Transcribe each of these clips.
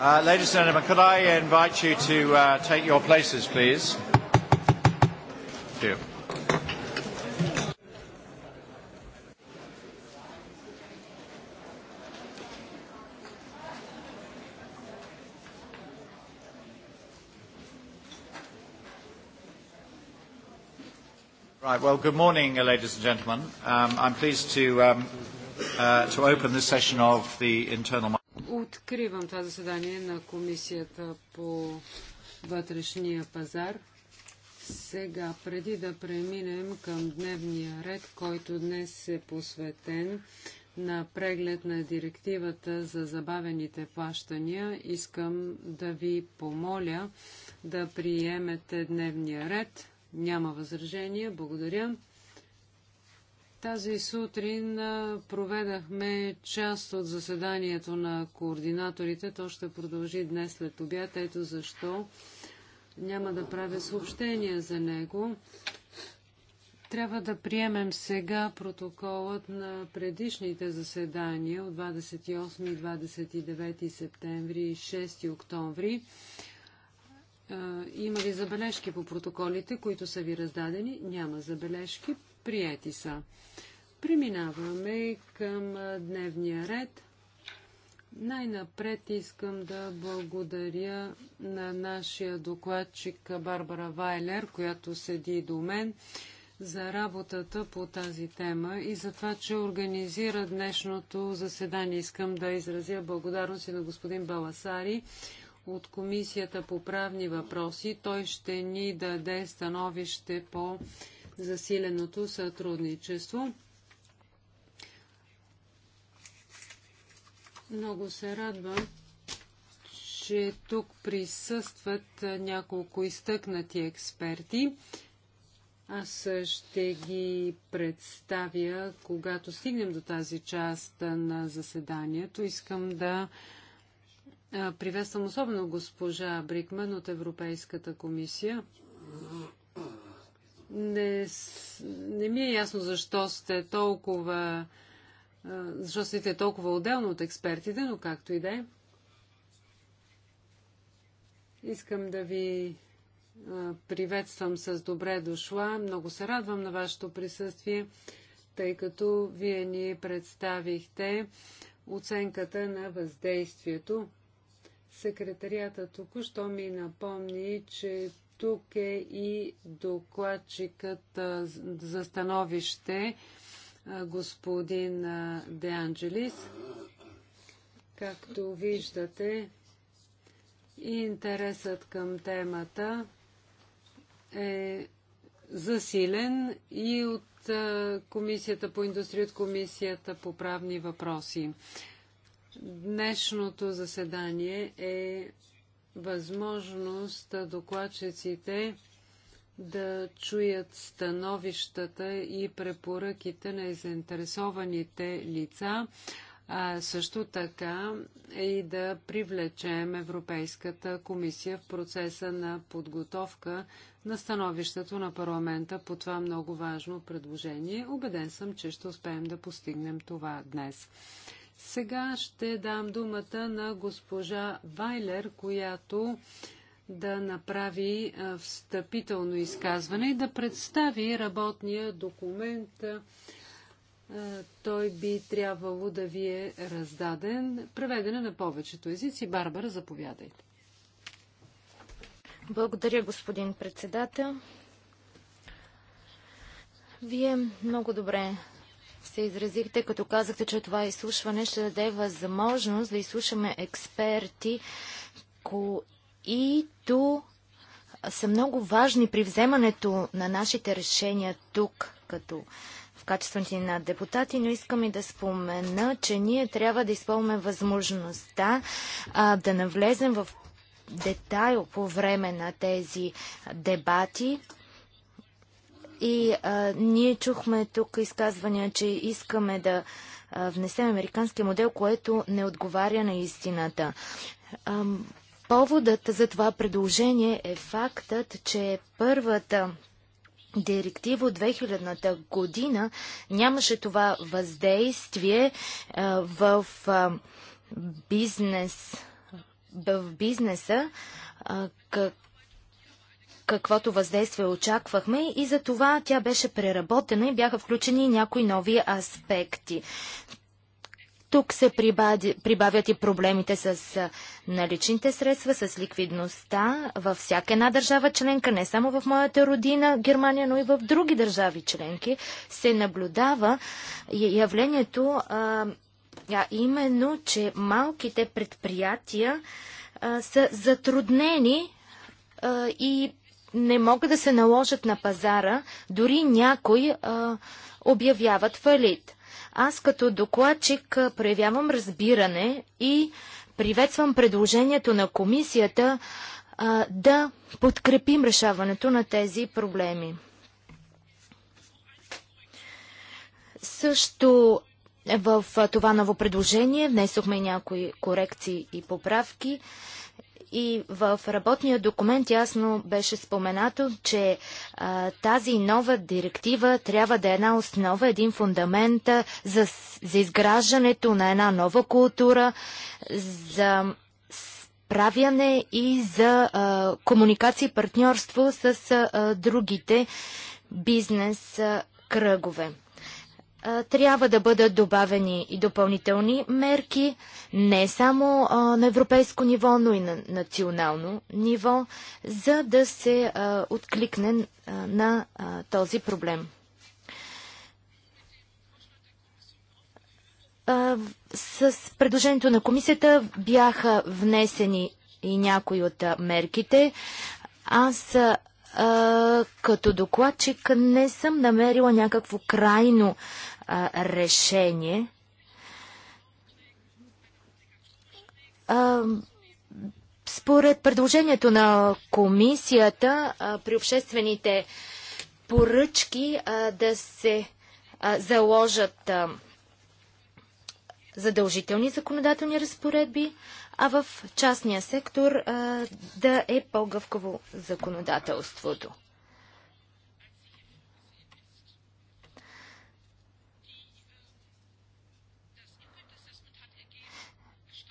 ladies and gentlemen, could I invite you to uh, take your places, please? Thank you. Right. Well, good morning, ladies and gentlemen. Um, I'm pleased to, um, uh, to open this session of the internal market. Откривам това заседание на Комисията по вътрешния пазар. Сега, преди да преминем към дневния ред, който днес е посветен на преглед на директивата за забавените плащания, искам да ви помоля да приемете дневния ред. Няма възражения. Благодаря. Тази сутрин проведахме част от заседанието на координаторите. То ще продължи днес след обяд. Ето защо няма да правя съобщения за него. Трябва да приемем сега протоколът на предишните заседания от 28 29 септември и 6 октомври. Има ли забележки по протоколите, които са ви раздадени? Няма забележки. Приети са. Преминаваме към дневния ред. Най-напред искам да благодаря на нашия докладчик Барбара Вайлер, която седи до мен, за работата по тази тема и за това, че организира днешното заседание. Искам да изразя благодарност и на господин Баласари от Комисията по правни въпроси. Той ще ни даде становище по засиленото сътрудничество. Много се радвам, че тук присъстват няколко изтъкнати експерти. Аз ще ги представя, когато стигнем до тази част на заседанието. Искам да приветствам особено госпожа Брикман от Европейската комисия не, не ми е ясно защо сте толкова защо сте толкова отделно от експертите, но както и да е. Искам да ви приветствам с добре дошла. Много се радвам на вашето присъствие, тъй като вие ни представихте оценката на въздействието. Секретарията току-що ми напомни, че тук е и докладчикът за становище господин Де Анджелис. Както виждате, интересът към темата е засилен и от Комисията по индустрия, от Комисията по правни въпроси. Днешното заседание е възможност докладчиците да чуят становищата и препоръките на заинтересованите лица, а също така и да привлечем Европейската комисия в процеса на подготовка на становището на парламента по това много важно предложение. Обеден съм, че ще успеем да постигнем това днес. Сега ще дам думата на госпожа Вайлер, която да направи встъпително изказване и да представи работния документ. Той би трябвало да ви е раздаден. Преведена на повечето езици. Барбара, заповядайте. Благодаря, господин председател. Вие много добре се изразихте, като казахте, че това изслушване ще даде възможност да изслушаме експерти, които са много важни при вземането на нашите решения тук, като в качеството ни на депутати, но искам и да спомена, че ние трябва да използваме възможността а, да навлезем в детайл по време на тези дебати, и а, ние чухме тук изказвания, че искаме да а, внесем американския модел, което не отговаря на истината. А, поводът за това предложение е фактът, че първата директива от 2000-та година нямаше това въздействие а, в а, бизнес в бизнеса, а, как каквото въздействие очаквахме и за това тя беше преработена и бяха включени някои нови аспекти. Тук се прибади, прибавят и проблемите с наличните средства, с ликвидността във всяка една държава членка, не само в моята родина Германия, но и в други държави членки, се наблюдава явлението, а, а именно, че малките предприятия а, са затруднени а, и не могат да се наложат на пазара, дори някои а, обявяват фалит. Аз като докладчик проявявам разбиране и приветствам предложението на комисията а, да подкрепим решаването на тези проблеми. Също в това ново предложение внесохме някои корекции и поправки. И в работния документ ясно беше споменато, че а, тази нова директива трябва да е една основа, един фундамент за, за изграждането на една нова култура, за справяне и за а, комуникация и партньорство с а, другите бизнес а, кръгове трябва да бъдат добавени и допълнителни мерки, не само на европейско ниво, но и на национално ниво, за да се откликне на този проблем. С предложението на комисията бяха внесени и някои от мерките. Аз като докладчик не съм намерила някакво крайно а, решение. А, според предложението на комисията а, при обществените поръчки а, да се а, заложат а, задължителни законодателни разпоредби, а в частния сектор а, да е по гъвково законодателството.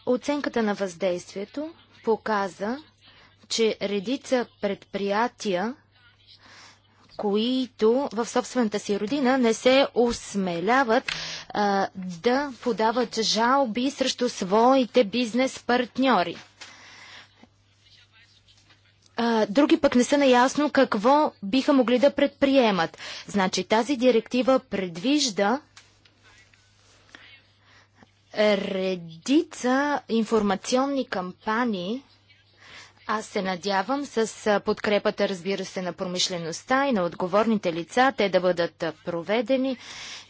Оценката на въздействието показа, че редица предприятия, които в собствената си родина не се осмеляват а, да подават жалби срещу своите бизнес партньори. А, други пък не са наясно какво биха могли да предприемат. Значи тази директива предвижда редица информационни кампании. Аз се надявам с подкрепата, разбира се, на промишлеността и на отговорните лица, те да бъдат проведени,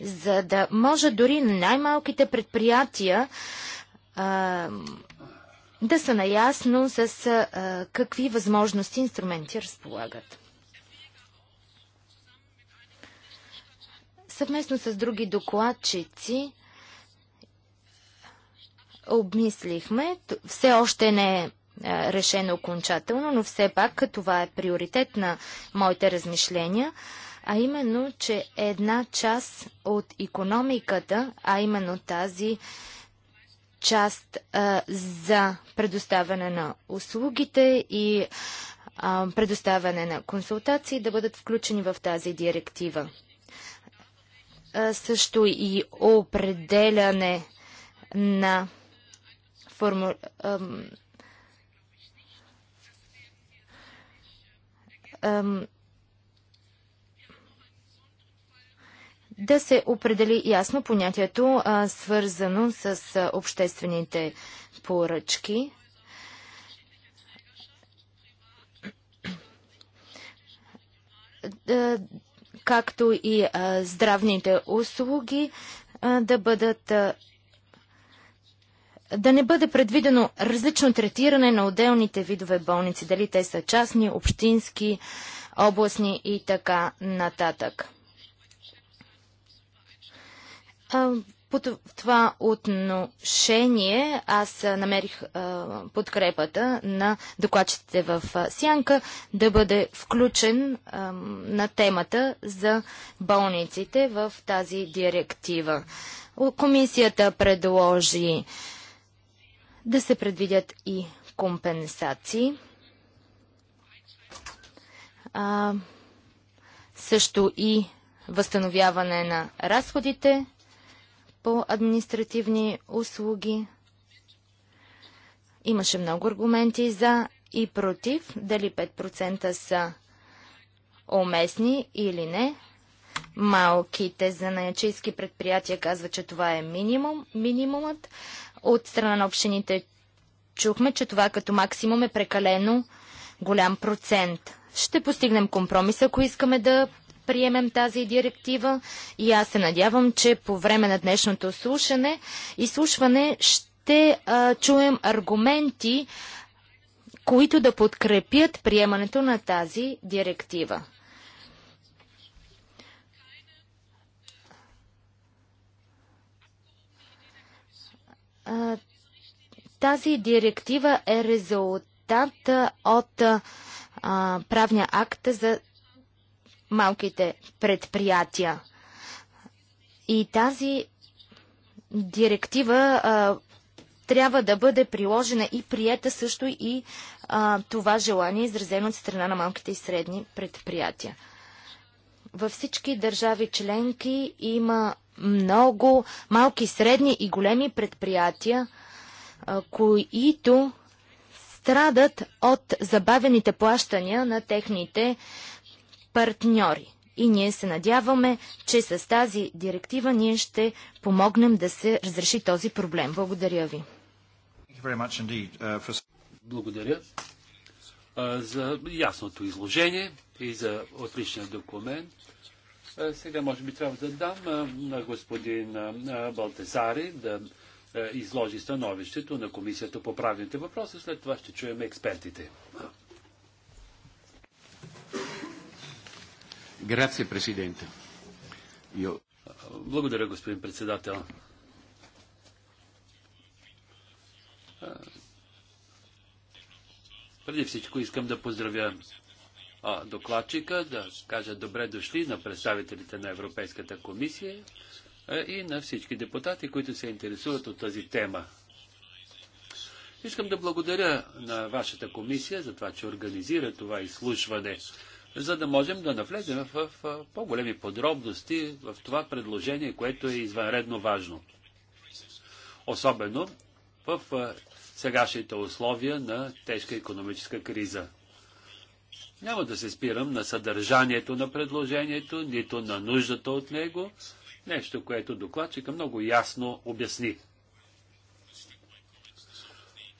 за да може дори най-малките предприятия а, да са наясно с а, какви възможности инструменти разполагат. Съвместно с други докладчици обмислихме. Все още не е решено окончателно, но все пак това е приоритет на моите размишления, а именно, че една част от економиката, а именно тази част а, за предоставяне на услугите и а, предоставяне на консултации да бъдат включени в тази директива. А, също и определяне на форму... Ам, да се определи ясно понятието, а, свързано с а, обществените поръчки. както и а, здравните услуги да бъдат да не бъде предвидено различно третиране на отделните видове болници, дали те са частни, общински, областни и така нататък. По това отношение аз намерих подкрепата на докладчите в Сянка да бъде включен на темата за болниците в тази директива. Комисията предложи да се предвидят и компенсации. А, също и възстановяване на разходите по административни услуги. Имаше много аргументи за и против, дали 5% са уместни или не. Малките занаячийски предприятия казват, че това е минимум, минимумът. От страна на общините чухме, че това като максимум е прекалено голям процент. Ще постигнем компромис, ако искаме да приемем тази директива и аз се надявам, че по време на днешното слушане и слушване ще а, чуем аргументи, които да подкрепят приемането на тази директива. Тази директива е резултат от а, правния акт за малките предприятия. И тази директива а, трябва да бъде приложена и приета също и а, това желание, изразено от страна на малките и средни предприятия. Във всички държави членки има много малки, средни и големи предприятия, които страдат от забавените плащания на техните партньори. И ние се надяваме, че с тази директива ние ще помогнем да се разреши този проблем. Благодаря ви. Uh, Благодаря за ясното изложение и за отличния документ. Е, сега може би трябва да дам е, на господин е, Балтезари да изложи становището на Комисията по правните въпроси. След това ще чуем експертите. Грация, президенте. Благодаря, господин председател. Преди всичко искам да поздравя а, докладчика, да кажа добре дошли на представителите на Европейската комисия а, и на всички депутати, които се интересуват от тази тема. Искам да благодаря на вашата комисия за това, че организира това изслушване, за да можем да навлезем в, по-големи подробности в това предложение, което е извънредно важно. Особено в, в сегашните условия на тежка економическа криза. Няма да се спирам на съдържанието на предложението, нито на нуждата от него, нещо, което докладчика много ясно обясни.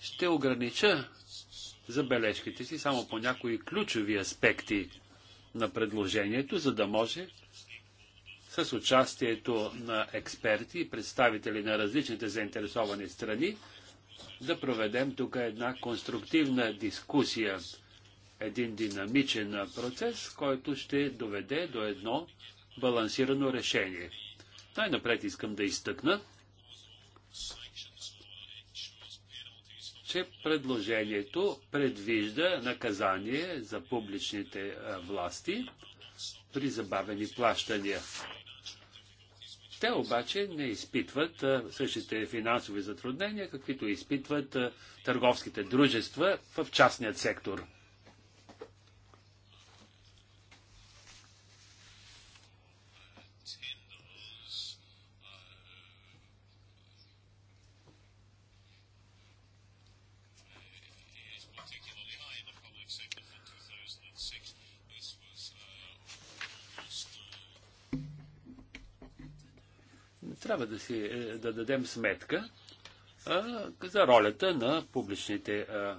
Ще огранича забележките си само по някои ключови аспекти на предложението, за да може с участието на експерти и представители на различните заинтересовани страни да проведем тук една конструктивна дискусия един динамичен процес, който ще доведе до едно балансирано решение. Най-напред искам да изтъкна, че предложението предвижда наказание за публичните власти при забавени плащания. Те обаче не изпитват същите финансови затруднения, каквито изпитват търговските дружества в частният сектор. Трябва да си е, да дадем сметка а, за ролята на публичните а,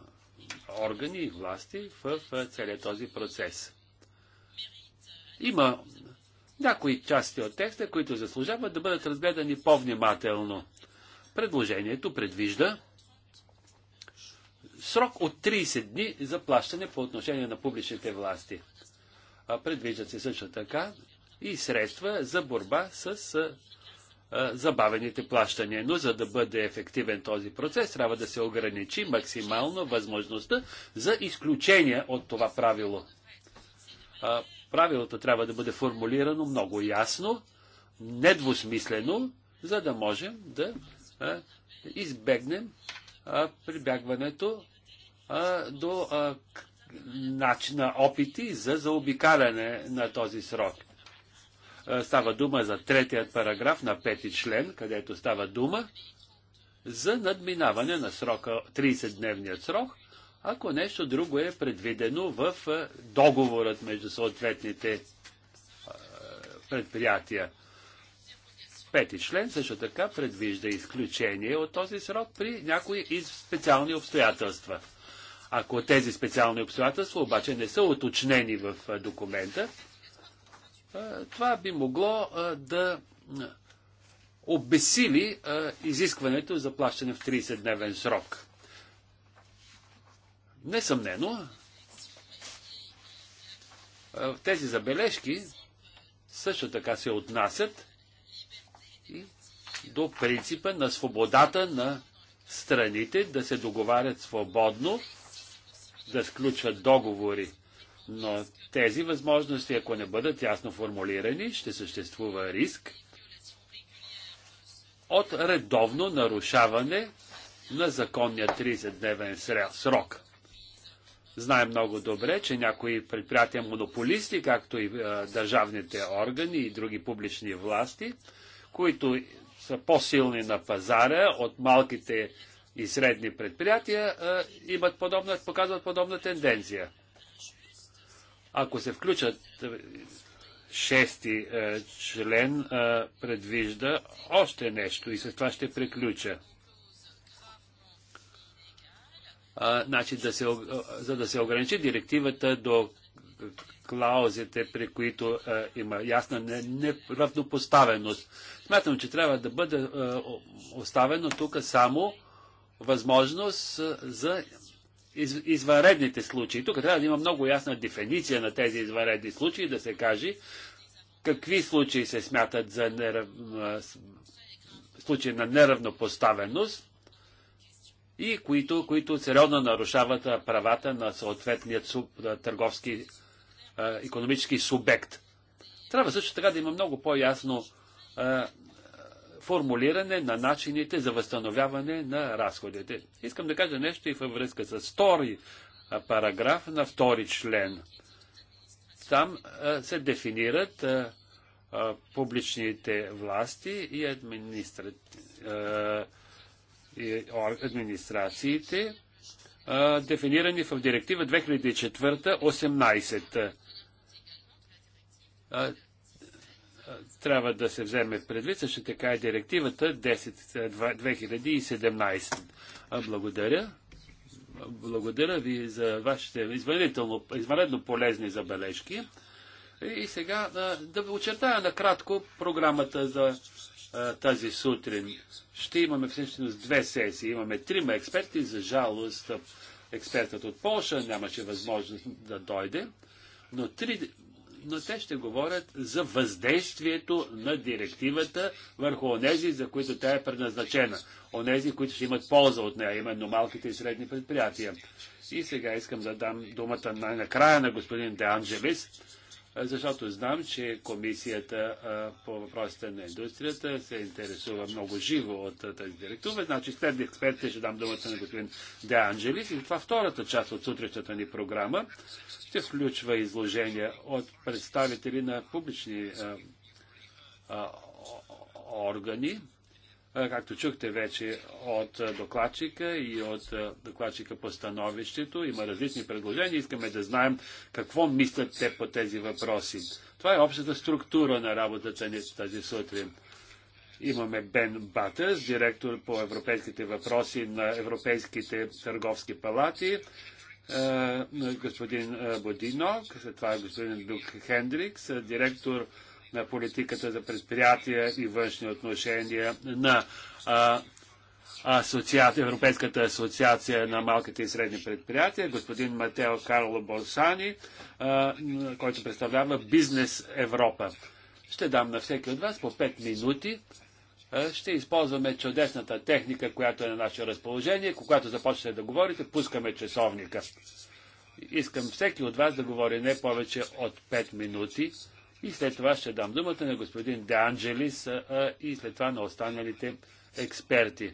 органи и власти в а, целият този процес. Има някои части от текста, които заслужават да бъдат разгледани по-внимателно. Предложението предвижда срок от 30 дни за плащане по отношение на публичните власти. Предвиждат се също така и средства за борба с забавените плащания. Но за да бъде ефективен този процес, трябва да се ограничи максимално възможността за изключение от това правило. Правилото трябва да бъде формулирано много ясно, недвусмислено, за да можем да избегнем прибягването до начина на опити за заобикаляне на този срок. Е, става дума за третият параграф на пети член, където става дума за надминаване на срока, 30-дневният срок, ако нещо друго е предвидено в е, договорът между съответните е, предприятия. Пети член също така предвижда изключение от този срок при някои из специални обстоятелства. Ако тези специални обстоятелства обаче не са уточнени в документа, е, това би могло е, да обесили е, изискването за плащане в 30-дневен срок. Несъмнено, тези забележки също така се отнасят и до принципа на свободата на страните да се договарят свободно, да сключват договори но тези възможности, ако не бъдат ясно формулирани, ще съществува риск от редовно нарушаване на законния 30-дневен срок. Знаем много добре, че някои предприятия монополисти, както и държавните органи и други публични власти, които са по-силни на пазара от малките и средни предприятия, имат подобна, показват подобна тенденция. Ако се включат е, шести е, член, е, предвижда още нещо и с това ще приключа. А, значи, да се, за да се ограничи директивата до клаузите, при които е, има ясна неравнопоставеност. Не Смятам, че трябва да бъде е, оставено тук само възможност за из, извънредните случаи. Тук трябва да има много ясна дефиниция на тези извънредни случаи, да се каже какви случаи се смятат за нерав... случаи на неравнопоставеност и които, които сериозно нарушават правата на съответният суб, търговски економически субект. Трябва също така да има много по-ясно формулиране на начините за възстановяване на разходите. Искам да кажа нещо и във връзка с втори параграф на втори член. Там се дефинират публичните власти и, администра... и администрациите, дефинирани в директива 2004-18 трябва да се вземе предвид, също така е директивата 10, 2017. Благодаря. Благодаря ви за вашите извънредно полезни забележки. И сега да очертая накратко програмата за тази сутрин. Ще имаме всъщност две сесии. Имаме трима експерти. За жалост, експертът от Польша нямаше възможност да дойде. Но три но те ще говорят за въздействието на директивата върху онези, за които тя е предназначена. Онези, които ще имат полза от нея, именно малките и средни предприятия. И сега искам да дам думата най-накрая на господин Де Анджелис, защото знам, че комисията по въпросите на индустрията се интересува много живо от тази директива. Значи след експертите ще дам думата на господин Де Анджелис и това втората част от сутрешната ни програма ще включва изложения от представители на публични органи, Както чухте вече от докладчика и от докладчика по становището, има различни предложения. Искаме да знаем какво мислят те по тези въпроси. Това е общата структура на работата ни тази сутрин. Имаме Бен Батъс, директор по европейските въпроси на европейските търговски палати, господин Бодинок, след това господин Люк Хендрикс, директор на политиката за предприятия и външни отношения, на а, асоциация, Европейската асоциация на малките и средни предприятия, господин Матео Карло Болсани, а, който представлява Бизнес Европа. Ще дам на всеки от вас по 5 минути. ще използваме чудесната техника, която е на наше разположение. Когато започнете да говорите, пускаме часовника. Искам всеки от вас да говори не повече от 5 минути и след това ще дам думата на господин Де Анджелис и след това на останалите експерти.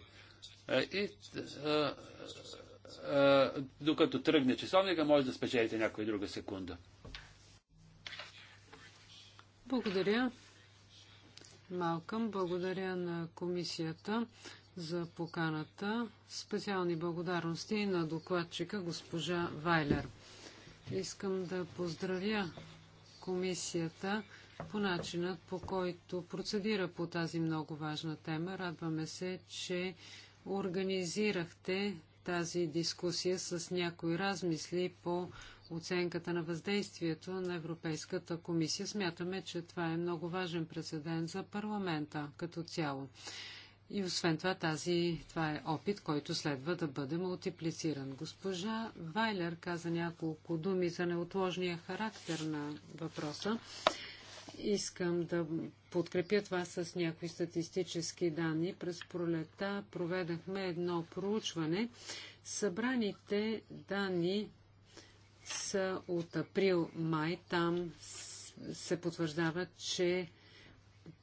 и докато тръгне часовника, може да спечелите някоя друга секунда. Благодаря. Малкъм, благодаря на комисията за поканата. Специални благодарности на докладчика госпожа Вайлер. Искам да поздравя комисията по начинът по който процедира по тази много важна тема. Радваме се, че организирахте тази дискусия с някои размисли по оценката на въздействието на Европейската комисия. Смятаме, че това е много важен прецедент за парламента като цяло. И освен това, тази, това е опит, който следва да бъде мултиплициран. Госпожа Вайлер каза няколко думи за неотложния характер на въпроса. Искам да подкрепя това с някои статистически данни. През пролета проведахме едно проучване. Събраните данни са от април-май. Там се потвърждава, че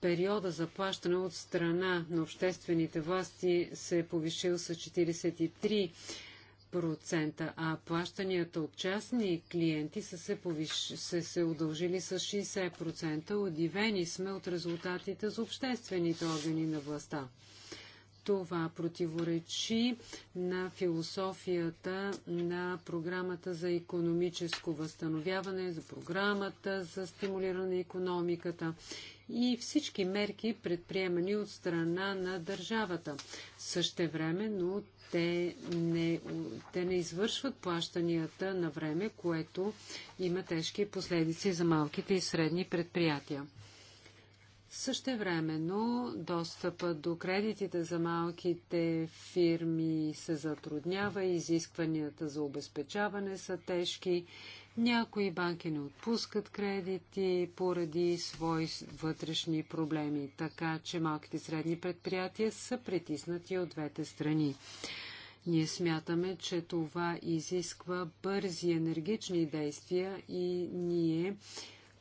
периода за плащане от страна на обществените власти се е повишил с 43%, а плащанията от частни клиенти са се, повиш... са се удължили с 60%. Удивени сме от резултатите за обществените органи на властта. Това противоречи на философията на програмата за економическо възстановяване, за програмата за стимулиране на економиката и всички мерки предприемани от страна на държавата. но те не, те не извършват плащанията на време, което има тежки последици за малките и средни предприятия. но достъпа до кредитите за малките фирми се затруднява, изискванията за обезпечаване са тежки някои банки не отпускат кредити поради свои вътрешни проблеми, така че малките и средни предприятия са притиснати от двете страни. Ние смятаме, че това изисква бързи енергични действия и ние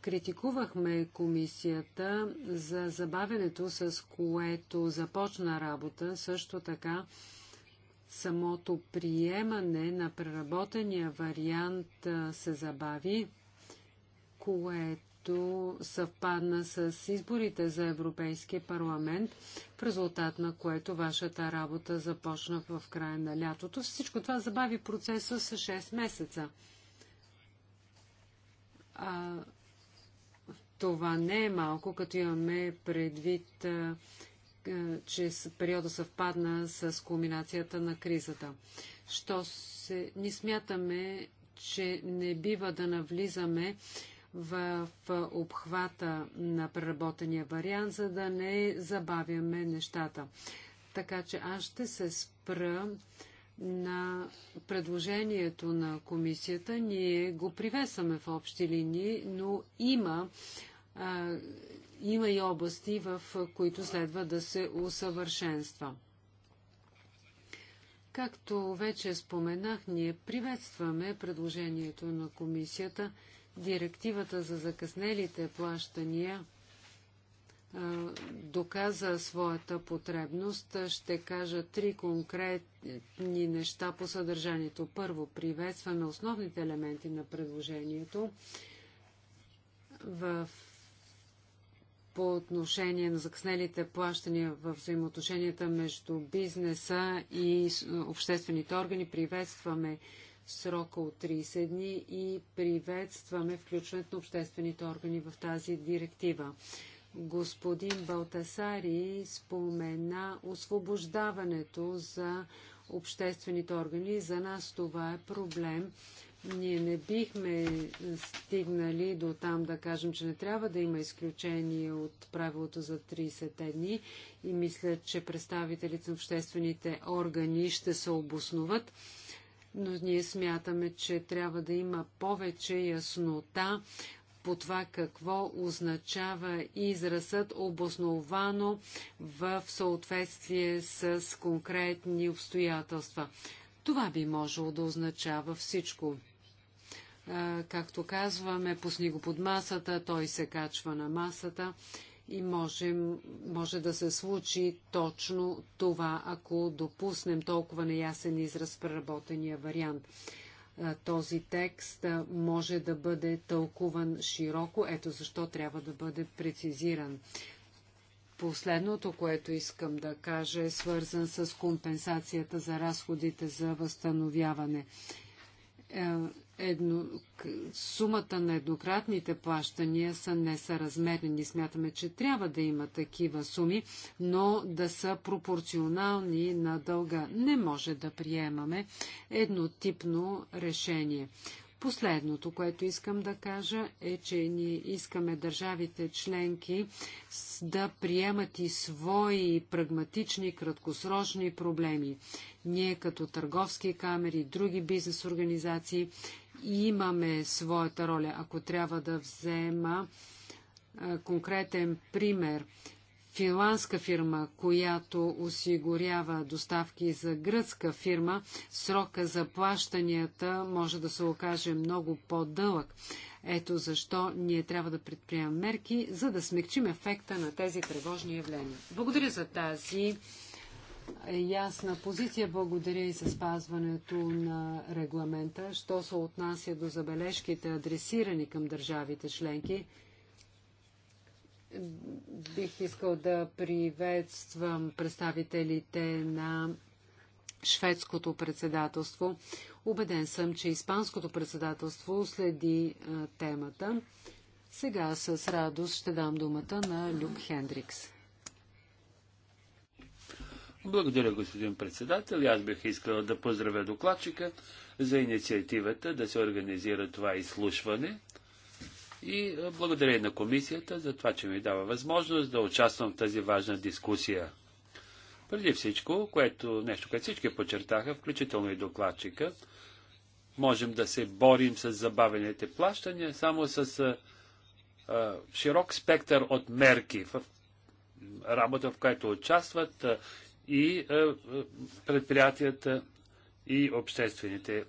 критикувахме комисията за забавенето, с което започна работа. Също така самото приемане на преработения вариант се забави, което съвпадна с изборите за Европейския парламент, в резултат на което вашата работа започна в края на лятото. Всичко това забави процеса с 6 месеца. А, това не е малко, като имаме предвид е, че периода съвпадна с кулминацията на кризата. Що се... Ни смятаме, че не бива да навлизаме в обхвата на преработения вариант, за да не забавяме нещата. Така че аз ще се спра на предложението на комисията. Ние го привесаме в общи линии, но има има и области, в които следва да се усъвършенства. Както вече споменах, ние приветстваме предложението на комисията директивата за закъснелите плащания доказа своята потребност. Ще кажа три конкретни неща по съдържанието. Първо, приветстваме основните елементи на предложението. В по отношение на закъснелите плащания в взаимоотношенията между бизнеса и обществените органи. Приветстваме срока от 30 дни и приветстваме включването на обществените органи в тази директива. Господин Балтасари спомена освобождаването за обществените органи. За нас това е проблем ние не бихме стигнали до там да кажем, че не трябва да има изключение от правилото за 30 дни и мисля, че представителите на обществените органи ще се обосноват, но ние смятаме, че трябва да има повече яснота по това какво означава изразът обосновано в съответствие с конкретни обстоятелства. Това би можело да означава всичко. Както казваме, пусни го под масата, той се качва на масата и може, може да се случи точно това, ако допуснем толкова неясен израз в преработения вариант. Този текст може да бъде тълкуван широко, ето защо трябва да бъде прецизиран. Последното, което искам да кажа, е свързан с компенсацията за разходите за възстановяване е, едно, сумата на еднократните плащания са несъразмерни. Смятаме, че трябва да има такива суми, но да са пропорционални на дълга. Не може да приемаме еднотипно решение. Последното, което искам да кажа е, че ние искаме държавите членки да приемат и свои прагматични, краткосрочни проблеми. Ние като търговски камери, други бизнес организации имаме своята роля. Ако трябва да взема конкретен пример, финландска фирма, която осигурява доставки за гръцка фирма, срока за плащанията може да се окаже много по-дълъг. Ето защо ние трябва да предприемем мерки, за да смекчим ефекта на тези тревожни явления. Благодаря за тази е ясна позиция. Благодаря и за спазването на регламента. Що се отнася до забележките, адресирани към държавите членки, бих искал да приветствам представителите на шведското председателство. Убеден съм, че испанското председателство следи темата. Сега с радост ще дам думата на Люк Хендрикс. Благодаря, господин председател. Аз бих искал да поздравя докладчика за инициативата да се организира това изслушване. И благодаря и на комисията за това, че ми дава възможност да участвам в тази важна дискусия. Преди всичко, което, нещо, което всички подчертаха, включително и докладчика, можем да се борим с забавените плащания само с а, а, широк спектър от мерки в работа, в която участват а, и е, е, предприятията и обществените е,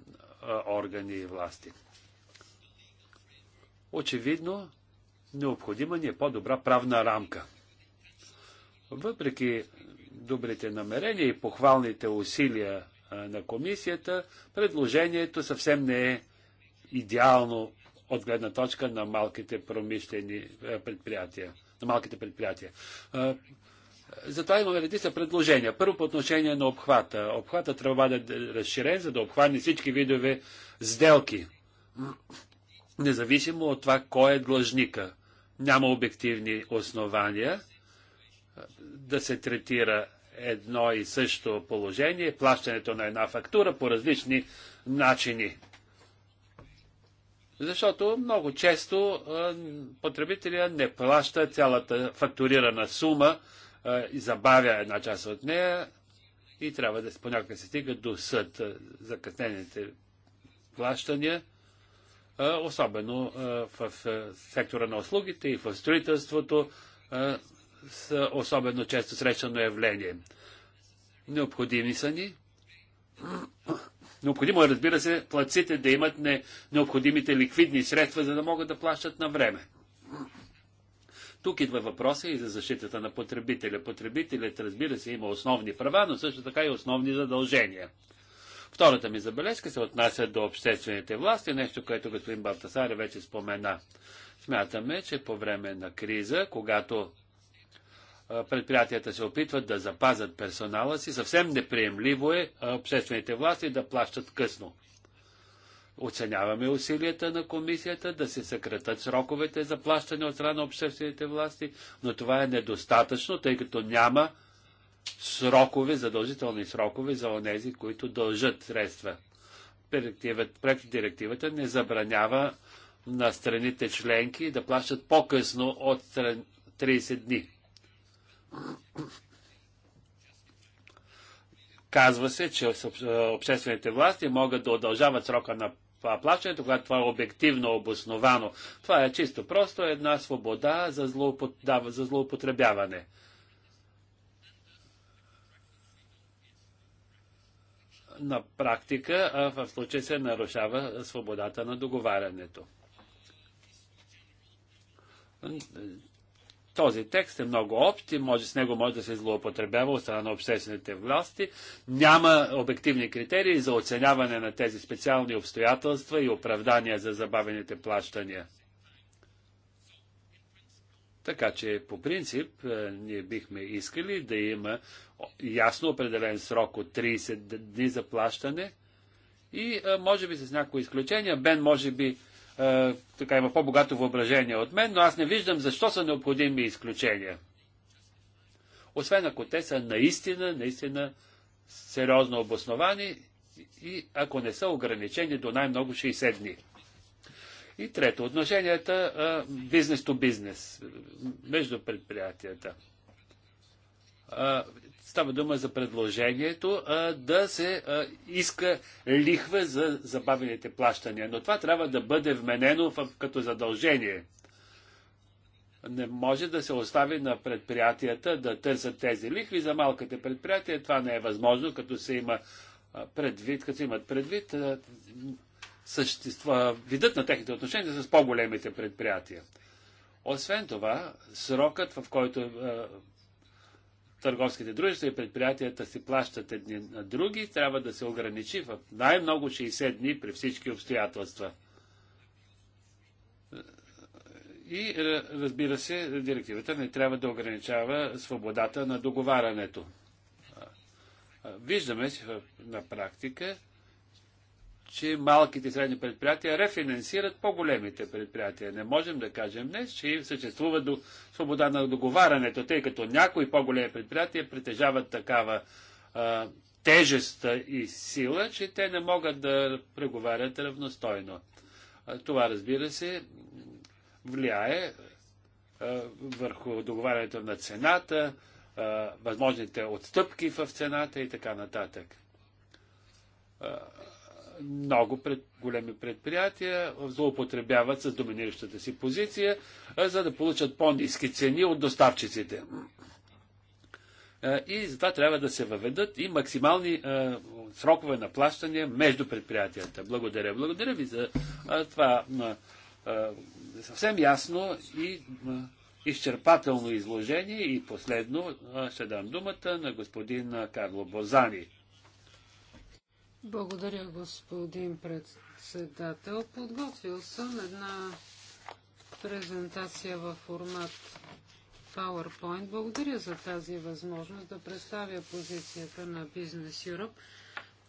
органи и власти. Очевидно, необходима ни е по-добра правна рамка. Въпреки добрите намерения и похвалните усилия на комисията, предложението съвсем не е идеално от гледна точка на малките промишлени предприятия. На малките предприятия. Затова имаме редица предложения. Първо по отношение на обхвата. Обхвата трябва да е разширен, за да обхване всички видове сделки. Независимо от това кой е длъжника. Няма обективни основания да се третира едно и също положение, плащането на една фактура по различни начини. Защото много често потребителя не плаща цялата фактурирана сума, и забавя една част от нея и трябва да понякога се стига до съд за къснените плащания, особено в сектора на услугите и в строителството са особено често срещано явление. Необходими са ни. Необходимо е, разбира се, плаците да имат не, необходимите ликвидни средства, за да могат да плащат на време. Тук идва въпроса и за защитата на потребителя. Потребителят, разбира се, има основни права, но също така и основни задължения. Втората ми забележка се отнася до обществените власти, нещо, което господин Балтасаре вече спомена. Смятаме, че по време на криза, когато предприятията се опитват да запазят персонала си, съвсем неприемливо е обществените власти да плащат късно. Оценяваме усилията на комисията да се съкратат сроковете за плащане от страна на обществените власти, но това е недостатъчно, тъй като няма срокове, задължителни срокове за онези, които дължат средства. Проект директивата не забранява на страните членки да плащат по-късно от 30 дни. Казва се, че обществените власти могат да удължават срока на това плащането, когато това е обективно обосновано. Това е чисто просто една свобода за, злоупот... да, за злоупотребяване. На практика а в случай се нарушава свободата на договарянето. Този текст е много общ и може, с него може да се злоупотребява от страна на обществените власти. Няма обективни критерии за оценяване на тези специални обстоятелства и оправдания за забавените плащания. Така че по принцип е, ние бихме искали да има ясно определен срок от 30 дни за плащане и е, може би с някои изключения. Бен може би така има по-богато въображение от мен, но аз не виждам защо са необходими изключения. Освен ако те са наистина, наистина сериозно обосновани и ако не са ограничени до най-много 60 дни. И трето, отношенията бизнес то бизнес между предприятията става дума за предложението а, да се а, иска лихва за забавените плащания. Но това трябва да бъде вменено в, като задължение. Не може да се остави на предприятията да търсят тези лихви. За малките предприятия това не е възможно, като се има предвид, като имат предвид същества, видът на техните отношения с по-големите предприятия. Освен това, срокът, в който търговските дружества и предприятията си плащат едни на други, трябва да се ограничи в най-много 60 дни при всички обстоятелства. И е, разбира се, директивата не трябва да ограничава свободата на договарянето. Виждаме се на практика, че малките и средни предприятия рефинансират по-големите предприятия. Не можем да кажем днес, че съществува до свобода на договарянето, тъй като някои по-големи предприятия притежават такава а, тежест и сила, че те не могат да преговарят равностойно. А, това, разбира се, влияе а, върху договарянето на цената, а, възможните отстъпки в цената и така нататък много пред, големи предприятия злоупотребяват с доминиращата си позиция, за да получат по-низки цени от доставчиците. И затова трябва да се въведат и максимални срокове на плащане между предприятията. Благодаря. Благодаря ви за това съвсем ясно и изчерпателно изложение. И последно ще дам думата на господин Карло Бозани. Благодаря, господин председател. Подготвил съм една презентация във формат PowerPoint. Благодаря за тази възможност да представя позицията на Business Europe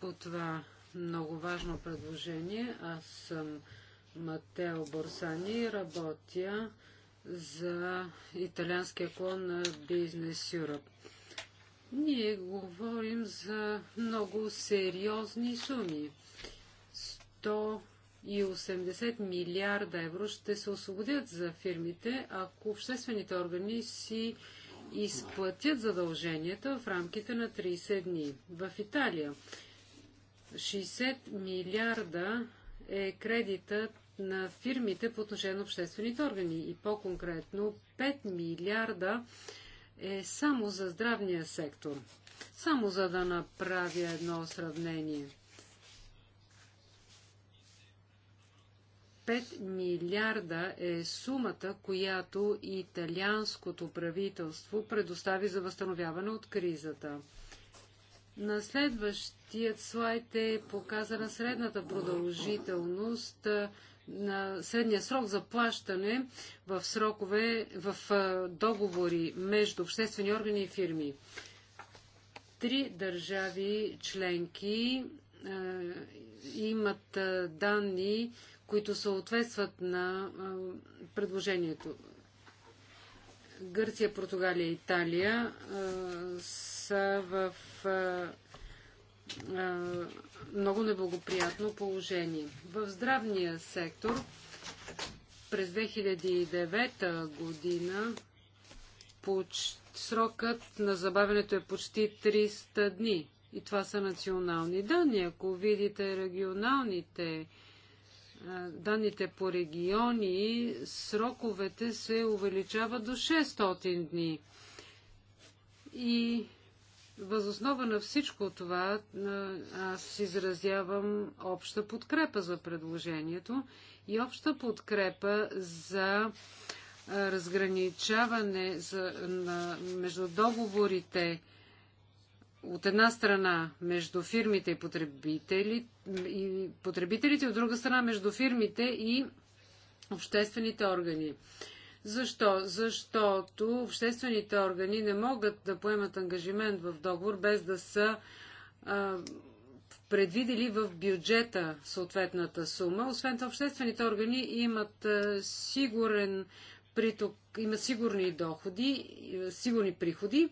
по това много важно предложение. Аз съм Матео Борсани и работя за италианския клон на Business Europe. Ние говорим за много сериозни суми. 180 милиарда евро ще се освободят за фирмите, ако обществените органи си изплатят задълженията в рамките на 30 дни. В Италия 60 милиарда е кредитът на фирмите по отношение на обществените органи и по-конкретно 5 милиарда е само за здравния сектор. Само за да направя едно сравнение. 5 милиарда е сумата, която италианското правителство предостави за възстановяване от кризата. На следващият слайд е показана средната продължителност на средния срок за плащане в срокове, в договори между обществени органи и фирми. Три държави членки имат данни, които съответстват на предложението. Гърция, Португалия и Италия са в много неблагоприятно положение. В здравния сектор през 2009 година срокът на забавянето е почти 300 дни. И това са национални данни. Ако видите регионалните данните по региони, сроковете се увеличават до 600 дни. И Възоснова на всичко това аз изразявам обща подкрепа за предложението и обща подкрепа за разграничаване за, на, между договорите от една страна между фирмите и потребители, и потребителите, от друга страна между фирмите и обществените органи. Защо? Защото обществените органи не могат да поемат ангажимент в договор без да са а, предвидели в бюджета съответната сума. Освен това, обществените органи имат сигурен приток, имат сигурни доходи, сигурни приходи.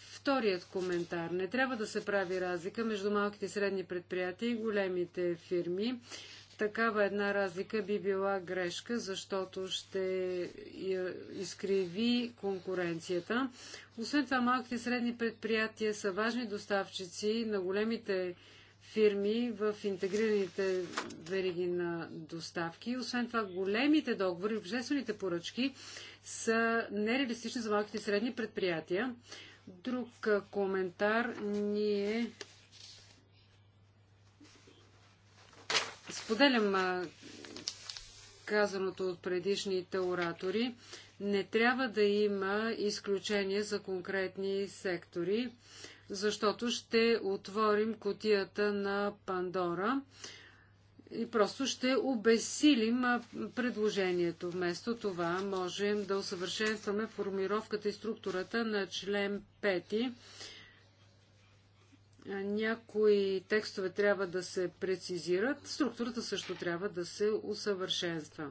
Вторият коментар. Не трябва да се прави разлика между малките и средни предприятия и големите фирми. Такава една разлика би била грешка, защото ще изкриви конкуренцията. Освен това, малките и средни предприятия са важни доставчици на големите фирми в интегрираните вериги на доставки. Освен това, големите договори, обществените поръчки са нереалистични за малките и средни предприятия. Друг коментар. Ние Споделям казаното от предишните оратори. Не трябва да има изключение за конкретни сектори, защото ще отворим котията на Пандора и просто ще обесилим предложението. Вместо това можем да усъвършенстваме формировката и структурата на член 5 някои текстове трябва да се прецизират, структурата също трябва да се усъвършенства.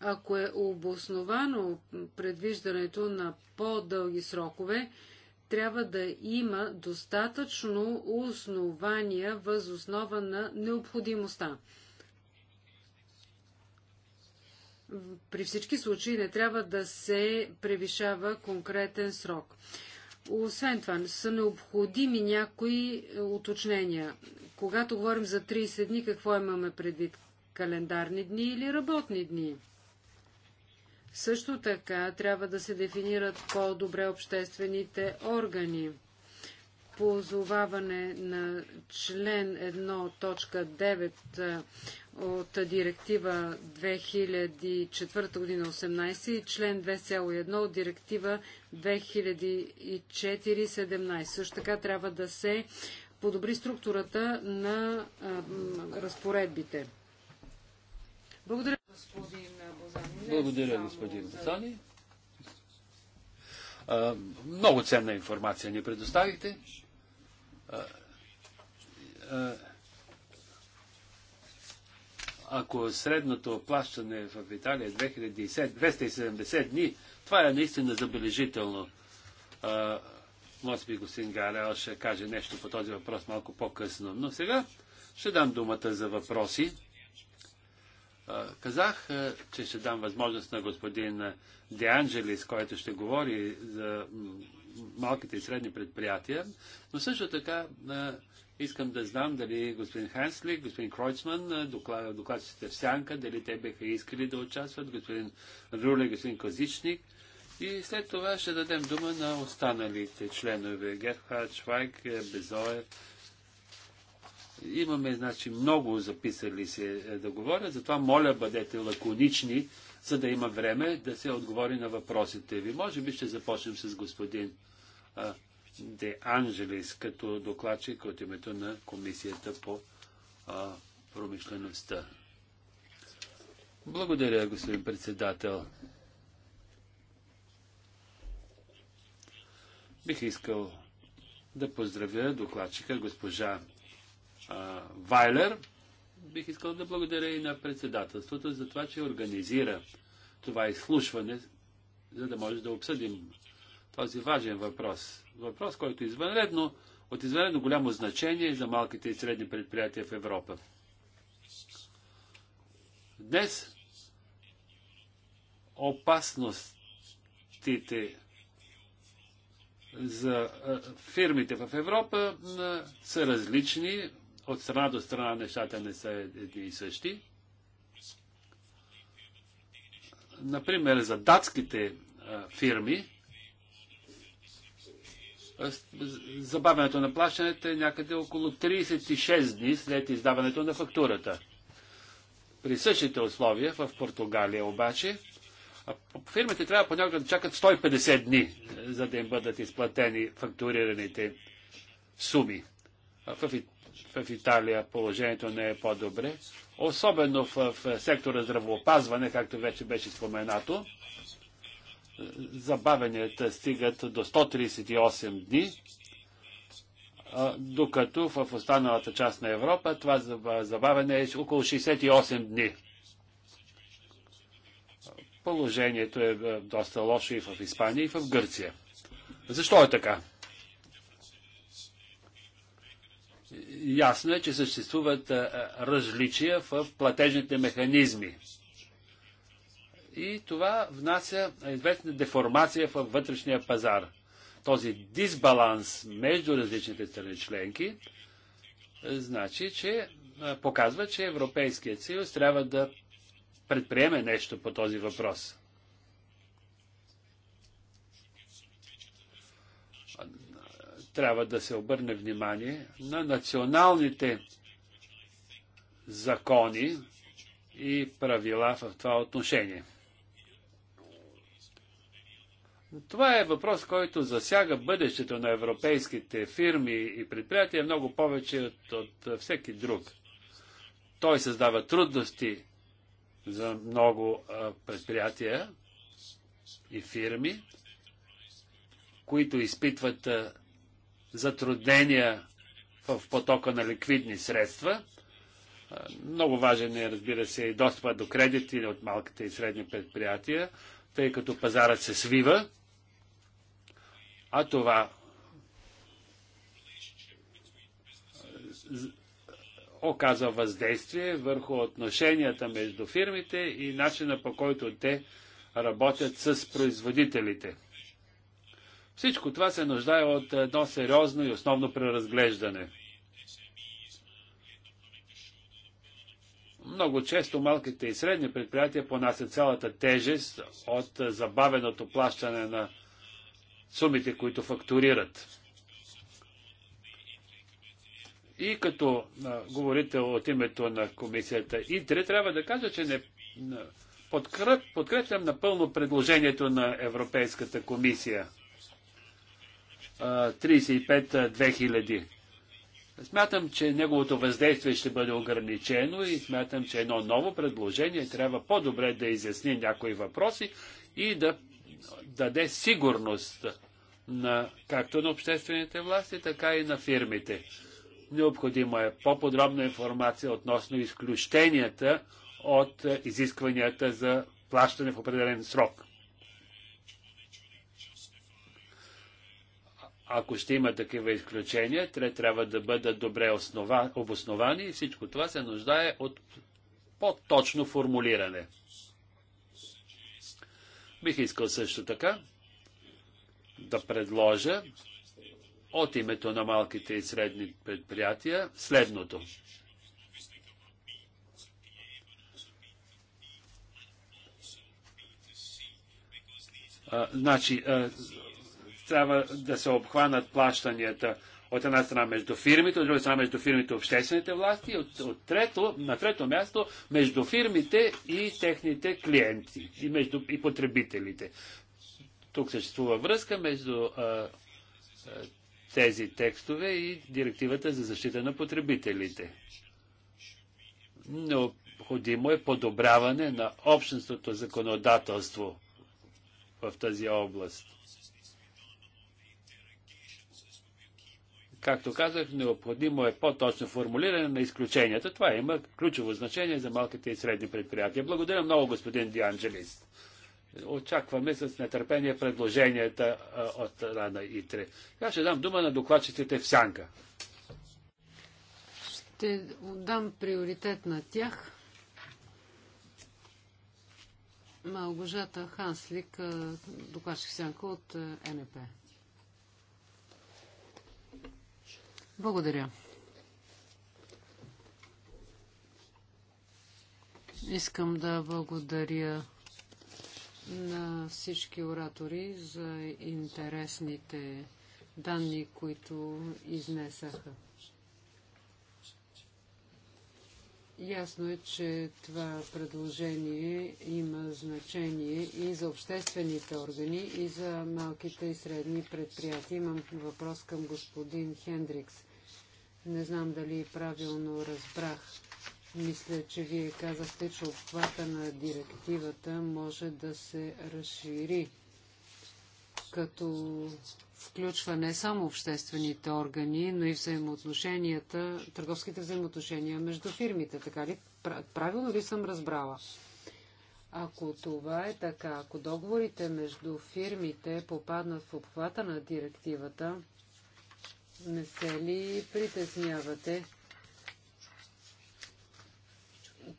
Ако е обосновано предвиждането на по-дълги срокове, трябва да има достатъчно основания възоснова на необходимостта. При всички случаи не трябва да се превишава конкретен срок. Освен това, са необходими някои е, уточнения. Когато говорим за 30 дни, какво имаме предвид? Календарни дни или работни дни? Също така трябва да се дефинират по-добре обществените органи позоваване на член 1.9 от директива 2004 година 18 и член 2.1 от директива 2004-17. Също така трябва да се подобри структурата на а, разпоредбите. Благодаря, господин Бозани. Благодаря, господин Бозани. Много ценна информация ни предоставихте ако средното плащане в Италия е 270 дни, това е наистина забележително. може би господин Гарел ще каже нещо по този въпрос малко по-късно. Но сега ще дам думата за въпроси. казах, че ще дам възможност на господин Деанджелис, който ще говори за малките и средни предприятия, но също така а, искам да знам дали господин Хенсли, господин Кройцман, докладчиците в Сянка, дали те биха искали да участват, господин Руле, господин Козичник. И след това ще дадем дума на останалите членове. Герхард, Швайк, е, Безоев. Имаме, значи, много записали се е, да говорят, затова моля бъдете лаконични за да има време да се отговори на въпросите ви. Може би ще започнем с господин а, Де Анджелис като докладчик от името на Комисията по а, промишлеността. Благодаря, господин председател. Бих искал да поздравя докладчика госпожа а, Вайлер бих искал да благодаря и на председателството за това, че организира това изслушване, за да може да обсъдим този важен въпрос. Въпрос, който е извънредно, от извънредно голямо значение за малките и средни предприятия в Европа. Днес опасностите за фирмите в Европа са различни от страна до страна нещата не са едни и същи. Например, за датските фирми забавянето на плащането е някъде около 36 дни след издаването на фактурата. При същите условия в Португалия обаче фирмите трябва понякога да чакат 150 дни, за да им бъдат изплатени фактурираните суми. В в Италия положението не е по-добре, особено в сектора здравоопазване, както вече беше споменато. Забавенията стигат до 138 дни, докато в останалата част на Европа това забавене е около 68 дни. Положението е, е доста лошо и в Испания, и в Гърция. Защо е така? Ясно е, че съществуват различия в платежните механизми. И това внася известна деформация във вътрешния пазар. Този дисбаланс между различните страни членки значи, че показва, че Европейският съюз трябва да предприеме нещо по този въпрос. трябва да се обърне внимание на националните закони и правила в това отношение. Това е въпрос, който засяга бъдещето на европейските фирми и предприятия много повече от, от всеки друг. Той създава трудности за много предприятия и фирми, които изпитват затруднения в потока на ликвидни средства. Много важен е, разбира се, и достъпа до кредити от малките и средни предприятия, тъй като пазарът се свива, а това оказва въздействие върху отношенията между фирмите и начина по който те работят с производителите. Всичко това се нуждае от едно сериозно и основно преразглеждане. Много често малките и средни предприятия понасят цялата тежест от забавеното плащане на сумите, които фактурират. И като говорител от името на комисията ИТРЕ, трябва да кажа, че не подкрепям напълно предложението на Европейската комисия. 35-2000. Смятам, че неговото въздействие ще бъде ограничено и смятам, че едно ново предложение трябва по-добре да изясни някои въпроси и да даде сигурност на, както на обществените власти, така и на фирмите. Необходима е по-подробна информация относно изключенията от е, изискванията за плащане в определен срок. ако ще има такива изключения, те трябва да бъдат добре основа, обосновани и всичко това се нуждае от по-точно формулиране. Бих искал също така да предложа от името на малките и средни предприятия следното. А, значи, а, трябва да се обхванат плащанията от една страна между фирмите, от друга страна между фирмите и обществените власти, и от, от трето, на трето място между фирмите и техните клиенти и, между, и потребителите. Тук съществува връзка между а, а, тези текстове и директивата за защита на потребителите. Необходимо е подобряване на общностното законодателство в тази област. Както казах, необходимо е по-точно формулиране на изключенията. Това има ключово значение за малките и средни предприятия. Благодаря много, господин Дианджелис. Очакваме с нетърпение предложенията от Рана Итре. Аз ще дам дума на докладчиците в Сянка. Ще отдам приоритет на тях. Малгожата Ханслик, докладчик Сянка от НП. Благодаря. Искам да благодаря на всички оратори за интересните данни, които изнесаха. Ясно е, че това предложение има значение и за обществените органи, и за малките и средни предприятия. Имам въпрос към господин Хендрикс. Не знам дали правилно разбрах. Мисля, че вие казахте, че обхвата на директивата може да се разшири, като включва не само обществените органи, но и взаимоотношенията, търговските взаимоотношения между фирмите. Така ли? Правилно ли съм разбрала? Ако това е така, ако договорите между фирмите попаднат в обхвата на директивата, не се ли притеснявате,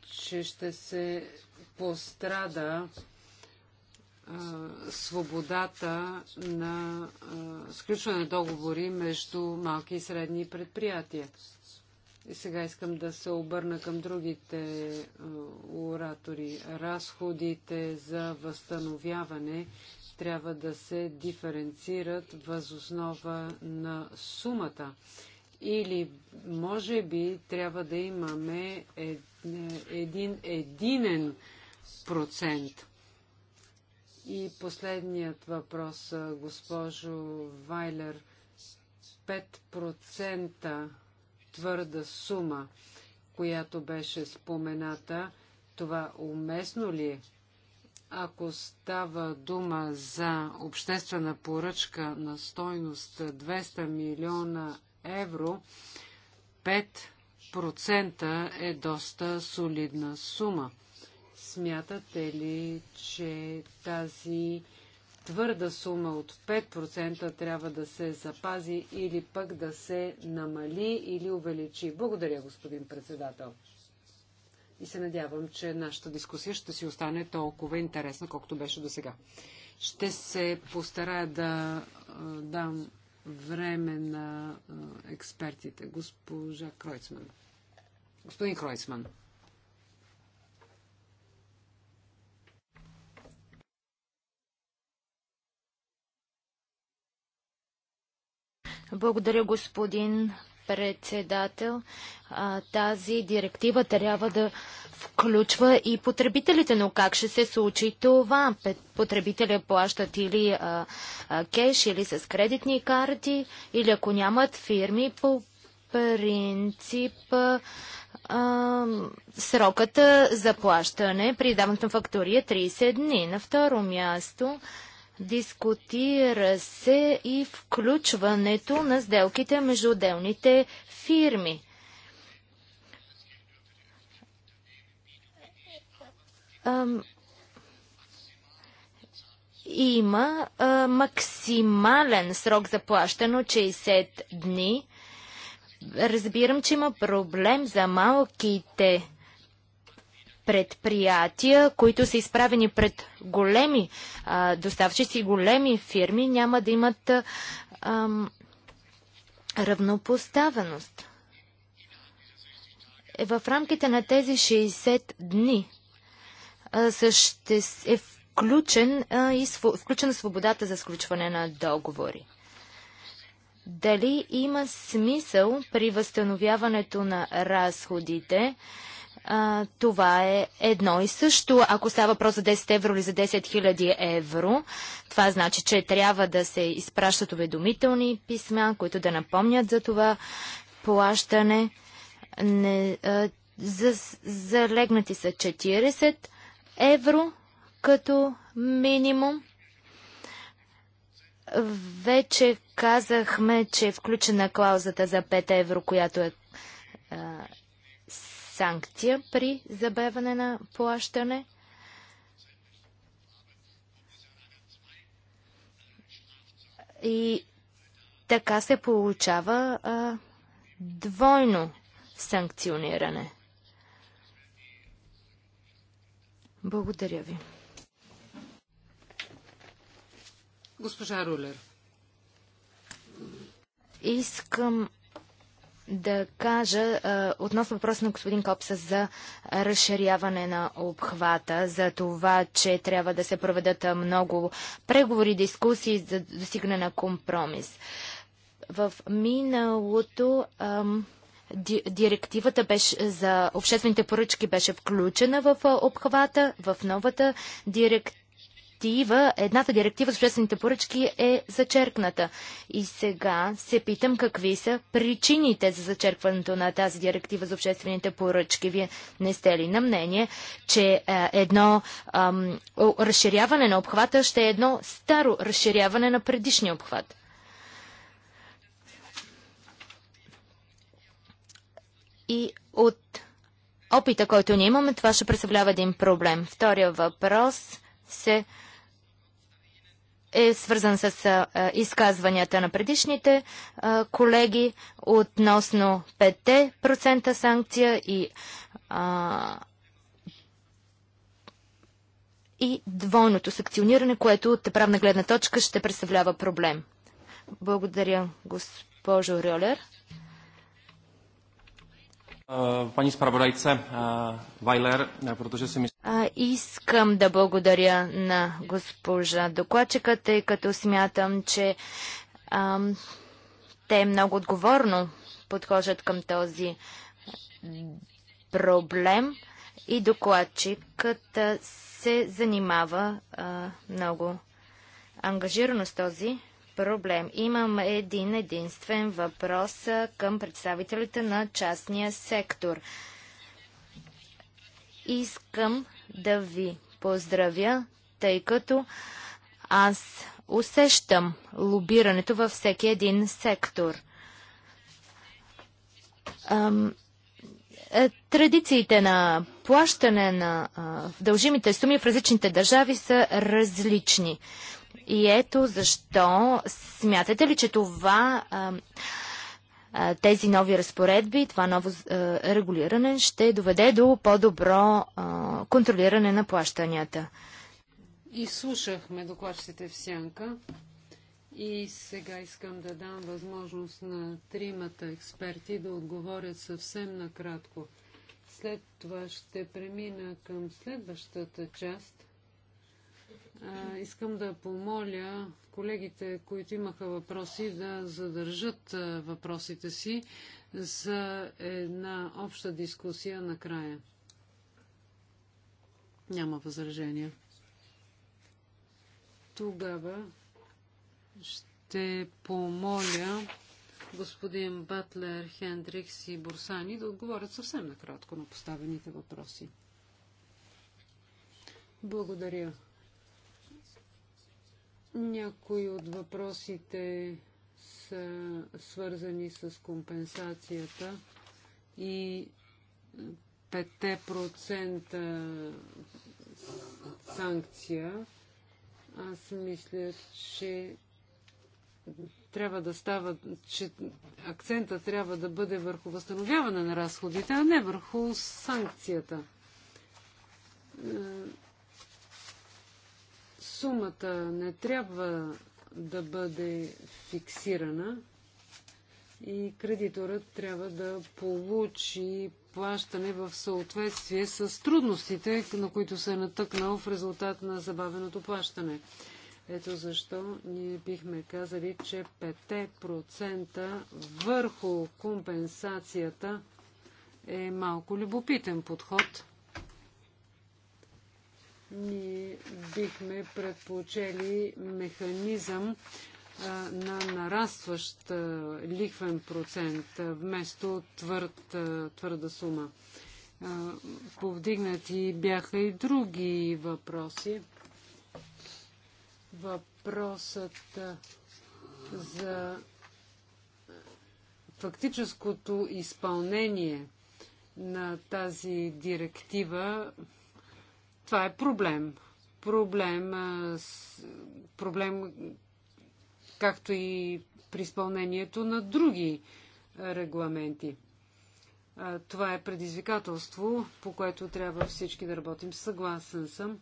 че ще се пострада свободата на сключване на договори между малки и средни предприятия. И сега искам да се обърна към другите оратори. Разходите за възстановяване трябва да се диференцират възоснова на сумата. Или може би трябва да имаме един единен процент и последният въпрос, госпожо Вайлер. 5% твърда сума, която беше спомената, това уместно ли е? Ако става дума за обществена поръчка на стойност 200 милиона евро, 5% е доста солидна сума. Смятате ли, че тази твърда сума от 5% трябва да се запази или пък да се намали или увеличи? Благодаря, господин председател. И се надявам, че нашата дискусия ще си остане толкова интересна, колкото беше до сега. Ще се постарая да дам време на експертите. Госпожа Кройцман. Господин Кройцман. Благодаря, господин председател. А, тази директива трябва да включва и потребителите, но как ще се случи това? Потребителят плащат или а, а, кеш, или с кредитни карти, или ако нямат фирми, по принцип а, а, срокът за плащане при даването на фактури е 30 дни. На второ място, а, Дискутира се и включването на сделките между отделните фирми. има максимален срок за плащано от 60 дни. Разбирам, че има проблем за малките предприятия, които са изправени пред големи а, доставчици, големи фирми, няма да имат а, равнопоставеност. Е, в рамките на тези 60 дни а, съще, е включен, а, и св... включена свободата за сключване на договори. Дали има смисъл при възстановяването на разходите? а, това е едно и също. Ако става въпрос за 10 евро или за 10 000 евро, това значи, че трябва да се изпращат уведомителни писма, които да напомнят за това плащане. Не, а, за, залегнати са 40 евро като минимум. Вече казахме, че е включена клаузата за 5 евро, която е санкция при забеване на плащане. И така се получава а, двойно санкциониране. Благодаря ви. Госпожа Рулер. Искам да кажа а, относно въпроса на господин Копса за разширяване на обхвата, за това, че трябва да се проведат много преговори, дискусии за достигане на компромис. В миналото ам, директивата беше, за обществените поръчки беше включена в обхвата, в новата директива директива, едната директива за обществените поръчки е зачеркната. И сега се питам какви са причините за зачеркването на тази директива за обществените поръчки. Вие не сте ли на мнение, че е, едно ам, разширяване на обхвата ще е едно старо разширяване на предишния обхват? И от опита, който ние имаме, това ще представлява един проблем. Втория въпрос се е свързан с а, изказванията на предишните а, колеги относно 5% санкция и, а, и двойното санкциониране, което от правна гледна точка ще представлява проблем. Благодаря, госпожо Рьолер. Э, пани справодайце э, Вайлер, се э, мисля... Искам да благодаря на госпожа докладчика, тъй като смятам, че те много отговорно подхожат към този проблем и докладчикът се занимава а, много ангажирано с този проблем. Имам един единствен въпрос към представителите на частния сектор. Искам да ви поздравя, тъй като аз усещам лобирането във всеки един сектор. Ам, е, традициите на плащане на а, дължимите суми в различните държави са различни. И ето защо смятате ли, че това, тези нови разпоредби, това ново регулиране ще доведе до по-добро контролиране на плащанията? И слушахме докладчите в сянка. И сега искам да дам възможност на тримата експерти да отговорят съвсем накратко. След това ще премина към следващата част искам да помоля колегите, които имаха въпроси, да задържат въпросите си за една обща дискусия накрая. Няма възражения. Тогава ще помоля господин Батлер, Хендрикс и Бурсани да отговорят съвсем накратко на поставените въпроси. Благодаря, някои от въпросите са свързани с компенсацията и 5% санкция. Аз мисля, че трябва да става, че акцента трябва да бъде върху възстановяване на разходите, а не върху санкцията. Е, сумата не трябва да бъде фиксирана и кредиторът трябва да получи плащане в съответствие с трудностите, на които се е натъкнал в резултат на забавеното плащане. Ето защо ние бихме казали, че 5% върху компенсацията е малко любопитен подход ние бихме предпочели механизъм на нарастващ лихвен процент вместо твърд, твърда сума. Повдигнати бяха и други въпроси. Въпросът за фактическото изпълнение на тази директива това е проблем. Проблем, проблем както и при изпълнението на други регламенти. Това е предизвикателство, по което трябва всички да работим. Съгласен съм.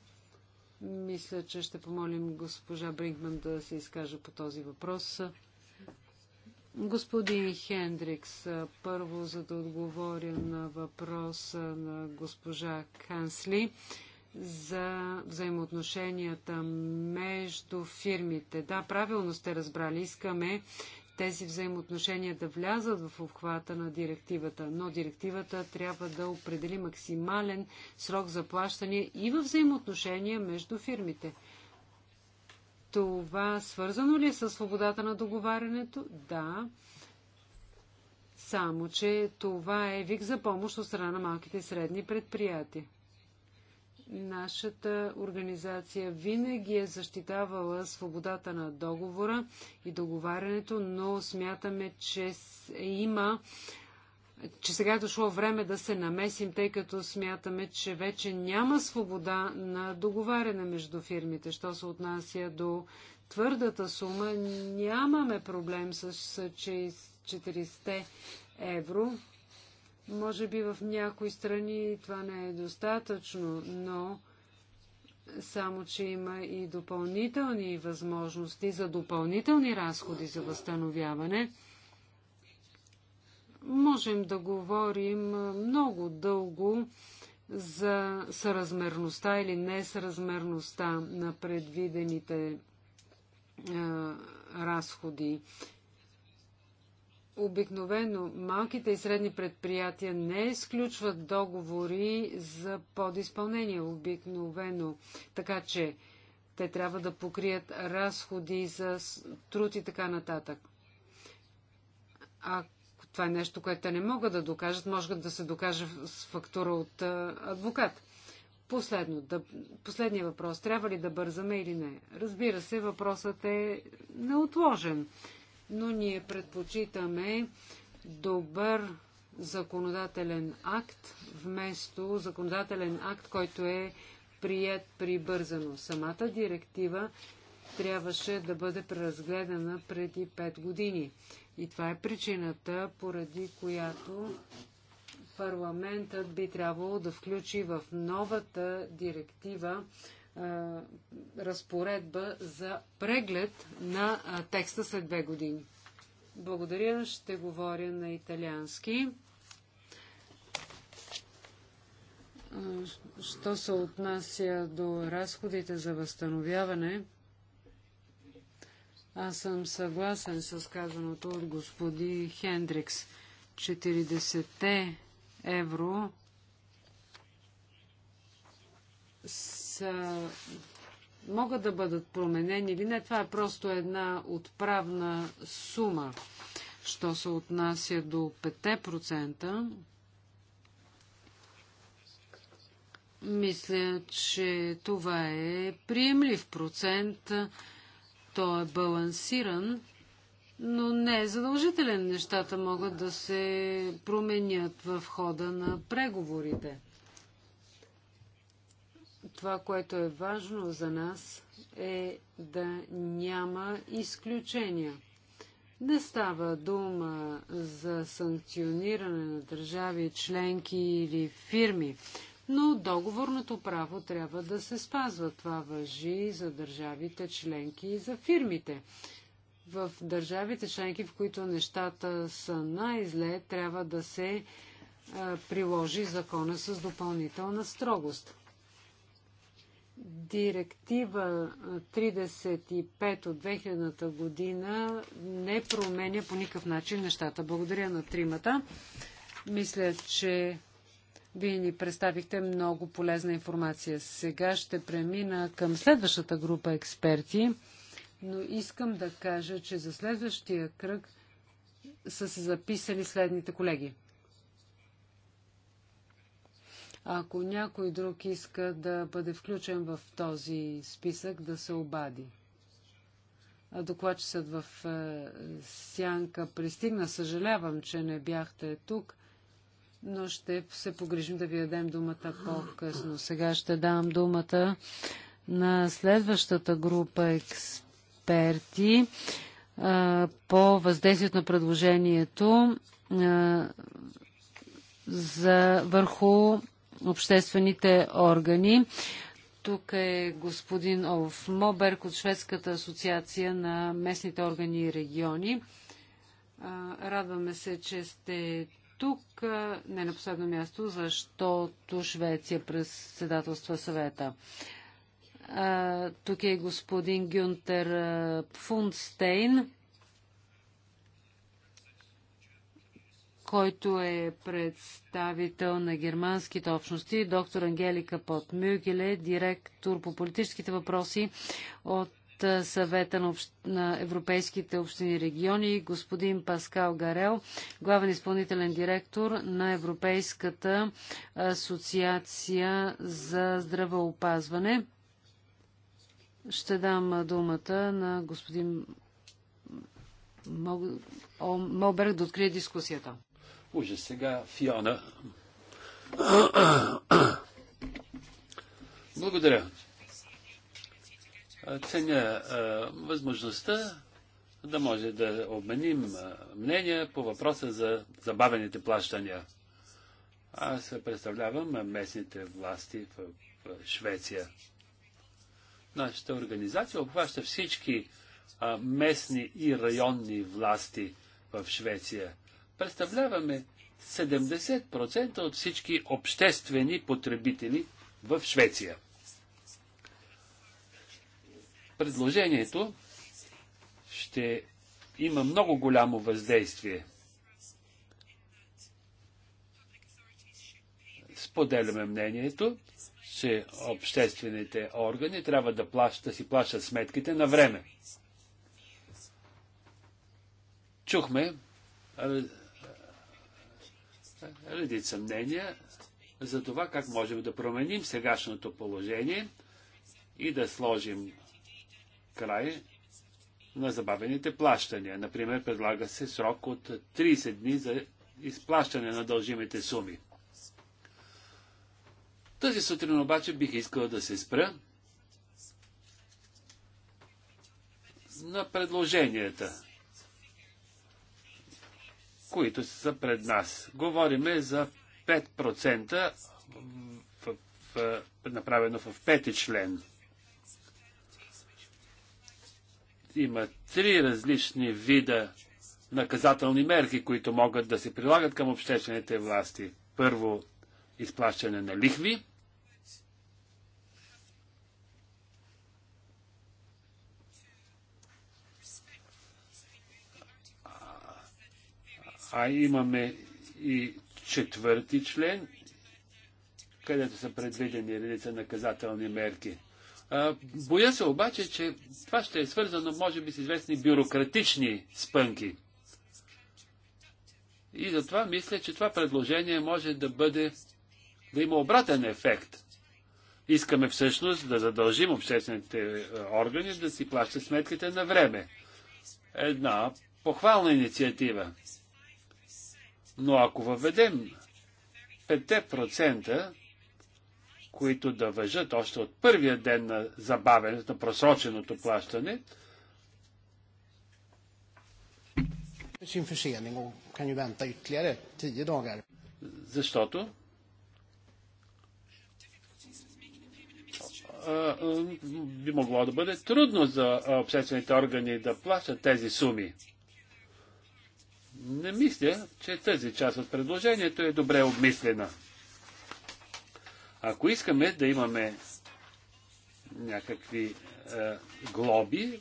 Мисля, че ще помолим госпожа Бринкман да се изкаже по този въпрос. Господин Хендрикс, първо за да отговоря на въпроса на госпожа Кансли за взаимоотношенията между фирмите. Да, правилно сте разбрали. Искаме тези взаимоотношения да влязат в обхвата на директивата, но директивата трябва да определи максимален срок за плащане и във взаимоотношения между фирмите. Това свързано ли е с свободата на договарянето? Да. Само, че това е вик за помощ от страна на малките и средни предприятия. Нашата организация винаги е защитавала свободата на договора и договарянето, но смятаме, че е има че сега е дошло време да се намесим, тъй като смятаме, че вече няма свобода на договаряне между фирмите. Що се отнася до твърдата сума, нямаме проблем с 40 евро. Може би в някои страни това не е достатъчно, но само, че има и допълнителни възможности за допълнителни разходи за възстановяване. Можем да говорим много дълго за съразмерността или несъразмерността на предвидените е, разходи Обикновено малките и средни предприятия не изключват договори за подизпълнение. Обикновено. Така че те трябва да покрият разходи за труд и така нататък. А това е нещо, което те не могат да докажат, може да се докаже с фактура от адвокат. Последно, да, последния въпрос. Трябва ли да бързаме или не? Разбира се, въпросът е неотложен но ние предпочитаме добър законодателен акт вместо законодателен акт, който е прият прибързано. Самата директива трябваше да бъде преразгледана преди 5 години. И това е причината, поради която парламентът би трябвало да включи в новата директива разпоредба за преглед на текста след две години. Благодаря, ще говоря на италиански. Що се отнася до разходите за възстановяване, аз съм съгласен с казаното от господи Хендрикс. 40 евро са, могат да бъдат променени или не. Това е просто една отправна сума, що се отнася до 5%. Мисля, че това е приемлив процент. Той е балансиран, но не е задължителен. Нещата могат да се променят в хода на преговорите. Това, което е важно за нас, е да няма изключения. Не става дума за санкциониране на държави, членки или фирми, но договорното право трябва да се спазва. Това въжи за държавите членки и за фирмите. В държавите членки, в които нещата са най-зле, трябва да се а, приложи закона с допълнителна строгост. Директива 35 от 2000 година не променя по никакъв начин нещата. Благодаря на тримата. Мисля, че вие ни представихте много полезна информация. Сега ще премина към следващата група експерти, но искам да кажа, че за следващия кръг са се записали следните колеги. Ако някой друг иска да бъде включен в този списък, да се обади. Докладчицът в е, Сянка пристигна. Съжалявам, че не бяхте тук, но ще се погрижим да ви дадем думата по-късно. Сега ще дам думата на следващата група експерти е, по въздействието на предложението е, за върху обществените органи. Тук е господин Олф Моберг от Шведската асоциация на местните органи и региони. Радваме се, че сте тук, не на последно място, защото Швеция председателства съвета. Тук е господин Гюнтер Фундстейн който е представител на германските общности, доктор Ангелика Потмюгеле, директор по политическите въпроси от съвета на, общ... на европейските общини и региони, господин Паскал Гарел, главен изпълнителен директор на Европейската асоциация за здравеопазване. Ще дам думата на господин Мол... Молберг да открие дискусията. Ужас сега, Фиона. Благодаря. Ценя възможността да може да обменим мнения по въпроса за забавените плащания. Аз представлявам местните власти в Швеция. Нашата организация обхваща всички местни и районни власти в Швеция представляваме 70% от всички обществени потребители в Швеция. Предложението ще има много голямо въздействие. Споделяме мнението, че обществените органи трябва да, плащат, да си плащат сметките на време. Чухме редица мнения за това как можем да променим сегашното положение и да сложим край на забавените плащания. Например, предлага се срок от 30 дни за изплащане на дължимите суми. Тази сутрин обаче бих искал да се спра на предложенията които са пред нас. Говориме за 5% в, в, направено в пети член. Има три различни вида наказателни мерки, които могат да се прилагат към обществените власти. Първо, изплащане на лихви. А имаме и четвърти член, където са предвидени редица наказателни мерки. А, боя се обаче, че това ще е свързано, може би, с известни бюрократични спънки. И затова мисля, че това предложение може да бъде, да има обратен ефект. Искаме всъщност да задължим обществените е, органи да си плащат сметките на време. Една похвална инициатива. Но ако въведем 5%, които да въжат още от първия ден на забавенето, на просроченото плащане, защото би могло да бъде трудно за обществените органи да плащат тези суми не мисля, че тази част от предложението е добре обмислена. Ако искаме да имаме някакви е, глоби,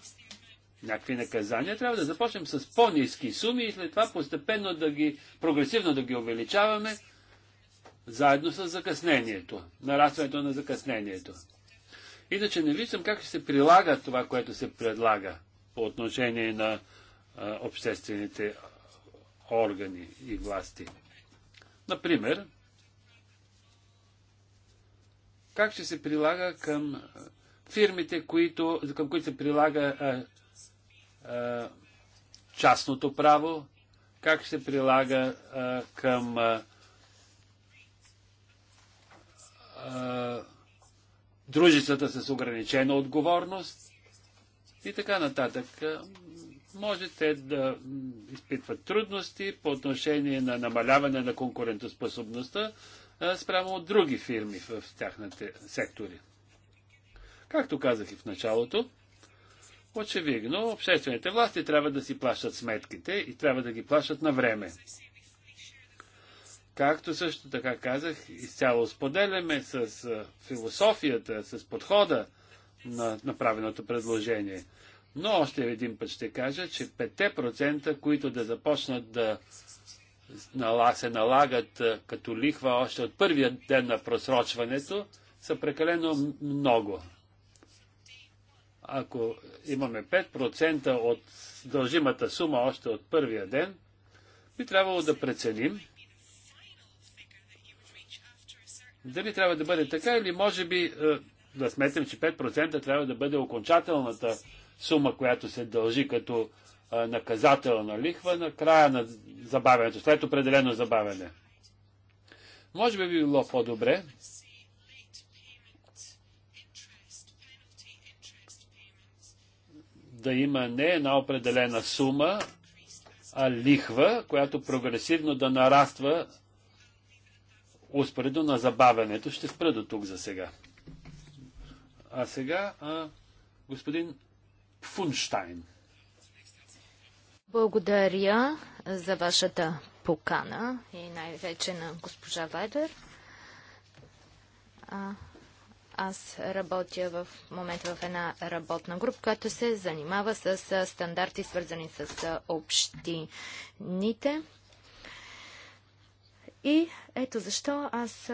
някакви наказания, трябва да започнем с по-низки суми и след това постепенно да ги, прогресивно да ги увеличаваме, заедно с закъснението, нарастването на закъснението. Иначе не виждам как ще се прилага това, което се предлага по отношение на е, обществените органи и власти. Например, как ще се прилага към фирмите, които, към които се прилага а, а, частното право, как ще се прилага а, към а, а, дружествата с ограничена отговорност и така нататък. Можете да изпитват трудности по отношение на намаляване на конкурентоспособността спрямо от други фирми в тяхните сектори. Както казах и в началото, очевидно обществените власти трябва да си плащат сметките и трябва да ги плащат на време. Както също така казах, изцяло споделяме с философията, с подхода на направеното предложение. Но още един път ще кажа, че 5%, които да започнат да се налагат като лихва още от първия ден на просрочването, са прекалено много. Ако имаме 5% от дължимата сума още от първия ден, би трябвало да преценим дали трябва да бъде така или може би да сметим, че 5% трябва да бъде окончателната сума, която се дължи като наказателна лихва на края на забавянето, след определено забавяне. Може би било по-добре да има не една определена сума, а лихва, която прогресивно да нараства успоредно на забавянето. Ще спра до тук за сега. А сега а, господин Фунштайн. Благодаря за вашата покана и най-вече на госпожа Вайдер. А, аз работя в момента в една работна група, която се занимава с стандарти, свързани с общините. И ето защо аз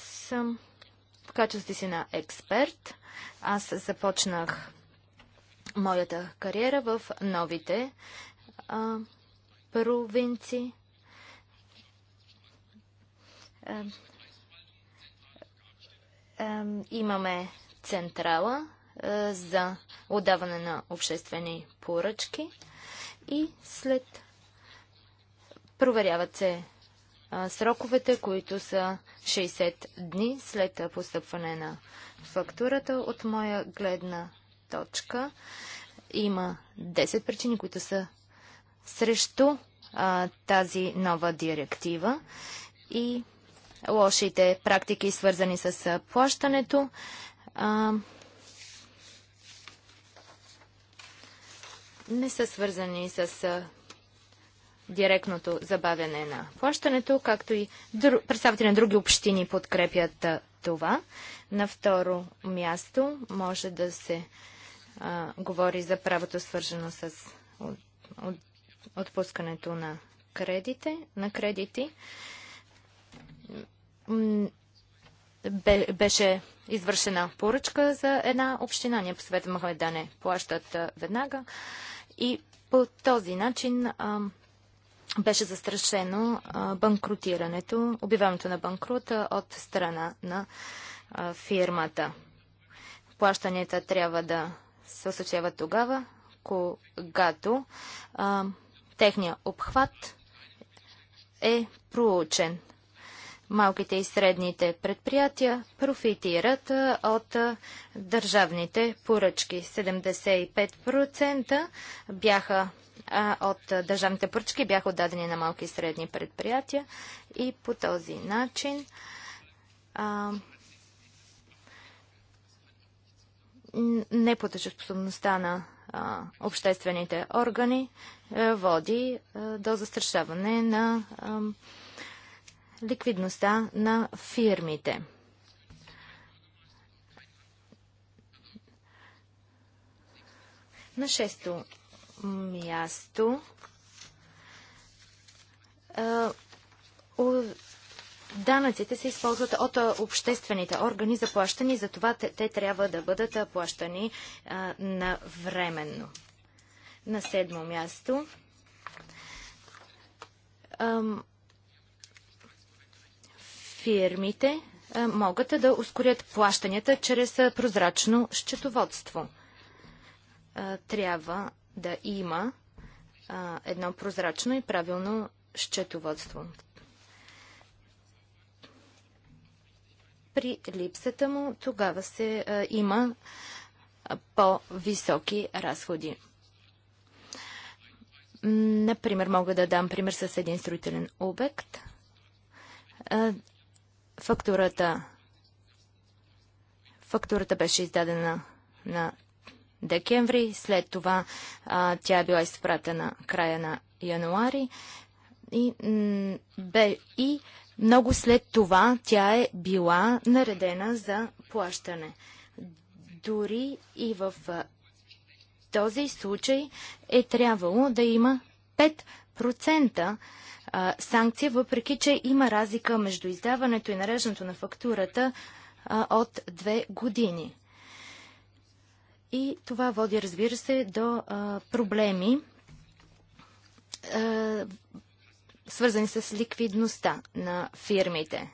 съм в качеството си на експерт. Аз започнах моята кариера в новите а, провинции. А, а, имаме централа а, е, за отдаване на обществени поръчки и след проверяват се сроковете, които са 60 дни след постъпване на фактурата. От моя гледна точка. Има 10 причини, които са срещу а, тази нова директива и лошите практики, свързани с плащането. А, не са свързани с а, директното забавяне на плащането, както и дру... представители на други общини подкрепят а, това. На второ място може да се а, говори за правото свържено с от, от, отпускането на кредите, на кредити. Бе, беше извършена поръчка за една община. Ние посъветваме да не плащат веднага. И по този начин а, беше застрашено а, банкротирането, убиването на банкрута от страна на а, фирмата. Плащанията трябва да се осъществяват тогава, когато а, техния обхват е проучен. Малките и средните предприятия профитират от държавните поръчки. 75% бяха от държавните поръчки бяха отдадени на малки и средни предприятия и по този начин неплатежоспособността на а, обществените органи а, е, води а, е, до застрашаване на а, ликвидността на фирмите. На шесто място а, е, Данъците се използват от обществените органи за плащани, затова те, те трябва да бъдат плащани а, навременно. На седмо място. Ам, фирмите а, могат да ускорят плащанията чрез прозрачно счетоводство. А, трябва да има едно прозрачно и правилно счетоводство. При липсата му тогава се а, има по-високи разходи. Например, мога да дам пример с един строителен обект. фактурата, фактурата беше издадена на декември, след това а, тя е била изпратена края на януари и, бе, и много след това тя е била наредена за плащане. Дори и в този случай е трябвало да има 5% санкция, въпреки че има разлика между издаването и нареждането на фактурата от две години. И това води, разбира се, до а, проблеми свързани с ликвидността на фирмите.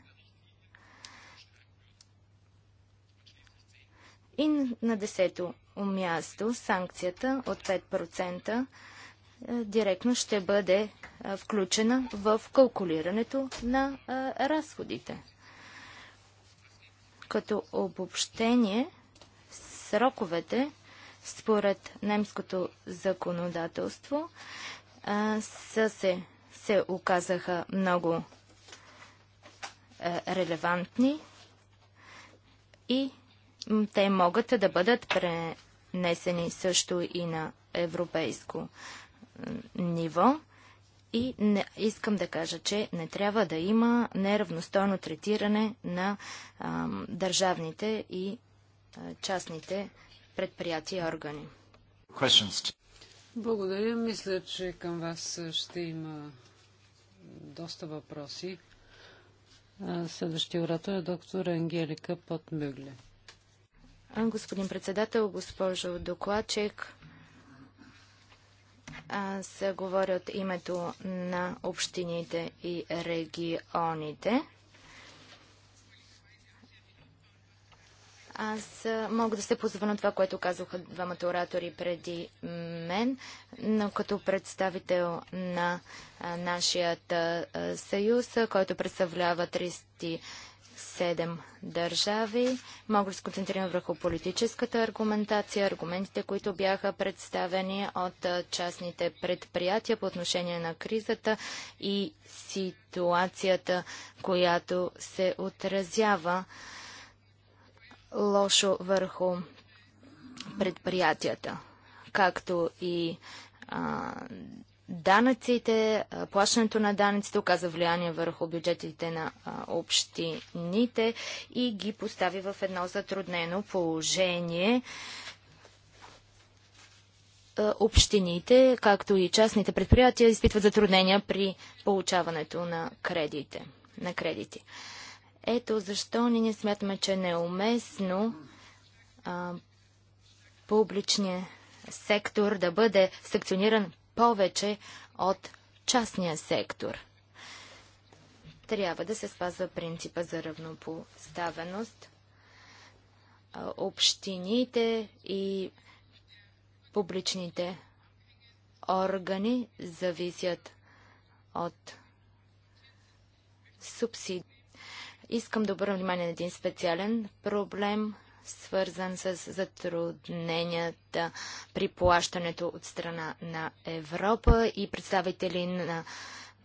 И на десето място санкцията от 5% е, директно ще бъде е, включена в калкулирането на е, разходите. Като обобщение, сроковете според немското законодателство са се се оказаха много е, релевантни и те могат да бъдат пренесени също и на европейско ниво. И не, искам да кажа, че не трябва да има неравностойно третиране на е, държавните и е, частните предприятия и органи. Благодаря. Мисля, че към вас ще има доста въпроси. Следващия оратор е доктор Ангелика Потмюгле. Господин председател, госпожо докладчик, аз говоря от името на общините и регионите. Аз мога да се позова на това, което казаха двамата оратори преди мен, но като представител на нашият съюз, който представлява 37 държави, мога да се концентрирам върху политическата аргументация, аргументите, които бяха представени от частните предприятия по отношение на кризата и ситуацията, която се отразява лошо върху предприятията, както и а, данъците, плащането на данъците оказа влияние върху бюджетите на а, общините и ги постави в едно затруднено положение. общините, както и частните предприятия, изпитват затруднения при получаването на кредите. На кредити. Ето защо ние смятаме, че е неуместно а, публичния сектор да бъде санкциониран повече от частния сектор. Трябва да се спазва принципа за равнопоставеност. общините и публичните органи зависят от субсидии Искам да обърна внимание на един специален проблем, свързан с затрудненията при плащането от страна на Европа и представители на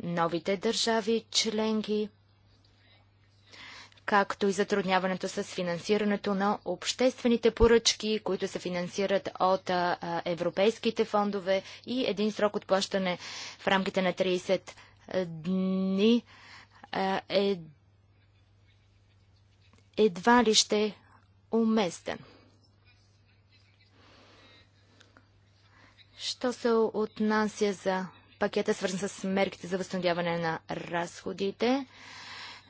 новите държави членки, както и затрудняването с финансирането на обществените поръчки, които се финансират от европейските фондове и един срок от плащане в рамките на 30 дни е едва ли ще уместен. Що се отнася за пакета, свързан с мерките за възстановяване на разходите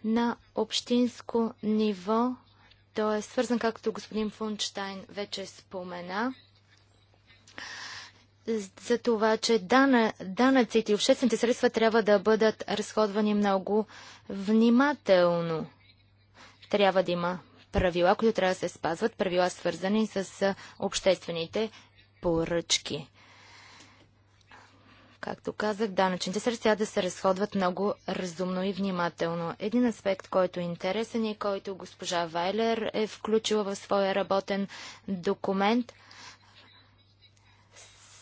на общинско ниво, той е свързан, както господин Фунштайн вече спомена, за това, че дана, данъците и обществените средства трябва да бъдат разходвани много внимателно. Трябва да има правила, които трябва да се спазват, правила свързани с обществените поръчки. Както казах, данъчните средства да се разходват много разумно и внимателно. Един аспект, който е интересен и който госпожа Вайлер е включила в своя работен документ,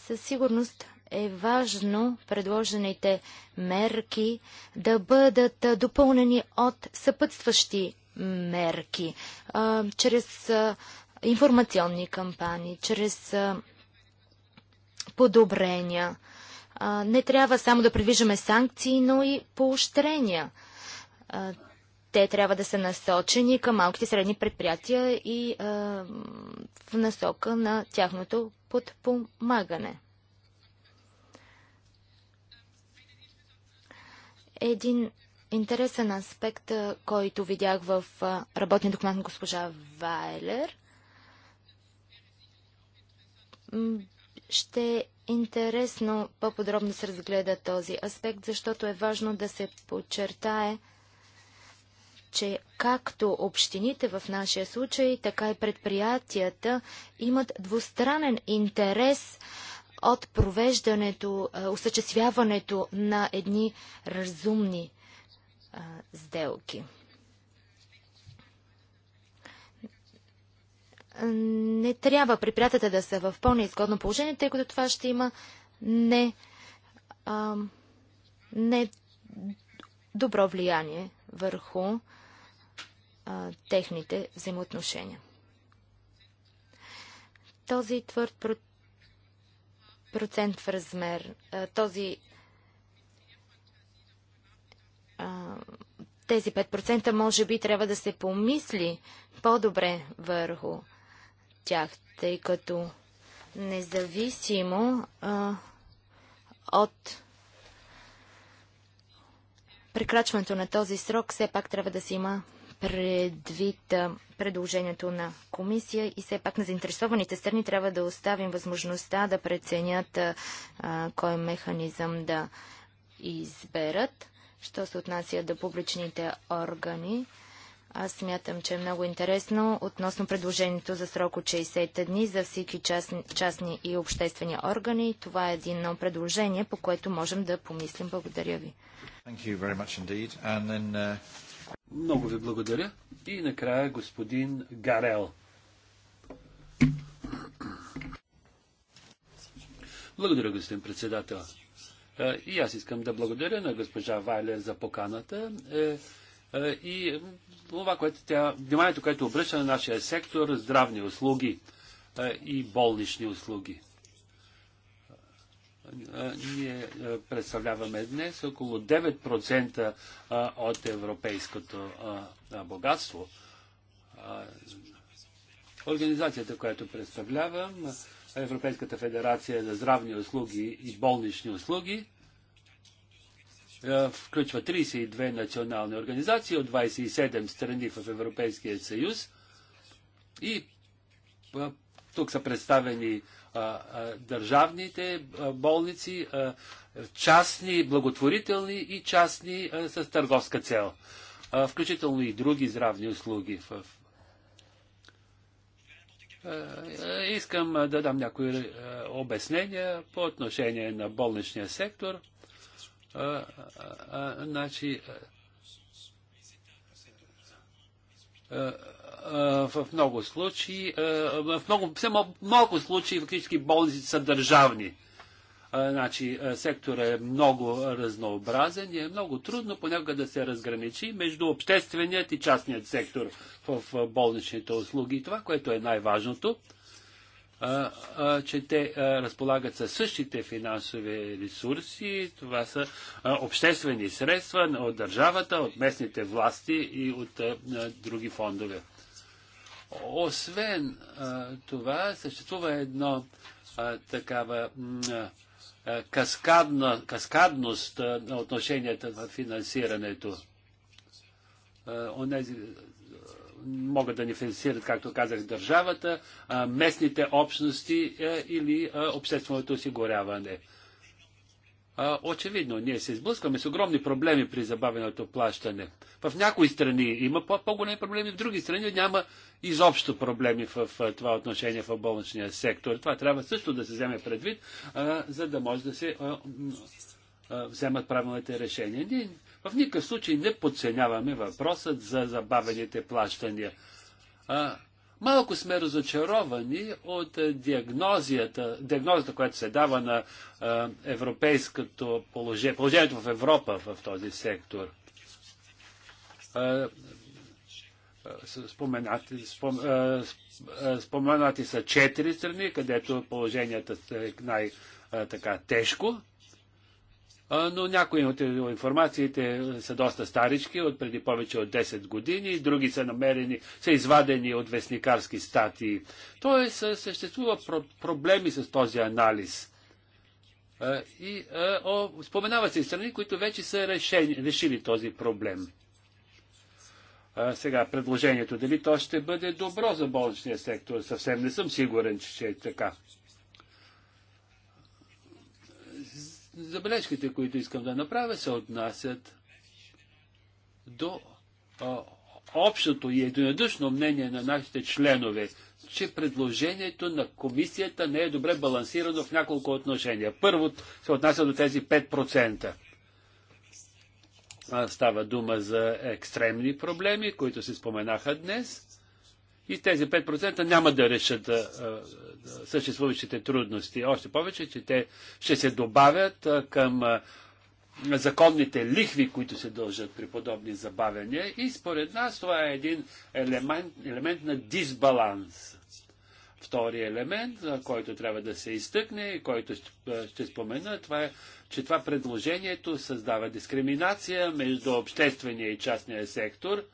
със сигурност е важно предложените мерки да бъдат допълнени от съпътстващи мерки, чрез информационни кампании, чрез подобрения. не трябва само да предвиждаме санкции, но и поощрения. те трябва да са насочени към малките средни предприятия и в насока на тяхното подпомагане. Един Интересен аспект, който видях в работния документ на госпожа Вайлер, ще е интересно по-подробно се разгледа този аспект, защото е важно да се подчертае, че както общините в нашия случай, така и предприятията имат двустранен интерес от провеждането, осъществяването на едни разумни а, сделки. Не трябва припрятата да са в по-неизгодно положение, тъй като това ще има не, а, не добро влияние върху а, техните взаимоотношения. Този твърд процент в размер, този тези 5% може би трябва да се помисли по-добре върху тях, тъй като независимо а, от прекрачването на този срок, все пак трябва да се има предвид предложението на комисия и все пак на заинтересованите страни трябва да оставим възможността да преценят а, кой механизъм да изберат. Що се отнася до публичните органи, аз смятам, че е много интересно относно предложението за срок от 60 дни за всички частни, частни и обществени органи. Това е едно предложение, по което можем да помислим. Благодаря ви. Then, uh... Много ви благодаря. И накрая господин Гарел. Благодаря, господин председател. Е, и аз искам да благодаря на госпожа Вайлер за поканата е, е, и това, което тя, вниманието, което обръща на нашия сектор, здравни услуги и болнични услуги. Ние представляваме днес около 9% от европейското богатство. Организацията, която представлявам, Европейската федерация за здравни услуги и болнични услуги. Е, включва 32 национални организации от 27 страни в Европейския съюз. И е, тук са представени е, държавните болници, частни, благотворителни и частни с търговска цел, включително и други здравни услуги в е, искам е, да дам някои е, обяснения по отношение на болничния сектор. Значи, в много случаи, в много, все малко случаи фактически болници са държавни. Значи, сектора е много разнообразен и е много трудно понякога да се разграничи между общественият и частният сектор в болничните услуги. И това, което е най-важното, че те разполагат със същите финансови ресурси. Това са обществени средства от държавата, от местните власти и от други фондове. Освен това, съществува едно такава е, каскадна, каскадност е, на отношенията в финансирането. Е, онези могат да ни финансират, както казах, държавата, местните общности или общественото осигуряване очевидно, ние се сблъскваме с огромни проблеми при забавеното плащане. В някои страни има по-големи по проблеми, в други страни няма изобщо проблеми в, това отношение в болничния сектор. Това трябва също да се вземе предвид, за да може да се вземат правилните решения. Ние в никакъв случай не подценяваме въпросът за забавените плащания. Малко сме разочаровани от е, диагнозията, диагнозата, която се дава на е, европейското положение, положението в Европа в този сектор. Е, споменати, спом, споменати са четири страни, където положението е най-тежко но някои от информациите са доста старички, от преди повече от 10 години, други са намерени, са извадени от вестникарски статии. Тоест, съществува проблеми с този анализ. И о, споменават се и страни, които вече са решени, решили този проблем. Сега, предложението, дали то ще бъде добро за болничния сектор, съвсем не съм сигурен, че ще е така. Забележките, които искам да направя, се отнасят до а, общото и единодушно мнение на нашите членове, че предложението на комисията не е добре балансирано в няколко отношения. Първо се отнася до тези 5%. Става дума за екстремни проблеми, които се споменаха днес. И тези 5% няма да решат а, а, съществуващите трудности. Още повече, че те ще се добавят а, към а, законните лихви, които се дължат при подобни забавяния. И според нас това е един елемент, елемент на дисбаланс. Втори елемент, а, който трябва да се изтъкне и който ще, а, ще спомена, това е, че това предложението създава дискриминация между обществения и частния сектор –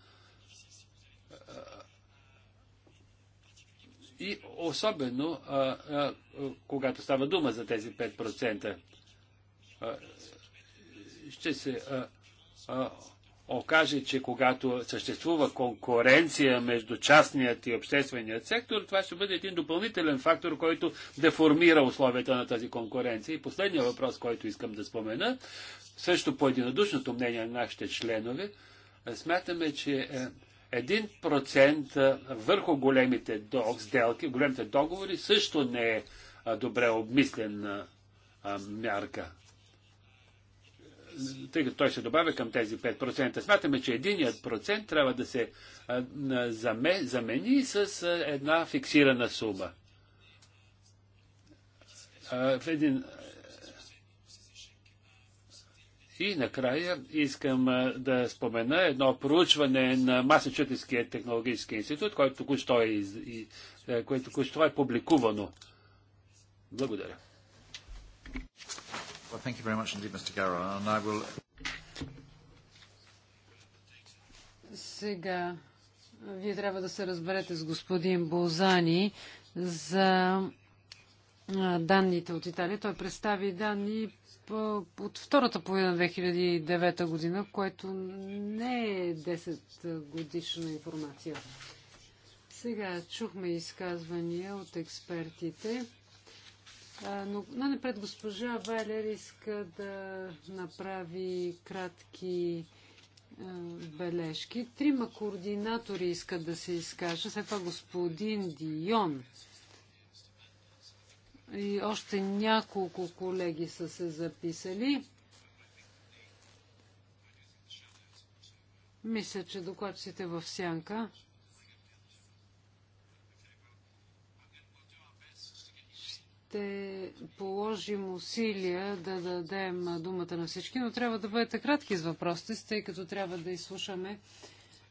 И особено, а, а, когато става дума за тези 5%, а, ще се а, а, окаже, че когато съществува конкуренция между частният и общественият сектор, това ще бъде един допълнителен фактор, който деформира условията на тази конкуренция. И последният въпрос, който искам да спомена, също по единодушното мнение на нашите членове, смятаме, че е, 1% върху големите сделки, големите договори също не е добре обмислена мярка. Тъй като той ще добавя към тези 5%. Смятаме, че единият процент трябва да се замени с една фиксирана сума. В един и накрая искам да спомена едно проучване на Масачусетския технологически институт, което току-що е, из... Е, което току-що е публикувано. Благодаря. Well, thank you very much indeed, Mr. Garrow, and I will... Сега вие трябва да се разберете с господин Болзани за данните от Италия. Той представи данни е, от втората половина 2009 година, което не е 10 годишна информация. Сега чухме изказвания от експертите, е, но най-напред госпожа Вайлер иска да направи кратки е, бележки. Трима координатори искат да се изкажат, след това господин Дион. И още няколко колеги са се записали. Мисля, че докладчите в сянка. Ще положим усилия да дадем думата на всички, но трябва да бъдете кратки с въпросите, тъй като трябва да изслушаме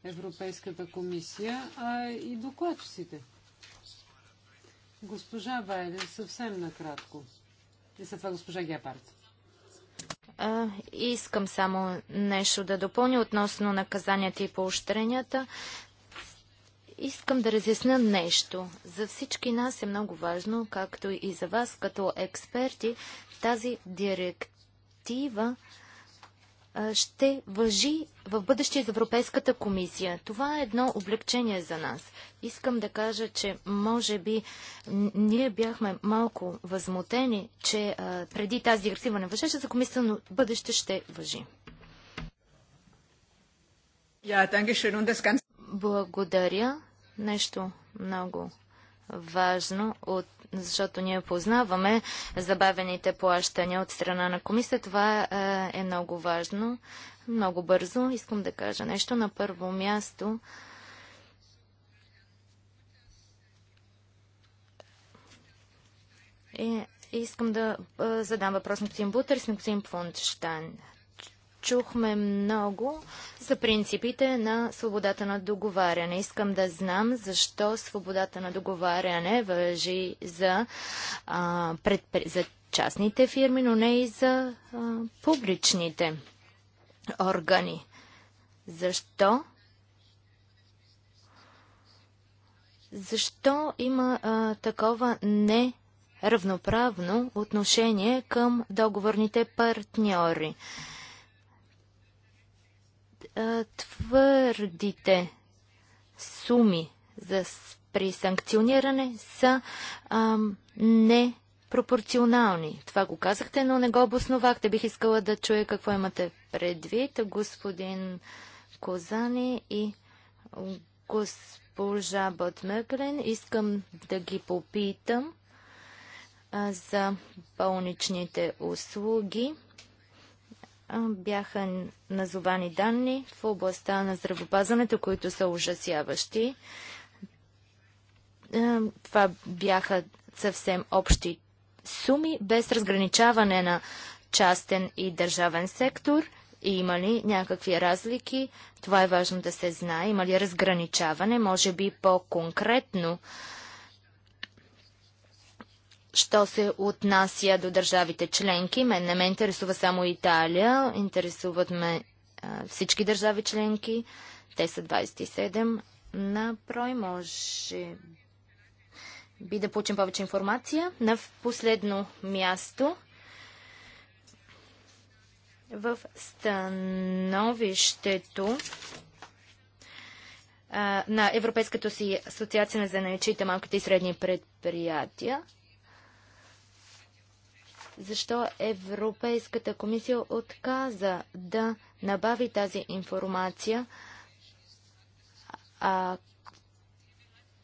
Европейската комисия а и докладчиците. Госпожа Байден, съвсем накратко. И след това госпожа Геапард. А, искам само нещо да допълня относно наказанията и поощренията. Искам да разясня нещо. За всички нас е много важно, както и за вас като експерти, тази директива ще въжи в бъдеще за Европейската комисия. Това е едно облегчение за нас. Искам да кажа, че може би ние бяхме малко възмутени, че а, преди тази директива не въжеше за комисията, но бъдеще ще въжи. Благодаря. Нещо много важно, от, защото ние познаваме забавените плащания от страна на комисия. Това е, е много важно. Много бързо искам да кажа нещо. На първо място И е, искам да е, задам въпрос на господин Бутер и на господин чухме много за принципите на свободата на договаряне. Искам да знам защо свободата на договаряне въжи за, а, предпри... за частните фирми, но не и за а, публичните органи. Защо? Защо има а, такова не равноправно отношение към договорните партньори? а, твърдите суми за, при санкциониране са а, не пропорционални. Това го казахте, но не го обосновахте. Бих искала да чуя какво имате предвид, господин Козани и госпожа Бътмеклен. Искам да ги попитам а, за болничните услуги бяха назовани данни в областта на здравопазването, които са ужасяващи. Това бяха съвсем общи суми, без разграничаване на частен и държавен сектор. И има ли някакви разлики? Това е важно да се знае. Има ли разграничаване? Може би по-конкретно Що се отнася до държавите членки, мен не ме интересува само Италия, интересуват ме а, всички държави членки. Те са 27 на прой. Може би да получим повече информация. На последно място в становището а, на Европейската си асоциация на занаячите малките и средни предприятия защо Европейската комисия отказа да набави тази информация, а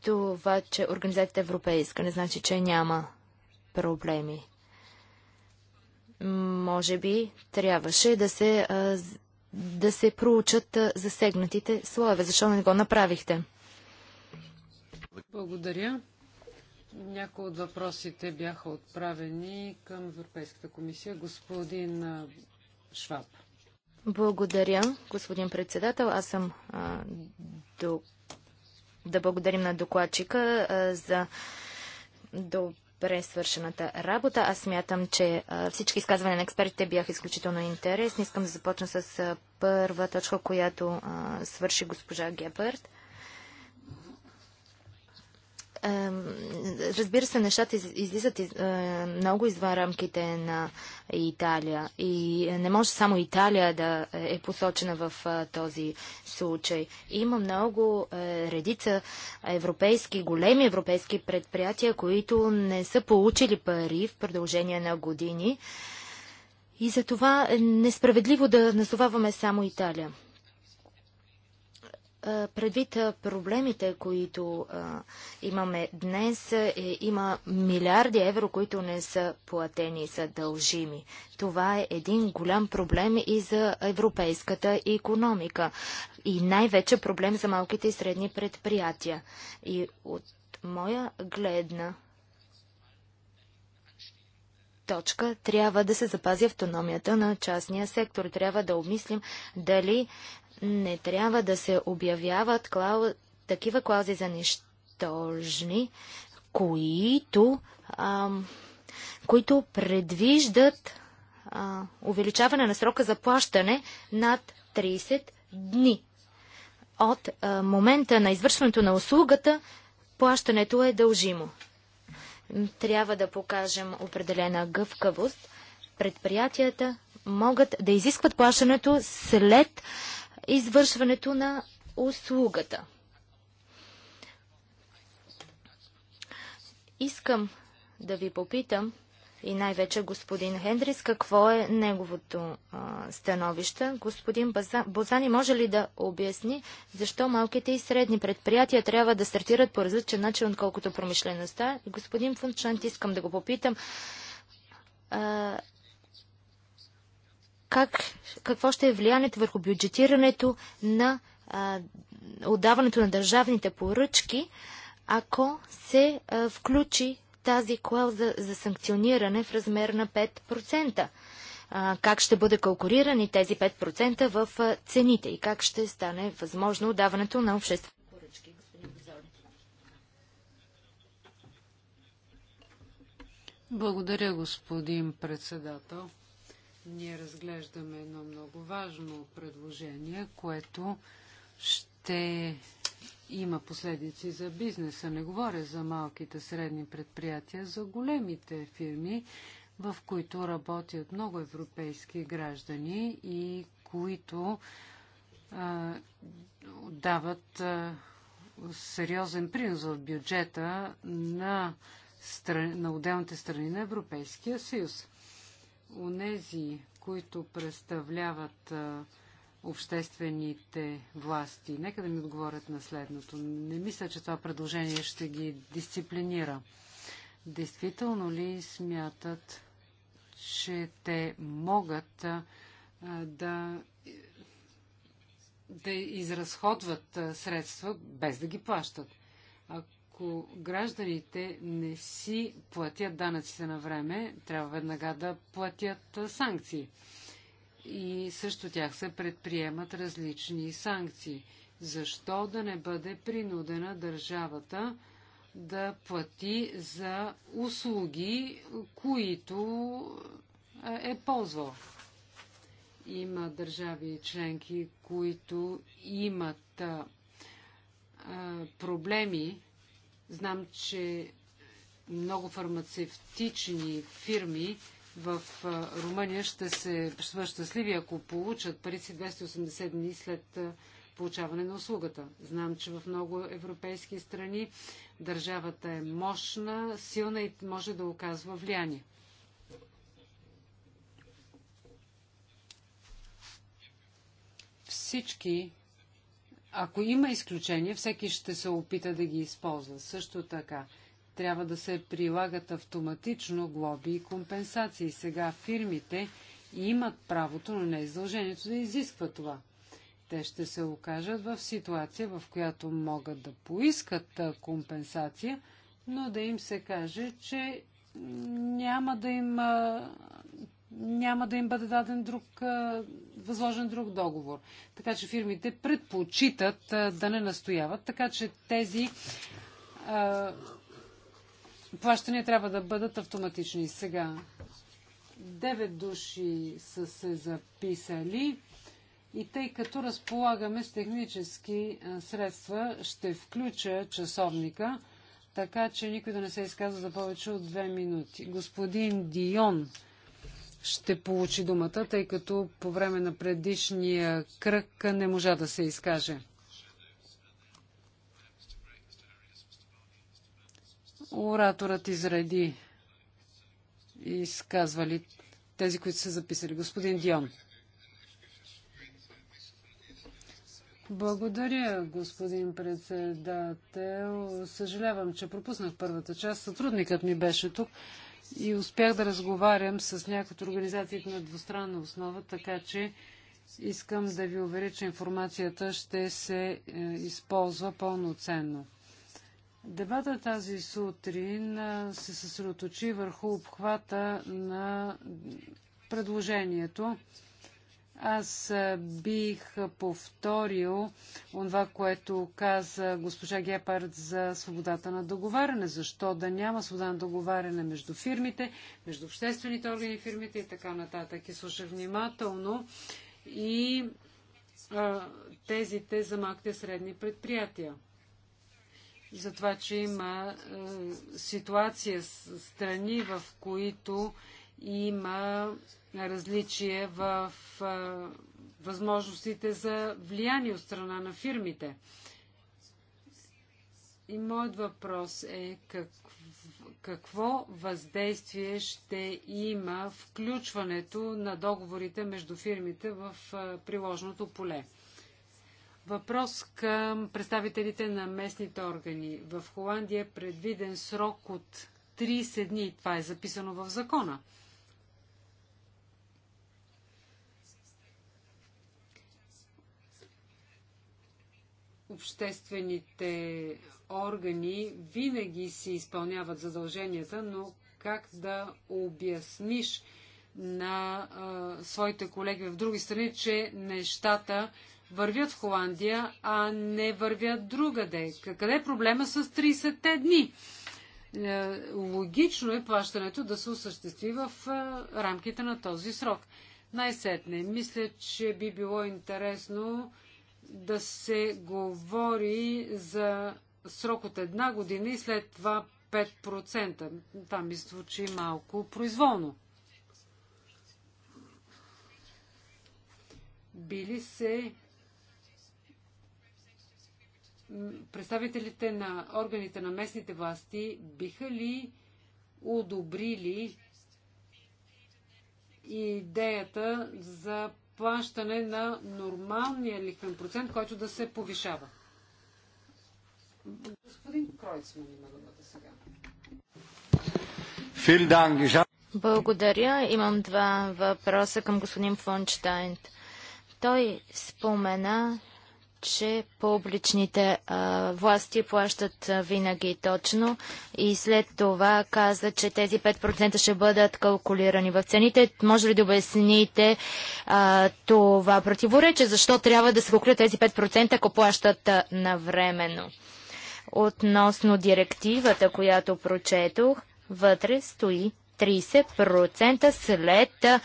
това, че организацията европейска, не значи, че няма проблеми. Може би трябваше да се, да се проучат засегнатите слоеве. Защо не го направихте? Благодаря. Някои от въпросите бяха отправени към Европейската комисия. Господин Шваб. Благодаря, господин председател. Аз съм а, до... да благодарим на докладчика а, за добре свършената работа. Аз смятам, че а, всички изказвания на експертите бяха изключително интересни. Искам да започна с а, първа точка, която а, свърши госпожа Гебърт. Разбира се, нещата излизат много извън рамките на Италия и не може само Италия да е посочена в този случай. Има много редица европейски, големи европейски предприятия, които не са получили пари в продължение на години и за това е несправедливо да насоваваме само Италия. Предвид проблемите, които имаме днес, е, има милиарди евро, които не са платени, са дължими. Това е един голям проблем и за европейската економика. И най-вече проблем за малките и средни предприятия. И от моя гледна точка трябва да се запази автономията на частния сектор. Трябва да обмислим дали не трябва да се обявяват клау... такива клаузи за нищожни, които, а, които предвиждат а, увеличаване на срока за плащане над 30 дни. От а, момента на извършването на услугата плащането е дължимо. Трябва да покажем определена гъвкавост. Предприятията могат да изискват плащането след извършването на услугата. Искам да ви попитам и най-вече господин Хендрис, какво е неговото а, становище. Господин Бозани може ли да обясни защо малките и средни предприятия трябва да стартират по различен начин, отколкото промишлеността? Господин Фунчант, искам да го попитам. А, как, какво ще е влиянието върху бюджетирането на а, отдаването на държавните поръчки, ако се а, включи тази клауза за санкциониране в размер на 5%. А, как ще бъде калкулирани тези 5% в а, цените и как ще стане възможно отдаването на обществените поръчки, Благодаря, господин председател. Ние разглеждаме едно много важно предложение, което ще има последици за бизнеса. Не говоря за малките средни предприятия, за големите фирми, в които работят много европейски граждани и които а, дават а, сериозен принос в бюджета на, стран... на отделните страни на Европейския съюз онези, които представляват обществените власти. Нека да ми отговорят на следното. Не мисля, че това предложение ще ги дисциплинира. Действително ли смятат, че те могат а, да, да изразходват средства без да ги плащат? ако гражданите не си платят данъците на време, трябва веднага да платят санкции. И също тях се предприемат различни санкции. Защо да не бъде принудена държавата да плати за услуги, които е ползвал? Има държави и членки, които имат проблеми Знам, че много фармацевтични фирми в Румъния ще се бъдат щастливи, ако получат пари си 280 дни след получаване на услугата. Знам, че в много европейски страни държавата е мощна, силна и може да оказва влияние. Всички ако има изключения, всеки ще се опита да ги използва. Също така, трябва да се прилагат автоматично глоби и компенсации. Сега фирмите имат правото, но не е задължението да изисква това. Те ще се окажат в ситуация, в която могат да поискат компенсация, но да им се каже, че няма да им няма да им бъде даден друг, възложен друг договор. Така че фирмите предпочитат да не настояват, така че тези а, плащания трябва да бъдат автоматични. Сега, девет души са се записали и тъй като разполагаме с технически средства, ще включа часовника, така че никой да не се изказва за повече от две минути. Господин Дион, ще получи думата, тъй като по време на предишния кръг не можа да се изкаже. Ораторът изреди изказвали тези, които са записали. Господин Дион. Благодаря, господин председател. Съжалявам, че пропуснах първата част. Сътрудникът ми беше тук и успях да разговарям с някои от организациите на двустранна основа, така че искам да ви уверя, че информацията ще се е, използва пълноценно. Дебата тази сутрин е, се съсредоточи върху обхвата на предложението. Аз бих повторил това, което каза госпожа Гепард за свободата на договаряне. Защо да няма свобода на договаряне между фирмите, между обществените органи и фирмите и така нататък. И слушах внимателно и а, тезите за малките средни предприятия. За това, че има а, ситуация с страни, в които има различие в възможностите за влияние от страна на фирмите. И моят въпрос е как, какво въздействие ще има включването на договорите между фирмите в приложното поле. Въпрос към представителите на местните органи. В Холандия е предвиден срок от 30 дни. Това е записано в закона. обществените органи винаги си изпълняват задълженията, но как да обясниш на а, своите колеги в други страни, че нещата вървят в Холандия, а не вървят другаде? Къде е проблема с 30-те дни? Е, логично е плащането да се осъществи в а, е, рамките на този срок. Най-сетне, мисля, че би било интересно да се говори за срок от една година и след това 5%. Там ми звучи малко произволно. Били се представителите на органите на местните власти биха ли одобрили идеята за плащане на нормалния лихвен процент, който да се повишава. Господин Кройцман има думата сега. Благодаря. Имам два въпроса към господин Фонштайн. Той спомена, че публичните а, власти плащат а, винаги точно и след това каза, че тези 5% ще бъдат калкулирани в цените. Може ли да обясните а, това противоречие? Защо трябва да се калкулират тези 5%, ако плащат а, навременно? Относно директивата, която прочетох, вътре стои 30% след а,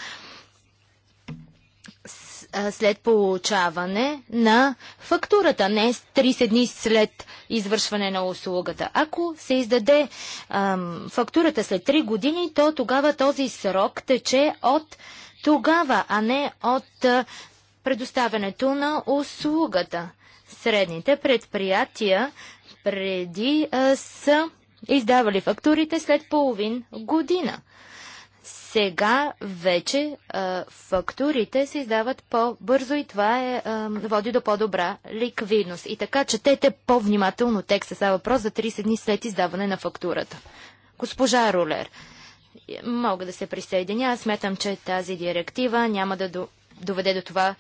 след получаване на фактурата, не 30 дни след извършване на услугата. Ако се издаде ам, фактурата след 3 години, то тогава този срок тече от тогава, а не от а, предоставянето на услугата. Средните предприятия преди а, са издавали фактурите след половин година. Сега вече а, фактурите се издават по-бързо и това е, а, води до по-добра ликвидност. И така четете по-внимателно текста. Става въпрос за 30 дни след издаване на фактурата. Госпожа Рулер, мога да се присъединя. Аз сметам, че тази директива няма да доведе до това,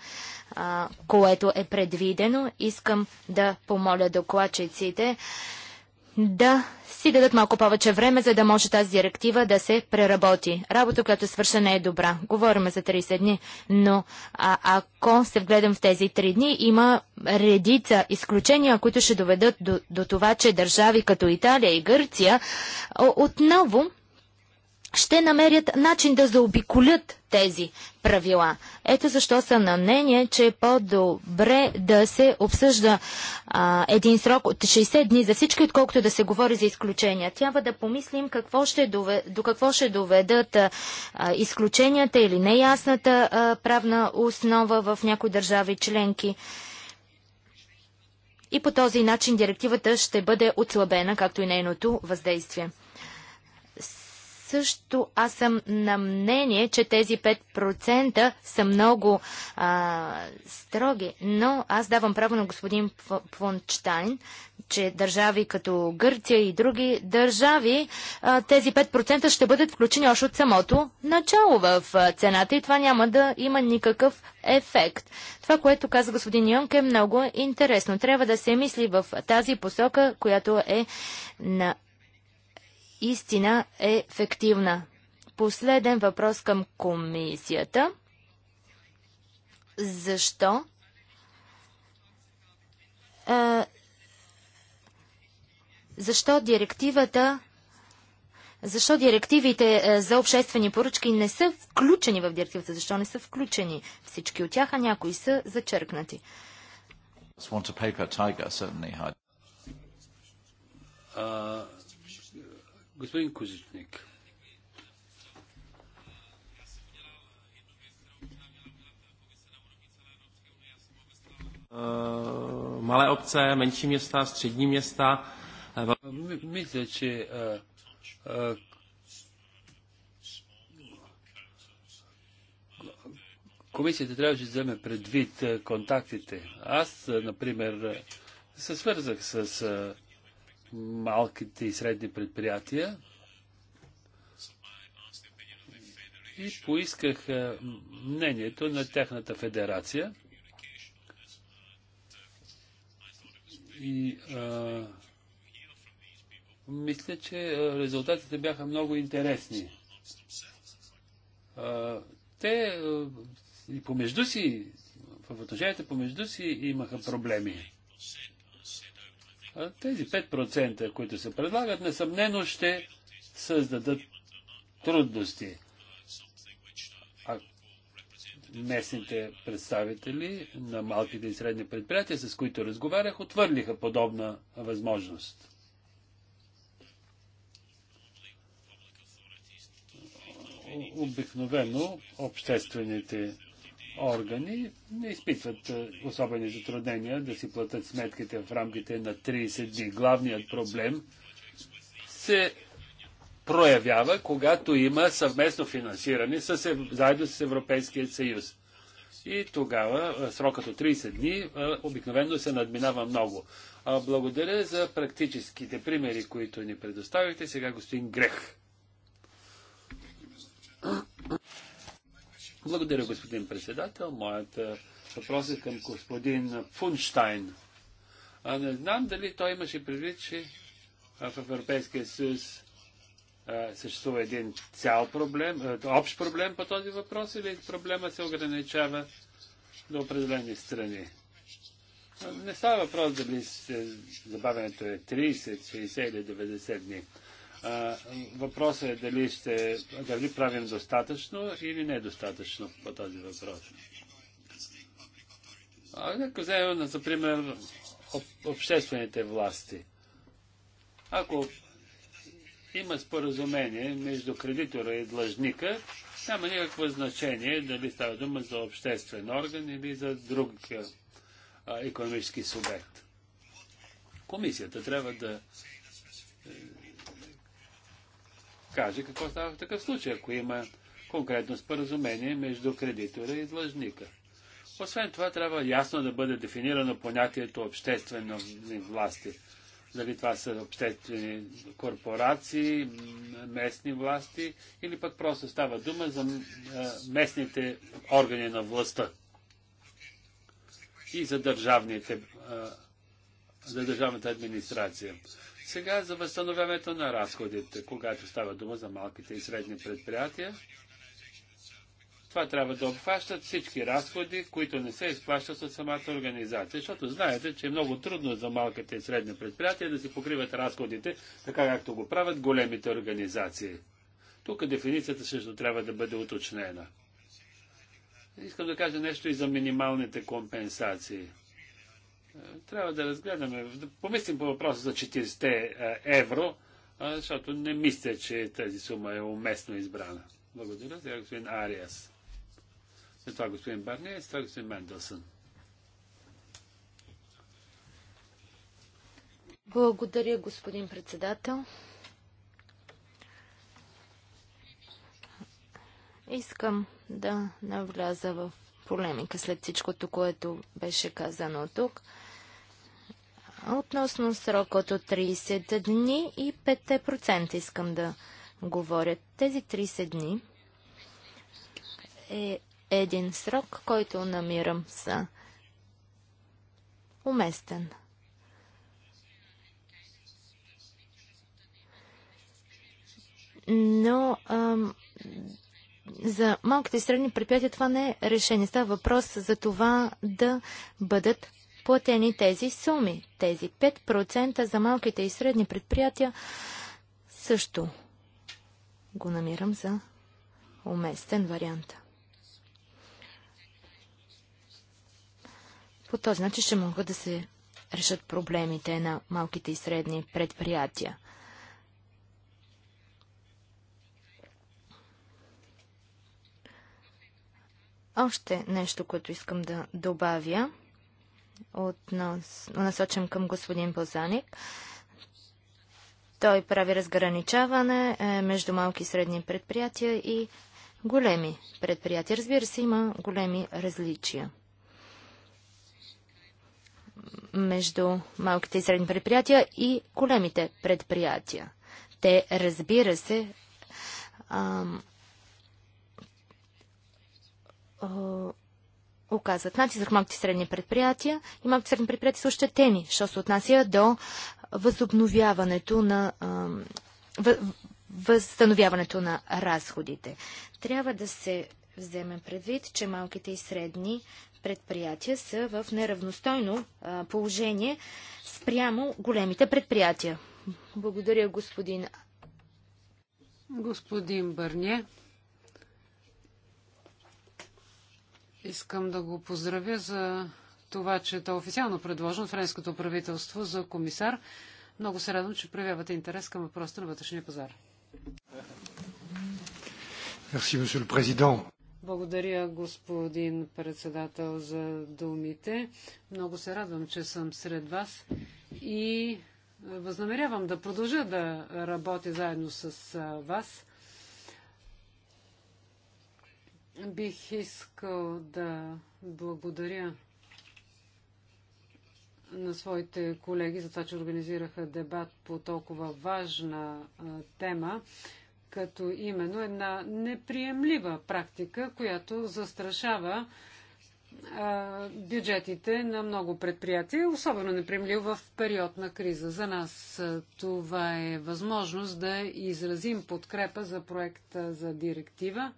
а, което е предвидено. Искам да помоля докладчиците да си дадат малко повече време, за да може тази директива да се преработи. Работа, която е свърша не е добра. Говорим за 30 дни, но а, ако се вгледам в тези 3 дни, има редица изключения, които ще доведат до, до това, че държави като Италия и Гърция отново ще намерят начин да заобиколят тези правила. Ето защо са на мнение, че е по-добре да се обсъжда а, един срок от 60 дни за всички, отколкото да се говори за изключения. Трябва да помислим какво ще дове, до какво ще доведат а, изключенията или неясната а, правна основа в някои държави членки. И по този начин директивата ще бъде отслабена, както и нейното въздействие. Също аз съм на мнение, че тези 5% са много а, строги, но аз давам право на господин Фонштайн, че държави като Гърция и други държави, а, тези 5% ще бъдат включени още от самото начало в цената и това няма да има никакъв ефект. Това, което каза господин Йонг е много интересно. Трябва да се мисли в тази посока, която е на истина е фективна. Последен въпрос към комисията. Защо? А, защо директивата защо директивите за обществени поръчки не са включени в директивата? Защо не са включени всички от тях, а някои са зачеркнати? Господин Кузичник. Малé obce, menší města, střední města. Мисля, че комисията трябваше да вземе предвид контактите. Аз, например, се свързах с малките и средни предприятия. И поисках е, мнението на тяхната федерация. И а, е, мисля, че е, резултатите бяха много интересни. А, те и помежду си, в отношенията помежду си имаха проблеми. Тези 5%, които се предлагат, несъмнено ще създадат трудности. А местните представители на малките и средни предприятия, с които разговарях, отвърлиха подобна възможност. Обикновено обществените органи не изпитват е, особени затруднения да си платят сметките в рамките на 30 дни. Главният проблем се проявява, когато има съвместно финансиране с, заедно с Европейския съюз. И тогава е, срокът от 30 дни е, обикновено се надминава много. Благодаря за практическите примери, които ни предоставихте. Сега господин Грех. Благодаря, господин председател. Моят е, въпрос е към господин Фунштайн. А не знам дали той имаше предвид, че в Европейския съюз съществува един цял проблем, общ проблем по този въпрос или проблема се ограничава до определени страни. Не става въпрос дали забавянето е 30, 60 или 90 дни. Въпросът е дали, ще, дали правим достатъчно или недостатъчно по този въпрос. А нека вземем, за пример, об, обществените власти. Ако има споразумение между кредитора и длъжника, няма никакво значение дали става дума за обществен орган или за друг а, економически субект. Комисията трябва да каже какво става в такъв случай, ако има конкретно споразумение между кредитора и длъжника. Освен това, трябва ясно да бъде дефинирано понятието обществено власти. Дали това са обществени корпорации, местни власти или пък просто става дума за местните органи на властта и за държавните, за държавната администрация. Сега за възстановяването на разходите, когато става дума за малките и средни предприятия, това трябва да обхващат всички разходи, които не се изплащат от самата организация. Защото знаете, че е много трудно за малките и средни предприятия да си покриват разходите, така както го правят големите организации. Тук дефиницията също трябва да бъде уточнена. Искам да кажа нещо и за минималните компенсации трябва да разгледаме, да помислим по въпроса за 40 е, евро, защото не мисля, че тази сума е уместно избрана. Благодаря. Сега господин Ариас. След това господин Барния, след това господин Мендълсън. Благодаря, господин председател. Искам да навляза в полемика след всичкото, което беше казано тук. Относно срок от 30 дни и 5% искам да говоря. Тези 30 дни е един срок, който намирам са уместен. Но ам, за малките и средни предприятия това не е решение. Става въпрос за това да бъдат платени тези суми. Тези 5% за малките и средни предприятия също го намирам за уместен вариант. По този начин ще могат да се решат проблемите на малките и средни предприятия. Още нещо, което искам да добавя нас, насочен към господин Бозаник. Той прави разграничаване е, между малки и средни предприятия и големи предприятия. Разбира се, има големи различия между малките и средни предприятия и големите предприятия. Те, разбира се, ам, о, оказват натиск малките средни предприятия и малките средни предприятия са ощетени, що се отнася до възобновяването на възстановяването на разходите. Трябва да се вземе предвид, че малките и средни предприятия са в неравностойно положение спрямо големите предприятия. Благодаря, господин. Господин Бърне. Искам да го поздравя за това, че то е официално предложено от френското правителство за комисар. Много се радвам, че проявявате интерес към въпроса на вътрешния пазар. Благодаря, господин председател, за думите. Много се радвам, че съм сред вас и възнамерявам да продължа да работя заедно с вас Бих искал да благодаря на своите колеги за това, че организираха дебат по толкова важна тема, като именно една неприемлива практика, която застрашава бюджетите на много предприятия, особено неприемлив в период на криза. За нас това е възможност да изразим подкрепа за проекта за директива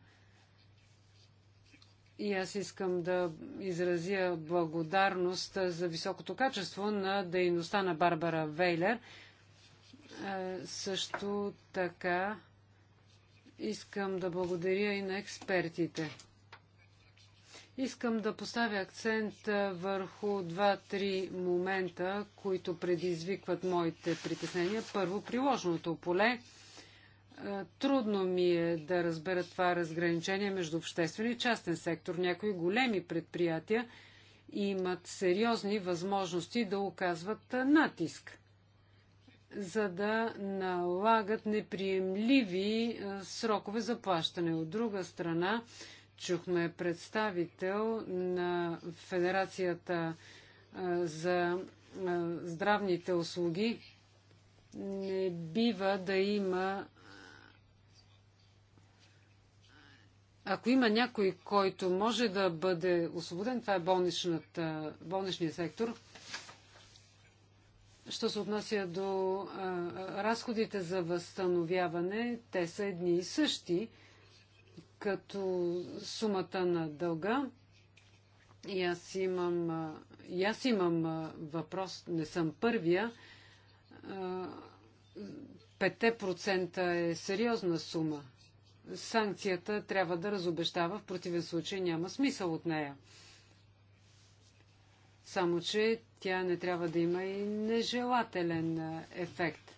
и аз искам да изразя благодарност за високото качество на дейността на Барбара Вейлер. Също така искам да благодаря и на експертите. Искам да поставя акцент върху два-три момента, които предизвикват моите притеснения. Първо, приложното поле. Е, трудно ми е да разбера това разграничение между обществен и частен сектор. Някои големи предприятия имат сериозни възможности да оказват е, натиск, за да налагат неприемливи е, срокове за плащане. От друга страна, чухме представител на Федерацията за здравните услуги. Не бива да има Ако има някой, който може да бъде освободен, това е болничният сектор. Що се отнася до а, разходите за възстановяване, те са едни и същи, като сумата на дълга. И аз имам, и аз имам въпрос, не съм първия. А, 5% е сериозна сума санкцията трябва да разобещава, в противен случай няма смисъл от нея. Само, че тя не трябва да има и нежелателен ефект.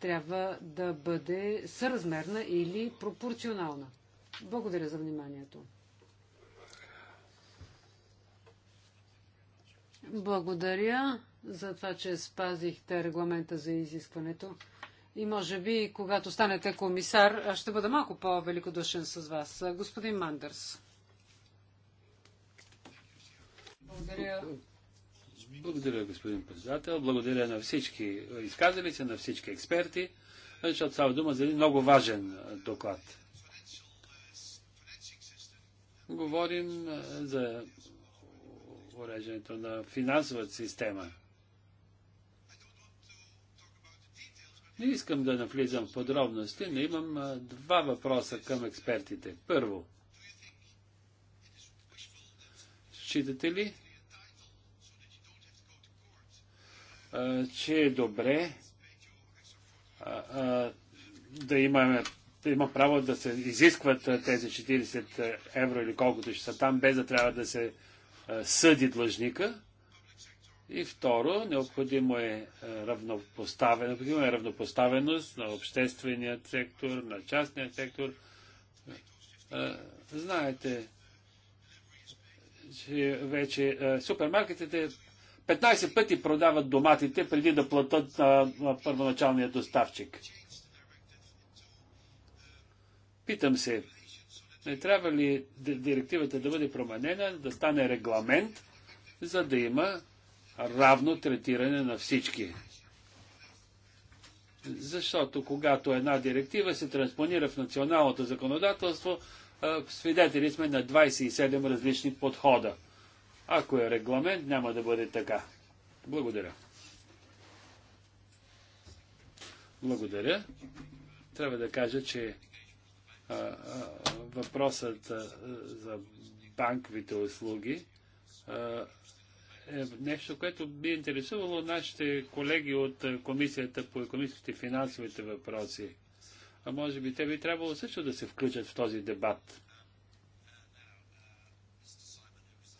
Трябва да бъде съразмерна или пропорционална. Благодаря за вниманието. Благодаря за това, че спазихте регламента за изискването. И може би, когато станете комисар, ще бъда малко по-великодушен с вас. Господин Мандърс. Благодаря. Благодаря, господин председател. Благодаря на всички изказали се, на всички експерти, защото става дума за един много важен доклад. Говорим за уреждането на финансовата система – Не искам да навлизам в подробности, но имам два въпроса към експертите. Първо, считате ли, че е добре да, имаме, да има право да се изискват тези 40 евро или колкото ще са там, без да трябва да се съди длъжника? И второ, необходимо е, е равнопоставен, необходимо е равнопоставеност на общественият сектор, на частния сектор. Е, е, знаете, че вече супермаркетите 15 пъти продават доматите преди да платят на първоначалния доставчик. Питам се, не трябва ли директивата да бъде променена, да стане регламент, за да има равно третиране на всички. Защото когато една директива се транспонира в националното законодателство, свидетели сме на 27 различни подхода. Ако е регламент, няма да бъде така. Благодаря. Благодаря. Трябва да кажа, че а, а, въпросът а, за банковите услуги е нещо, което би интересувало нашите колеги от е, Комисията по економическите и финансовите въпроси. А може би те би трябвало също да се включат в този дебат.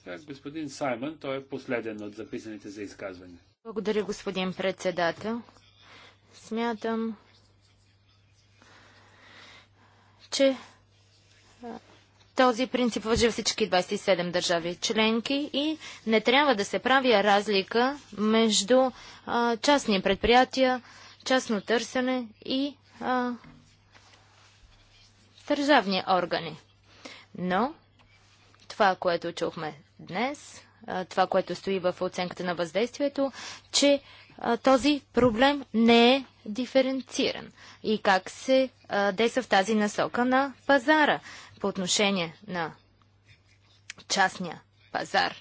Так, е, господин Саймън, той е последен от записаните за изказване. Благодаря, господин председател. Смятам, че този принцип въжи всички 27 държави членки и не трябва да се прави разлика между а, частни предприятия, частно търсене и а, държавни органи. Но това, което чухме днес, това, което стои в оценката на въздействието, че този проблем не е диференциран и как се действа в тази насока на пазара по отношение на частния пазар.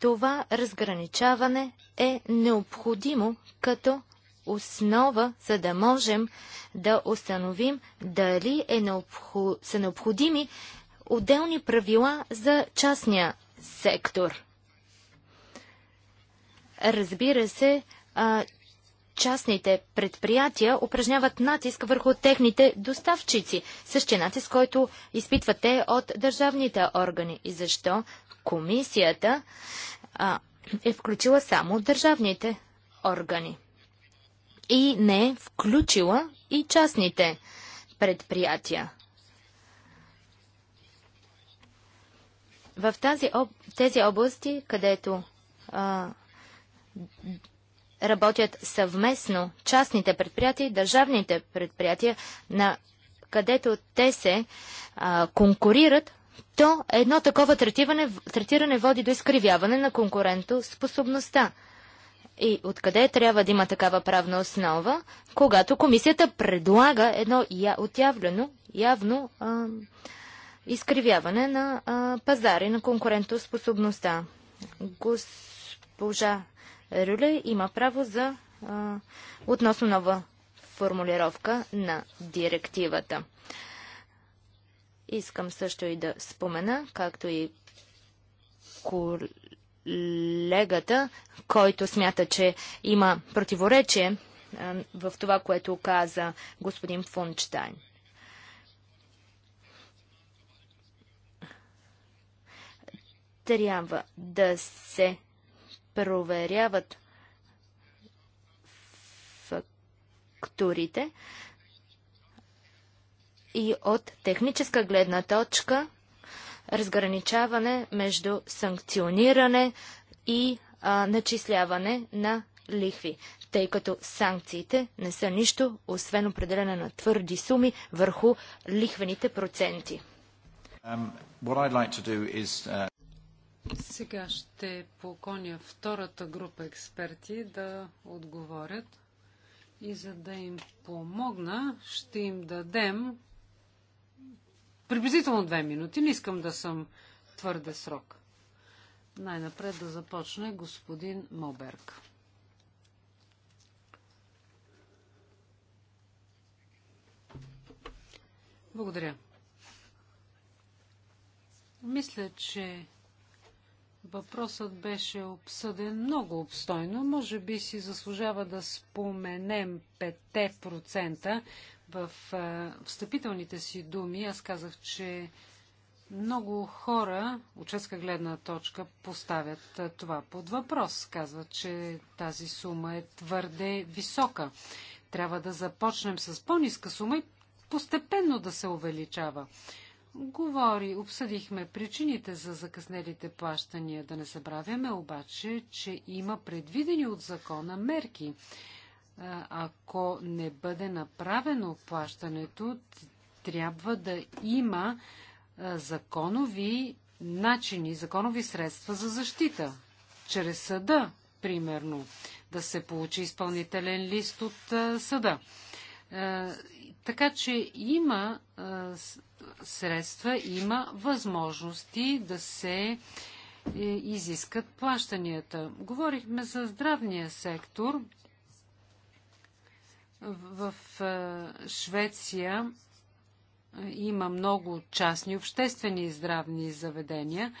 Това разграничаване е необходимо като основа, за да можем да установим дали е необх... са необходими отделни правила за частния сектор. Разбира се, а, частните предприятия упражняват натиск върху техните доставчици. Същия натиск, който изпитват те от държавните органи. И защо комисията а, е включила само държавните органи и не е включила и частните предприятия. В тази об... тези области, където а, работят съвместно частните предприятия и държавните предприятия, на където те се а, конкурират, то едно такова третиране, третиране води до изкривяване на конкурентоспособността. И откъде трябва да има такава правна основа, когато комисията предлага едно я, отявлено, явно а, изкривяване на а, пазари на конкурентоспособността. Госпожа Рюле има право за относно нова формулировка на директивата. Искам също и да спомена, както и колегата, който смята, че има противоречие в това, което каза господин Фунчтайн. Трябва да се проверяват фактурите и от техническа гледна точка разграничаване между санкциониране и а, начисляване на лихви, тъй като санкциите не са нищо, освен определене на твърди суми върху лихвените проценти. Um, like is, uh... Сега ще поконя втората група експерти да отговорят и за да им помогна, ще им дадем приблизително две минути. Не искам да съм твърде срок. Най-напред да започне господин Моберг. Благодаря. Мисля, че Въпросът беше обсъден много обстойно. Може би си заслужава да споменем 5% в встъпителните си думи. Аз казах, че много хора от честка гледна точка поставят това под въпрос. Казват, че тази сума е твърде висока. Трябва да започнем с по-ниска сума и постепенно да се увеличава говори, обсъдихме причините за закъснелите плащания. Да не събравяме обаче, че има предвидени от закона мерки. Ако не бъде направено плащането, трябва да има законови начини, законови средства за защита. Чрез съда, примерно, да се получи изпълнителен лист от съда така че има а, средства, има възможности да се е, изискат плащанията. Говорихме за здравния сектор. В, в е, Швеция има много частни обществени здравни заведения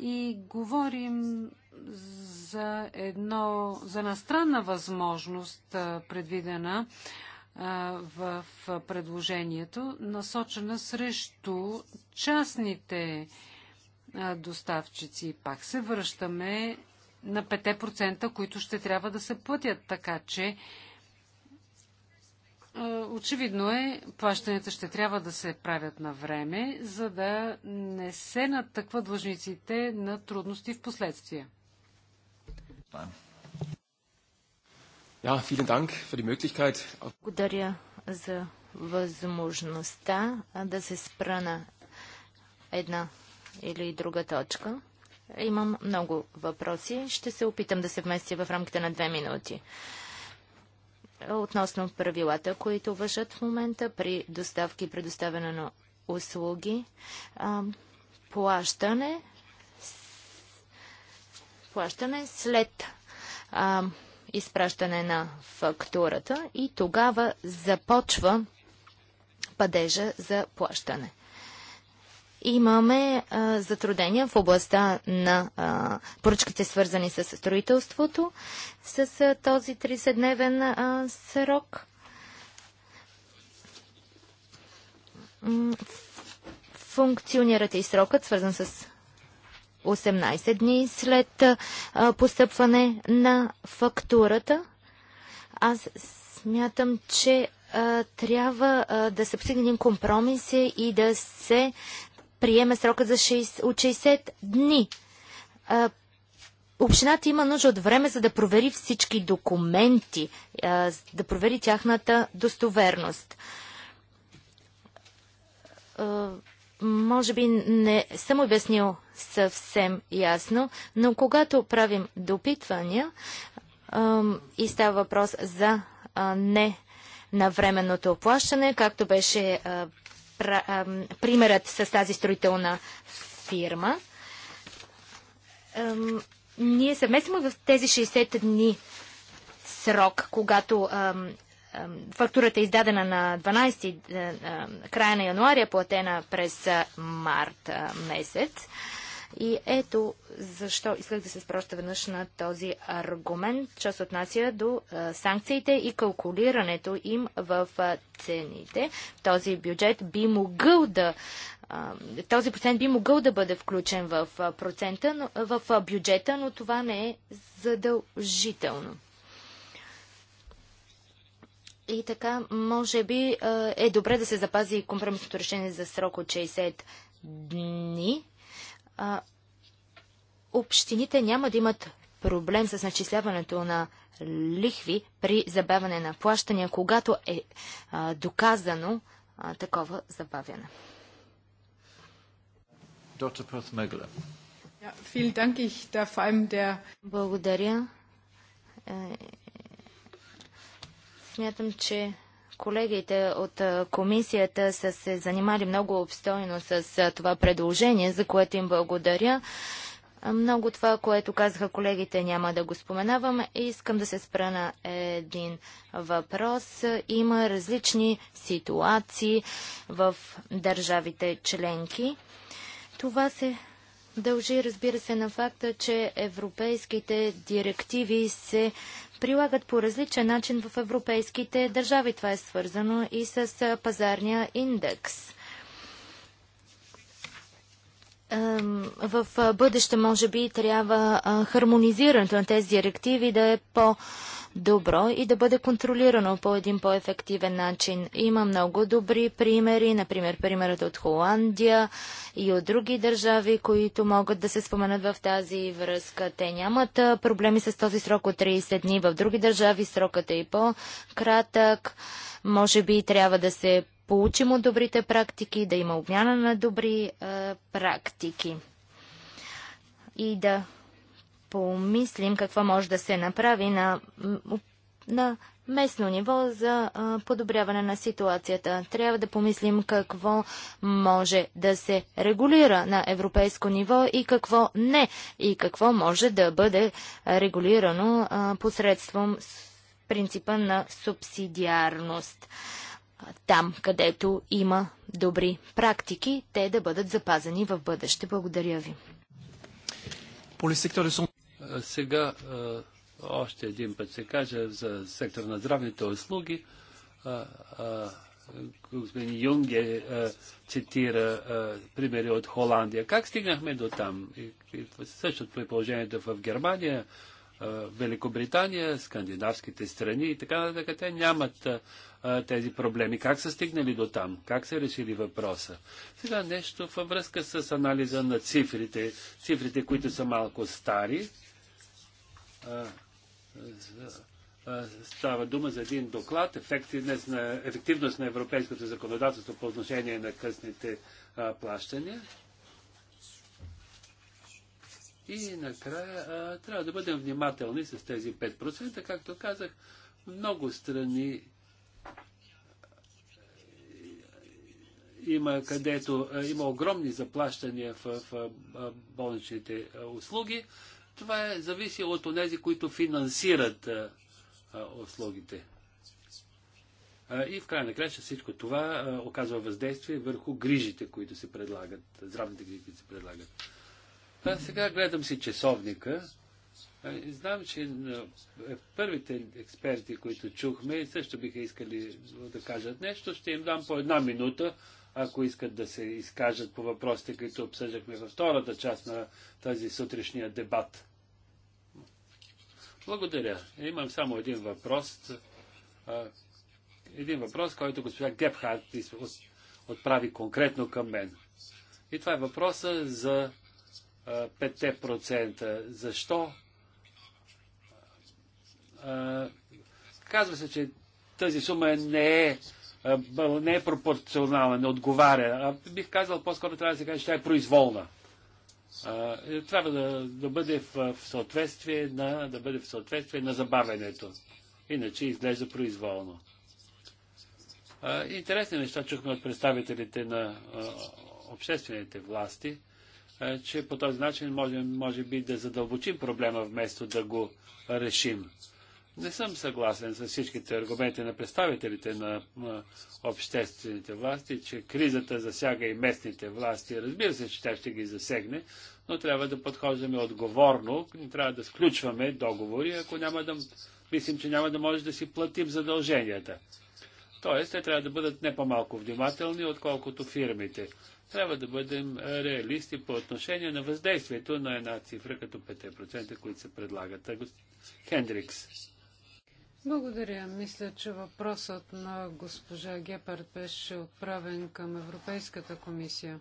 и говорим за, едно, за една странна възможност, предвидена в предложението, насочена срещу частните доставчици. Пак се връщаме на 5%, които ще трябва да се платят, така че очевидно е, плащанията ще трябва да се правят на време, за да не се натъкват длъжниците на трудности в последствие. Благодаря за възможността да се спра на една или друга точка. Имам много въпроси. Ще се опитам да се вместя в рамките на две минути. Относно правилата, които въжат в момента при доставки и предоставяне на услуги, плащане, плащане след а, изпращане на фактурата и тогава започва падежа за плащане. Имаме а, затрудения в областта на а, поръчките, свързани с строителството, с а, този 30-дневен срок. Функционират и срокът, свързан с 18 дни след постъпване на фактурата. Аз смятам, че трябва да се постигне компромис и да се приеме срока за 6, от 60 дни. Общината има нужда от време, за да провери всички документи, да провери тяхната достоверност може би не съм обяснил съвсем ясно, но когато правим допитвания и става въпрос за не на временното оплащане, както беше примерът с тази строителна фирма, ние съвместимо в тези 60 дни срок, когато Фактурата е издадена на 12 е, е, края на януаря, платена през е, март месец. И ето защо исках да се спроща веднъж на този аргумент, че се отнася до санкциите и калкулирането им в цените. Този бюджет би могъл да този процент би могъл да бъде включен в, процента, в бюджета, но това не е задължително. И така, може би е добре да се запази компромисното решение за срок от 60 дни. Общините няма да имат проблем с начисляването на лихви при забавяне на плащания, когато е доказано такова забавяне. Благодаря. Е, Смятам, че колегите от комисията са се занимали много обстойно с това предложение, за което им благодаря. Много това, което казаха колегите, няма да го споменавам. Искам да се спра на един въпрос. Има различни ситуации в държавите членки. Това се дължи, разбира се, на факта, че европейските директиви се прилагат по различен начин в европейските държави. Това е свързано и с пазарния индекс. В бъдеще, може би, трябва хармонизирането на тези директиви да е по- добро и да бъде контролирано по един по-ефективен начин. Има много добри примери, например примерът от Холандия и от други държави, които могат да се споменат в тази връзка. Те нямат проблеми с този срок от 30 дни. В други държави срокът е и по-кратък. Може би трябва да се получим от добрите практики, да има обмяна на добри е, практики и да помислим какво може да се направи на, на местно ниво за подобряване на ситуацията. Трябва да помислим какво може да се регулира на европейско ниво и какво не, и какво може да бъде регулирано посредством принципа на субсидиарност. Там, където има добри практики, те да бъдат запазени в бъдеще. Благодаря ви. Сега още един път се каже за сектор на здравните услуги. Господин Юнге цитира примери от Холандия. Как стигнахме до там? И, и същото е положението в Германия, Великобритания, скандинавските страни и така нататък. Те нямат тези проблеми. Как са стигнали до там? Как са решили въпроса? Сега нещо във връзка с анализа на цифрите. Цифрите, които са малко стари, става дума за един доклад ефективност на, ефективност на европейското законодателство по отношение на късните плащания. И накрая трябва да бъдем внимателни с тези 5%. Както казах, много страни има, където има огромни заплащания в, в болничните услуги това е зависи от тези, които финансират а, а, услугите. А, и в край на края всичко това а, оказва въздействие върху грижите, които се предлагат, здравните грижи, които се предлагат. А сега гледам си часовника. А, знам, че а, е, първите експерти, които чухме, също биха искали да кажат нещо. Ще им дам по една минута, ако искат да се изкажат по въпросите, които обсъждахме във втората част на тази сутрешния дебат. Благодаря. Имам само един въпрос. Един въпрос, който госпожа Гепхарт отправи конкретно към мен. И това е въпроса за 5%. Защо? Казва се, че тази сума не е, не е пропорционална, не отговаря. А бих казал, по-скоро трябва да се каже, че тя е произволна а, е, трябва да, да бъде в, в съответствие на, да бъде в съответствие на забавенето. Иначе изглежда произволно. А, интересни неща чухме от представителите на а, обществените власти, а, че по този начин можем, може би, да задълбочим проблема, вместо да го решим. Не съм съгласен с всичките аргументи на представителите на обществените власти, че кризата засяга и местните власти. Разбира се, че тя ще ги засегне, но трябва да подхождаме отговорно, трябва да сключваме договори, ако няма да мислим, че няма да може да си платим задълженията. Тоест, те трябва да бъдат не по-малко внимателни, отколкото фирмите. Трябва да бъдем реалисти по отношение на въздействието на една цифра като 5%, които се предлагат. Хендрикс. Благодаря. Мисля, че въпросът на госпожа Гепард беше отправен към Европейската комисия.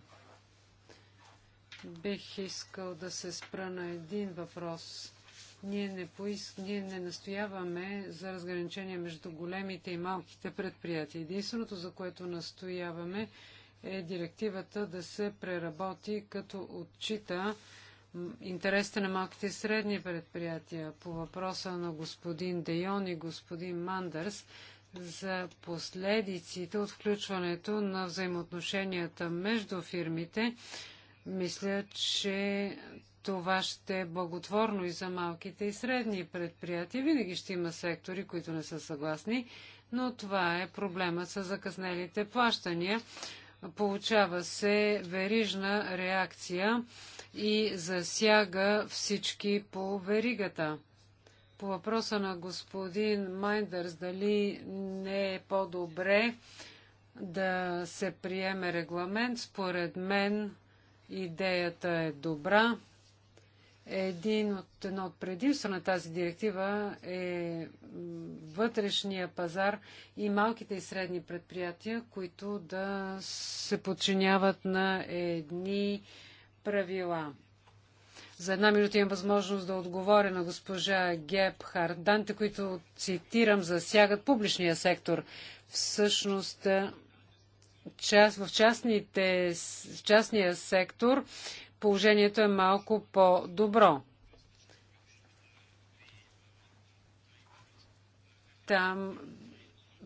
Бих искал да се спра на един въпрос. Ние не, поис... Ние не настояваме за разграничение между големите и малките предприятия. Единственото, за което настояваме, е директивата да се преработи, като отчита интересите на малките и средни предприятия. По въпроса на господин Дейон и господин Мандърс за последиците от включването на взаимоотношенията между фирмите, мисля, че това ще е благотворно и за малките и средни предприятия. Винаги ще има сектори, които не са съгласни, но това е проблема с закъснелите плащания. Получава се верижна реакция и засяга всички по веригата. По въпроса на господин Майндърс, дали не е по-добре да се приеме регламент, според мен идеята е добра. Един от, едно от предимства на тази директива е вътрешния пазар и малките и средни предприятия, които да се подчиняват на едни правила. За една минута имам възможност да отговоря на госпожа Геб Харданте, които цитирам, засягат публичния сектор. Всъщност, част, в частните, в частния сектор положението е малко по-добро. Там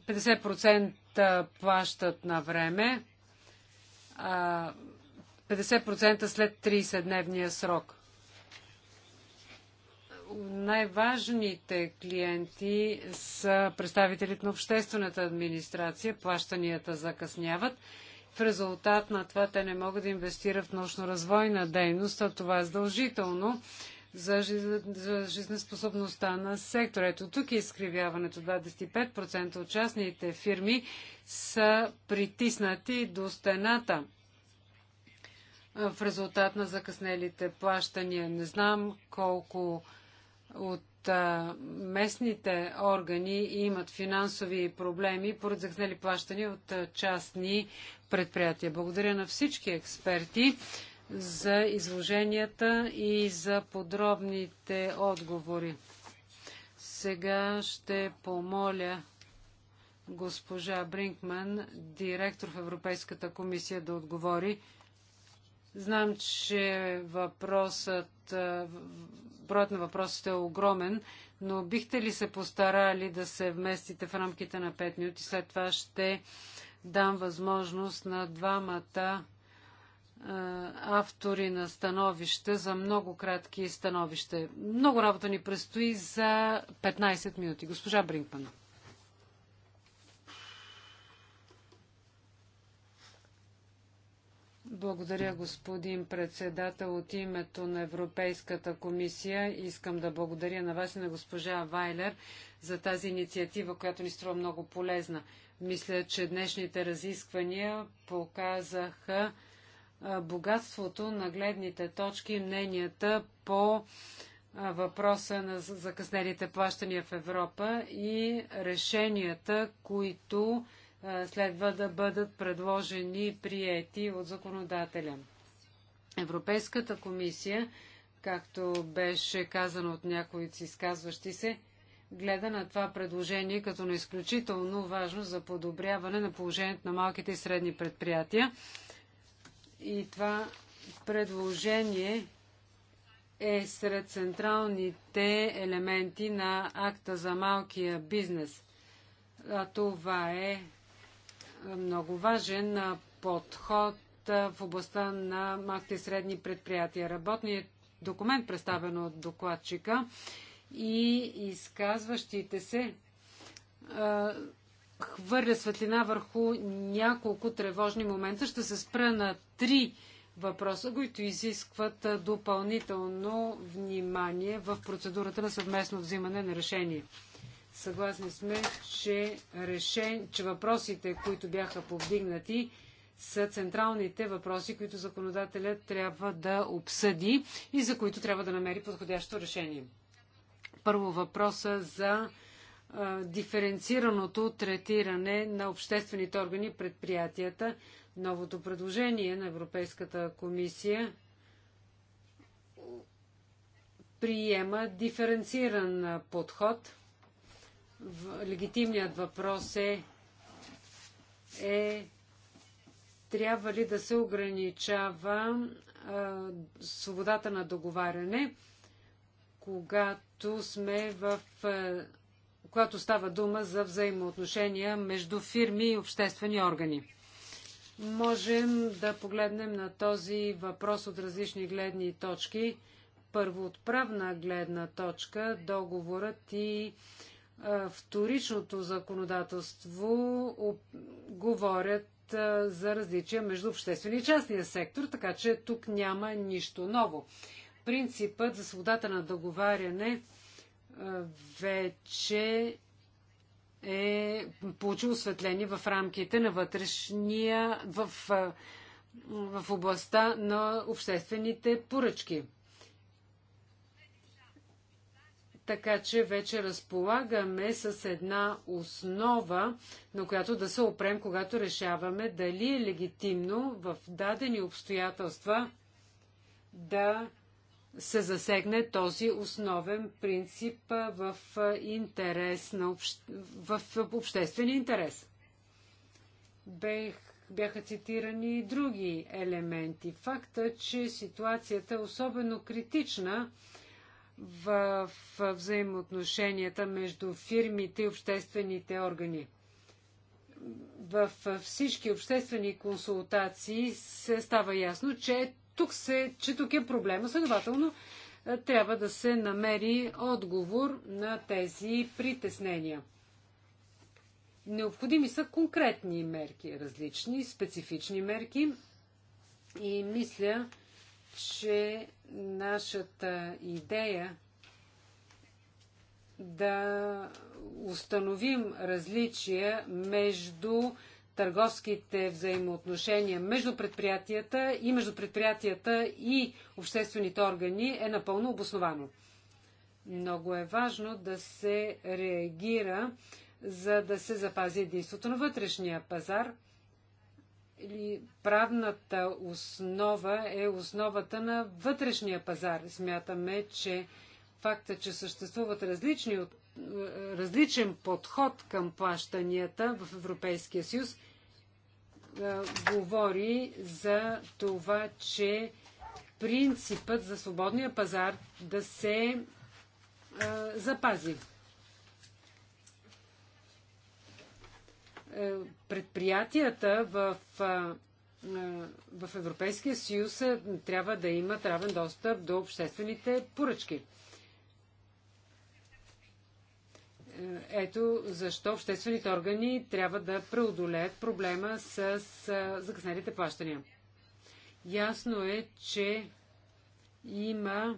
50% плащат на време, 50% след 30-дневния срок. Най-важните клиенти са представителите на обществената администрация. Плащанията закъсняват в резултат на това те не могат да инвестират в научно-развойна дейност, а това е задължително за, за жизнеспособността на сектора. Ето тук е изкривяването. 25% от частните фирми са притиснати до стената в резултат на закъснелите плащания. Не знам колко от от местните органи имат финансови проблеми поради закъснели плащания от частни предприятия. Благодаря на всички експерти за изложенията и за подробните отговори. Сега ще помоля госпожа Бринкман, директор в Европейската комисия, да отговори. Знам, че въпросът, е, броят на въпросите е огромен, но бихте ли се постарали да се вместите в рамките на 5 минути? След това ще дам възможност на двамата е, автори на становище за много кратки становище. Много работа ни предстои за 15 минути. Госпожа Бринкман. Благодаря, господин председател. От името на Европейската комисия искам да благодаря на вас и на госпожа Вайлер за тази инициатива, която ни струва много полезна. Мисля, че днешните разисквания показаха богатството на гледните точки и мненията по въпроса на закъснелите плащания в Европа и решенията, които следва да бъдат предложени и приети от законодателя. Европейската комисия, както беше казано от някои от изказващи се, гледа на това предложение като на изключително важно за подобряване на положението на малките и средни предприятия. И това предложение е сред централните елементи на акта за малкия бизнес. А това е много важен подход в областта на малките и средни предприятия. Работният документ, представен от докладчика и изказващите се, хвърля светлина върху няколко тревожни момента. Ще се спра на три въпроса, които изискват допълнително внимание в процедурата на съвместно взимане на решение. Съгласни сме, че, решен, че въпросите, които бяха повдигнати, са централните въпроси, които законодателят трябва да обсъди и за които трябва да намери подходящо решение. Първо въпроса за а, диференцираното третиране на обществените органи предприятията. Новото предложение на Европейската комисия приема диференциран подход – легитимният въпрос е, е трябва ли да се ограничава а, свободата на договаряне, когато сме в. А, когато става дума за взаимоотношения между фирми и обществени органи. Можем да погледнем на този въпрос от различни гледни точки. Първо от правна гледна точка договорът и вторичното законодателство говорят за различия между обществения и частния сектор, така че тук няма нищо ново. Принципът за свободата на договаряне вече е получил осветление в рамките на вътрешния, в, в областта на обществените поръчки. Така че вече разполагаме с една основа, на която да се опрем, когато решаваме дали е легитимно в дадени обстоятелства да се засегне този основен принцип в, интерес на общ... в обществен интерес. Бех... Бяха цитирани и други елементи. Факта, че ситуацията е особено критична, в взаимоотношенията между фирмите и обществените органи. В всички обществени консултации се става ясно, че тук, се, че тук е проблема. Следователно, е, трябва да се намери отговор на тези притеснения. Необходими са конкретни мерки, различни, специфични мерки и мисля, че нашата идея да установим различия между търговските взаимоотношения между предприятията и между предприятията и обществените органи е напълно обосновано. Много е важно да се реагира, за да се запази единството на вътрешния пазар – или правната основа е основата на вътрешния пазар. Смятаме, че факта, че съществуват различни, е, различен подход към плащанията в Европейския съюз, е, говори за това, че принципът за свободния пазар да се е, запази. Е, предприятията в, е, в Европейския съюз е, трябва да имат равен достъп до обществените поръчки. Ето защо обществените органи трябва да преодолеят проблема с закъснелите плащания. Ясно е, че има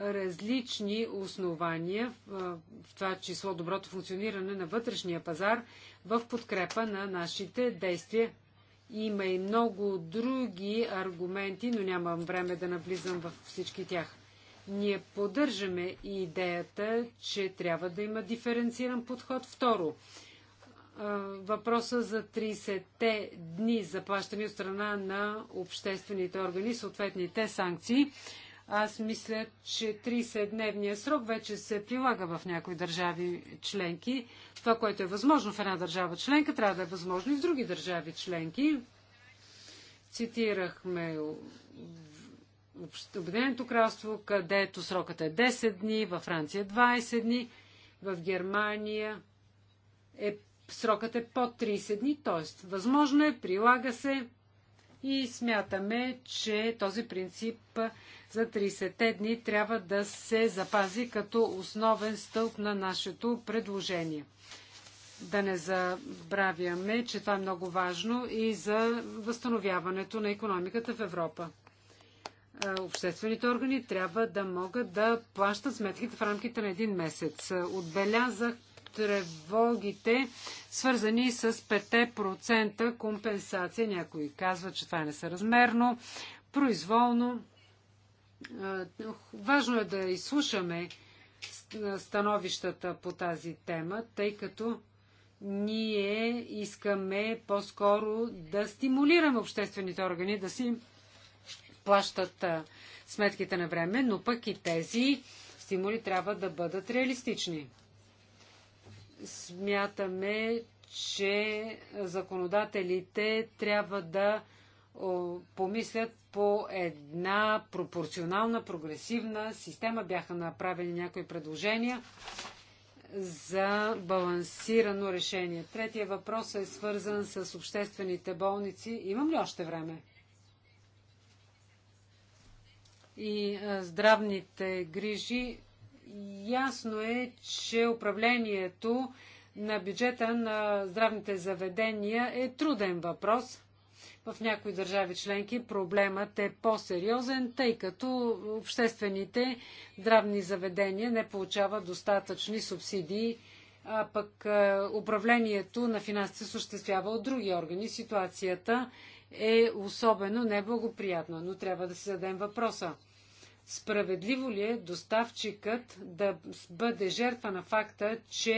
различни основания, в това число доброто функциониране на вътрешния пазар, в подкрепа на нашите действия. Има и много други аргументи, но нямам време да наблизам в всички тях. Ние поддържаме и идеята, че трябва да има диференциран подход. Второ, въпроса за 30-те дни заплащани от страна на обществените органи, съответните санкции. Аз мисля, че 30-дневният срок вече се прилага в някои държави членки. Това, което е възможно в една държава членка, трябва да е възможно и в други държави членки. Цитирахме Обединеното кралство, където срокът е 10 дни, във Франция 20 дни, в Германия е, срокът е под 30 дни, т.е. възможно е, прилага се и смятаме, че този принцип за 30-те дни трябва да се запази като основен стълб на нашето предложение. Да не забравяме, че това е много важно и за възстановяването на економиката в Европа. Обществените органи трябва да могат да плащат сметките в рамките на един месец. Отбелязах тревогите, свързани с 5% компенсация. Някои казват, че това е несъразмерно, произволно. Важно е да изслушаме становищата по тази тема, тъй като ние искаме по-скоро да стимулираме обществените органи да си плащат сметките на време, но пък и тези стимули трябва да бъдат реалистични смятаме, че законодателите трябва да помислят по една пропорционална, прогресивна система. Бяха направени някои предложения за балансирано решение. Третия въпрос е свързан с обществените болници. Имам ли още време? И здравните грижи Ясно е, че управлението на бюджета на здравните заведения е труден въпрос. В някои държави членки проблемът е по-сериозен, тъй като обществените здравни заведения не получават достатъчни субсидии, а пък е, управлението на финансите се осъществява от други органи. Ситуацията е особено неблагоприятна, но трябва да си зададем въпроса Справедливо ли е доставчикът да бъде жертва на факта, че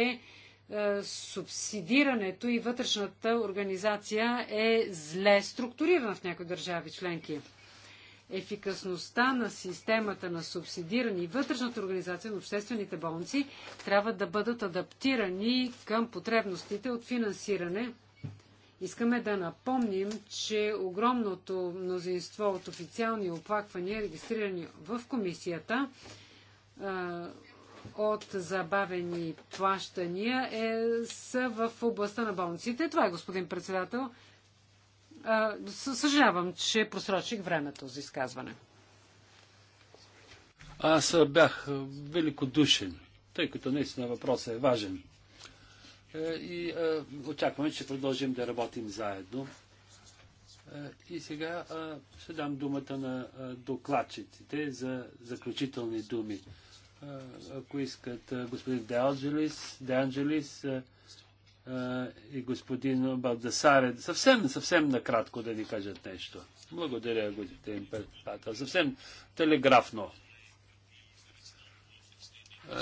е, субсидирането и вътрешната организация е зле структурирана в някои държави членки. Ефикасността на системата на субсидиране и вътрешната организация на обществените болници трябва да бъдат адаптирани към потребностите от финансиране Искаме да напомним, че огромното мнозинство от официални оплаквания, регистрирани в комисията от забавени плащания, е, са в областта на болниците. Това е, господин председател. Съжалявам, че просрочих времето за изказване. Аз бях великодушен, тъй като наистина въпросът е важен. Е, и е, очакваме, че продължим да работим заедно. Е, и сега ще дам думата на докладчиците за заключителни думи. Ако искат господин Деанджелис, Деанджелис и господин Балдасаре, съвсем, съвсем накратко да ни кажат нещо. Благодаря, господин председател. Съвсем телеграфно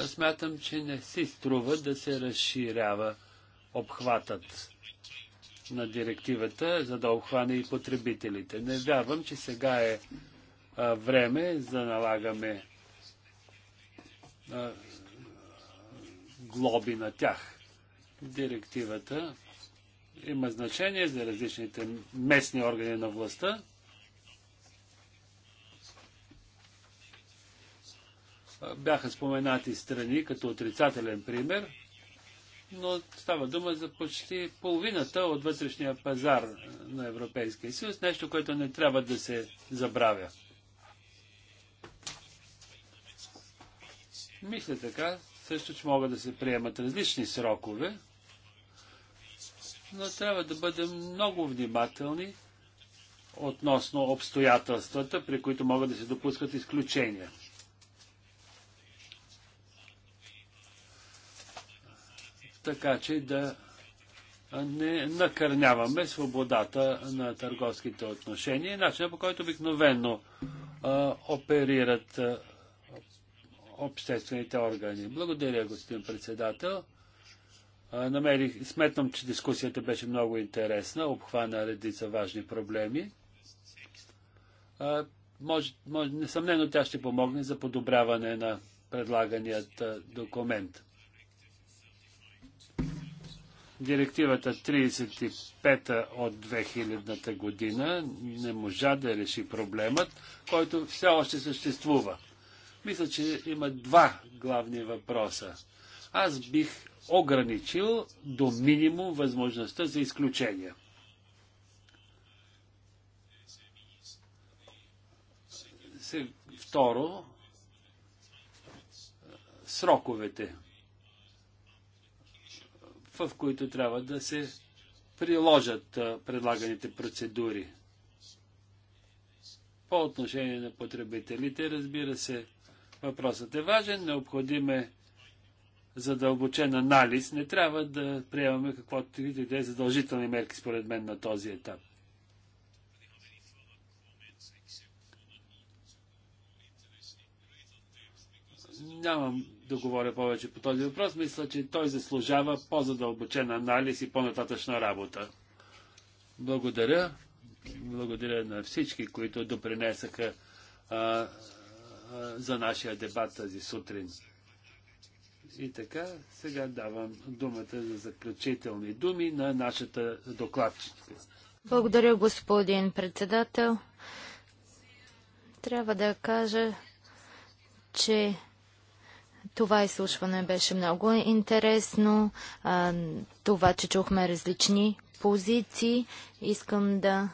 смятам, че не си струва да се разширява обхватът на директивата, за да обхване и потребителите. Не вярвам, че сега е време за налагаме глоби на тях. Директивата има значение за различните местни органи на властта Бяха споменати страни като отрицателен пример, но става дума за почти половината от вътрешния пазар на Европейския съюз, нещо, което не трябва да се забравя. Мисля така, също, че могат да се приемат различни срокове, но трябва да бъдем много внимателни относно обстоятелствата, при които могат да се допускат изключения. така че да не накърняваме свободата на търговските отношения и начина по който обикновено а, оперират а, обществените органи. Благодаря, господин председател. А, намерих, сметнам, че дискусията беше много интересна, обхвана редица важни проблеми. А, може, може, несъмнено тя ще помогне за подобряване на предлаганият документ. Директивата 35 от 2000-та година не можа да реши проблемът, който все още съществува. Мисля, че има два главни въпроса. Аз бих ограничил до минимум възможността за изключения. Второ, сроковете в които трябва да се приложат предлаганите процедури. По отношение на потребителите, разбира се, въпросът е важен, необходим е задълбочен анализ. Не трябва да приемаме каквото и да е задължителни мерки, според мен, на този етап. Нямам да говоря повече по този въпрос. Мисля, че той заслужава по-задълбочен анализ и по-нататъчна работа. Благодаря. Благодаря на всички, които допринесаха а, а, за нашия дебат тази сутрин. И така, сега давам думата за заключителни думи на нашата докладчика. Благодаря, господин председател. Трябва да кажа, че това изслушване беше много интересно. това, че чухме различни позиции, искам да.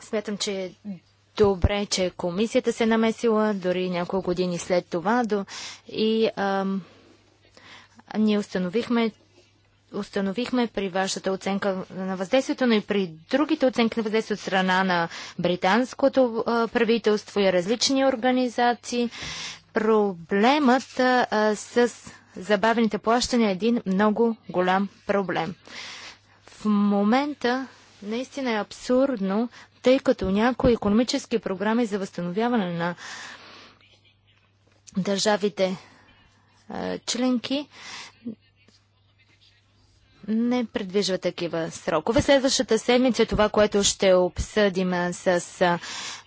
Смятам, че е добре, че комисията се намесила дори няколко години след това. И ам, ние установихме, установихме при вашата оценка на въздействието, но и при другите оценки на въздействие от страна на британското правителство и различни организации. Проблемът с забавените плащания е един много голям проблем. В момента наистина е абсурдно, тъй като някои економически програми за възстановяване на държавите членки не предвижда такива срокове. Следващата седмица е това, което ще обсъдим с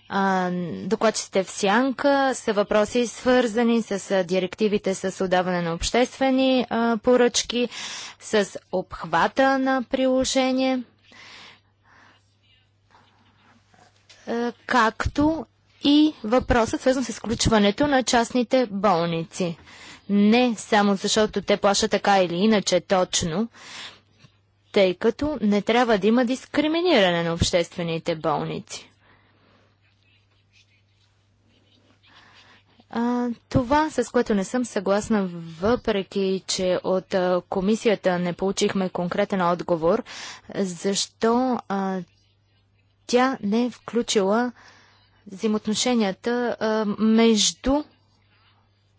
а, докладчите в сянка, са въпроси свързани с а, директивите с отдаване на обществени а, поръчки, с обхвата на приложение, както и въпросът свързан с изключването на частните болници не само защото те плаша така или иначе точно, тъй като не трябва да има дискриминиране на обществените болници. А, това, с което не съм съгласна, въпреки че от а, комисията не получихме конкретен отговор, защо а, тя не е включила взаимоотношенията между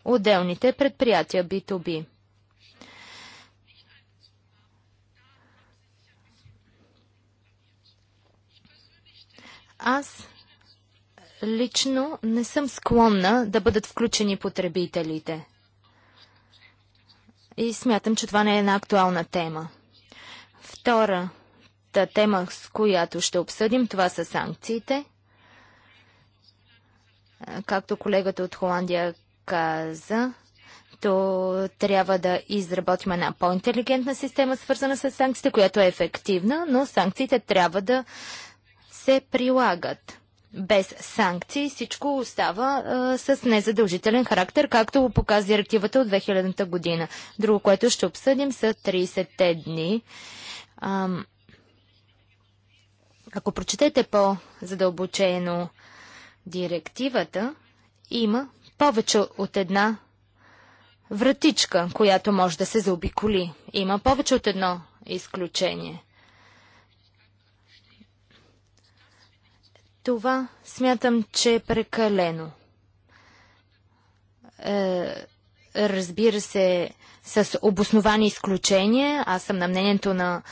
отделните предприятия B2B. Аз лично не съм склонна да бъдат включени потребителите. И смятам, че това не е една актуална тема. Втората тема, с която ще обсъдим, това са санкциите. Както колегата от Холандия каза, то трябва да изработим една по-интелигентна система, свързана с санкциите, която е ефективна, но санкциите трябва да се прилагат. Без санкции всичко остава а, с незадължителен характер, както показва директивата от 2000 година. Друго, което ще обсъдим, са 30-те дни. А, ако прочетете по-задълбочено директивата, има повече от една вратичка, която може да се заобиколи. Има повече от едно изключение. Това смятам, че е прекалено. Е, разбира се, с обосновани изключения. Аз съм на мнението на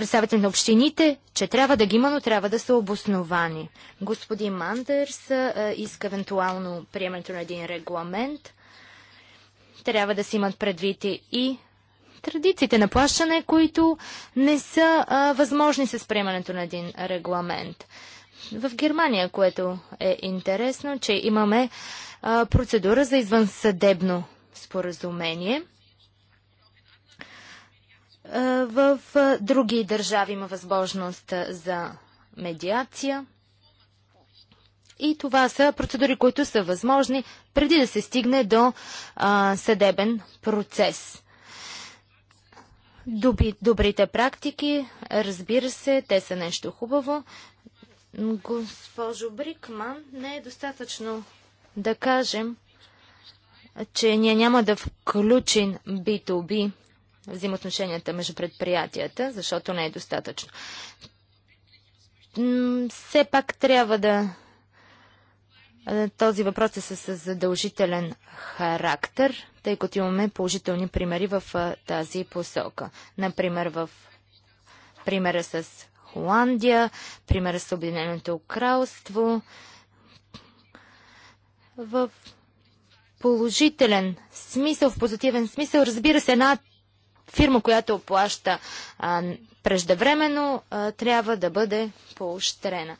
представители на общините, че трябва да ги има, но трябва да са обосновани. Господин Мандерс иска евентуално приемането на един регламент. Трябва да се имат предвид и традициите на плащане, които не са а, възможни с приемането на един регламент. В Германия, което е интересно, че имаме а, процедура за извънсъдебно споразумение – в други държави има възможност за медиация. И това са процедури, които са възможни преди да се стигне до а, съдебен процес. добрите практики, разбира се, те са нещо хубаво. Госпожо Брикман, не е достатъчно да кажем, че ние няма да включим B2B взаимоотношенията между предприятията, защото не е достатъчно. Все пак трябва да този въпрос е с задължителен характер, тъй като имаме положителни примери в тази посока. Например, в примера с Холандия, примера с Обединеното кралство. В положителен смисъл, в позитивен смисъл, разбира се, една фирма, която плаща а, преждевременно, а, трябва да бъде поощрена.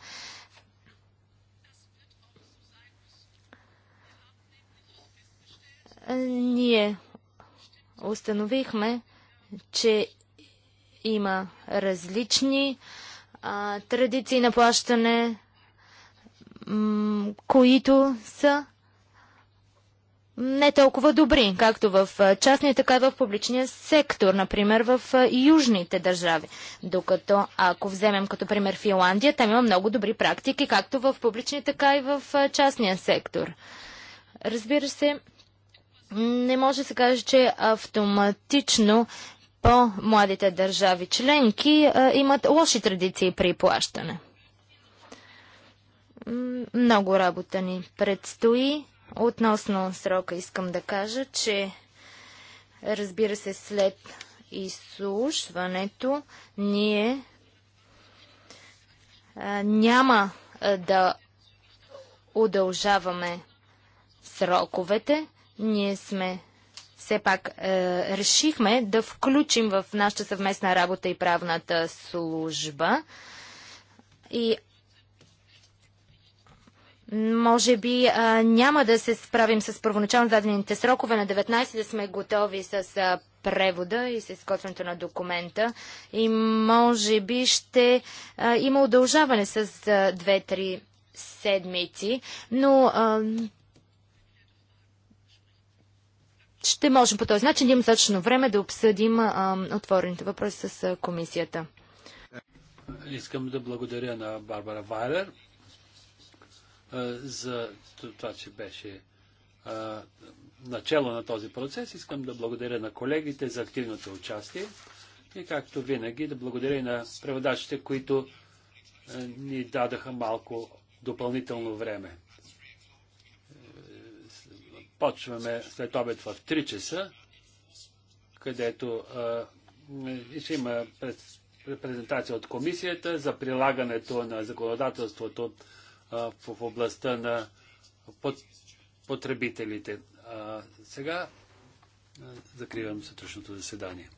Ние установихме, че има различни а, традиции на плащане, които са не толкова добри, както в частния, така и в публичния сектор, например в южните държави. Докато ако вземем като пример Финландия, там има много добри практики, както в публичния, така и в частния сектор. Разбира се, не може да се каже, че автоматично по-младите държави членки имат лоши традиции при плащане. Много работа ни предстои. Относно срока искам да кажа, че разбира се след изслушването ние а, няма а, да удължаваме сроковете. Ние сме все пак е, решихме да включим в нашата съвместна работа и правната служба. И може би а, няма да се справим с първоначално зададените срокове на 19, да сме готови с а, превода и с изготвянето на документа. И може би ще а, има удължаване с 2-3 седмици, но а, ще можем по този начин да имаме точно време да обсъдим а, отворените въпроси с комисията. Искам да благодаря на Барбара Вайлер за това, че беше начало на този процес. Искам да благодаря на колегите за активното участие и както винаги да благодаря и на преводачите, които ни дадаха малко допълнително време. Почваме след обед в 3 часа, където е, ще има през, презентация от комисията за прилагането на законодателството в областта на потребителите. Сега закривам сътрешното заседание.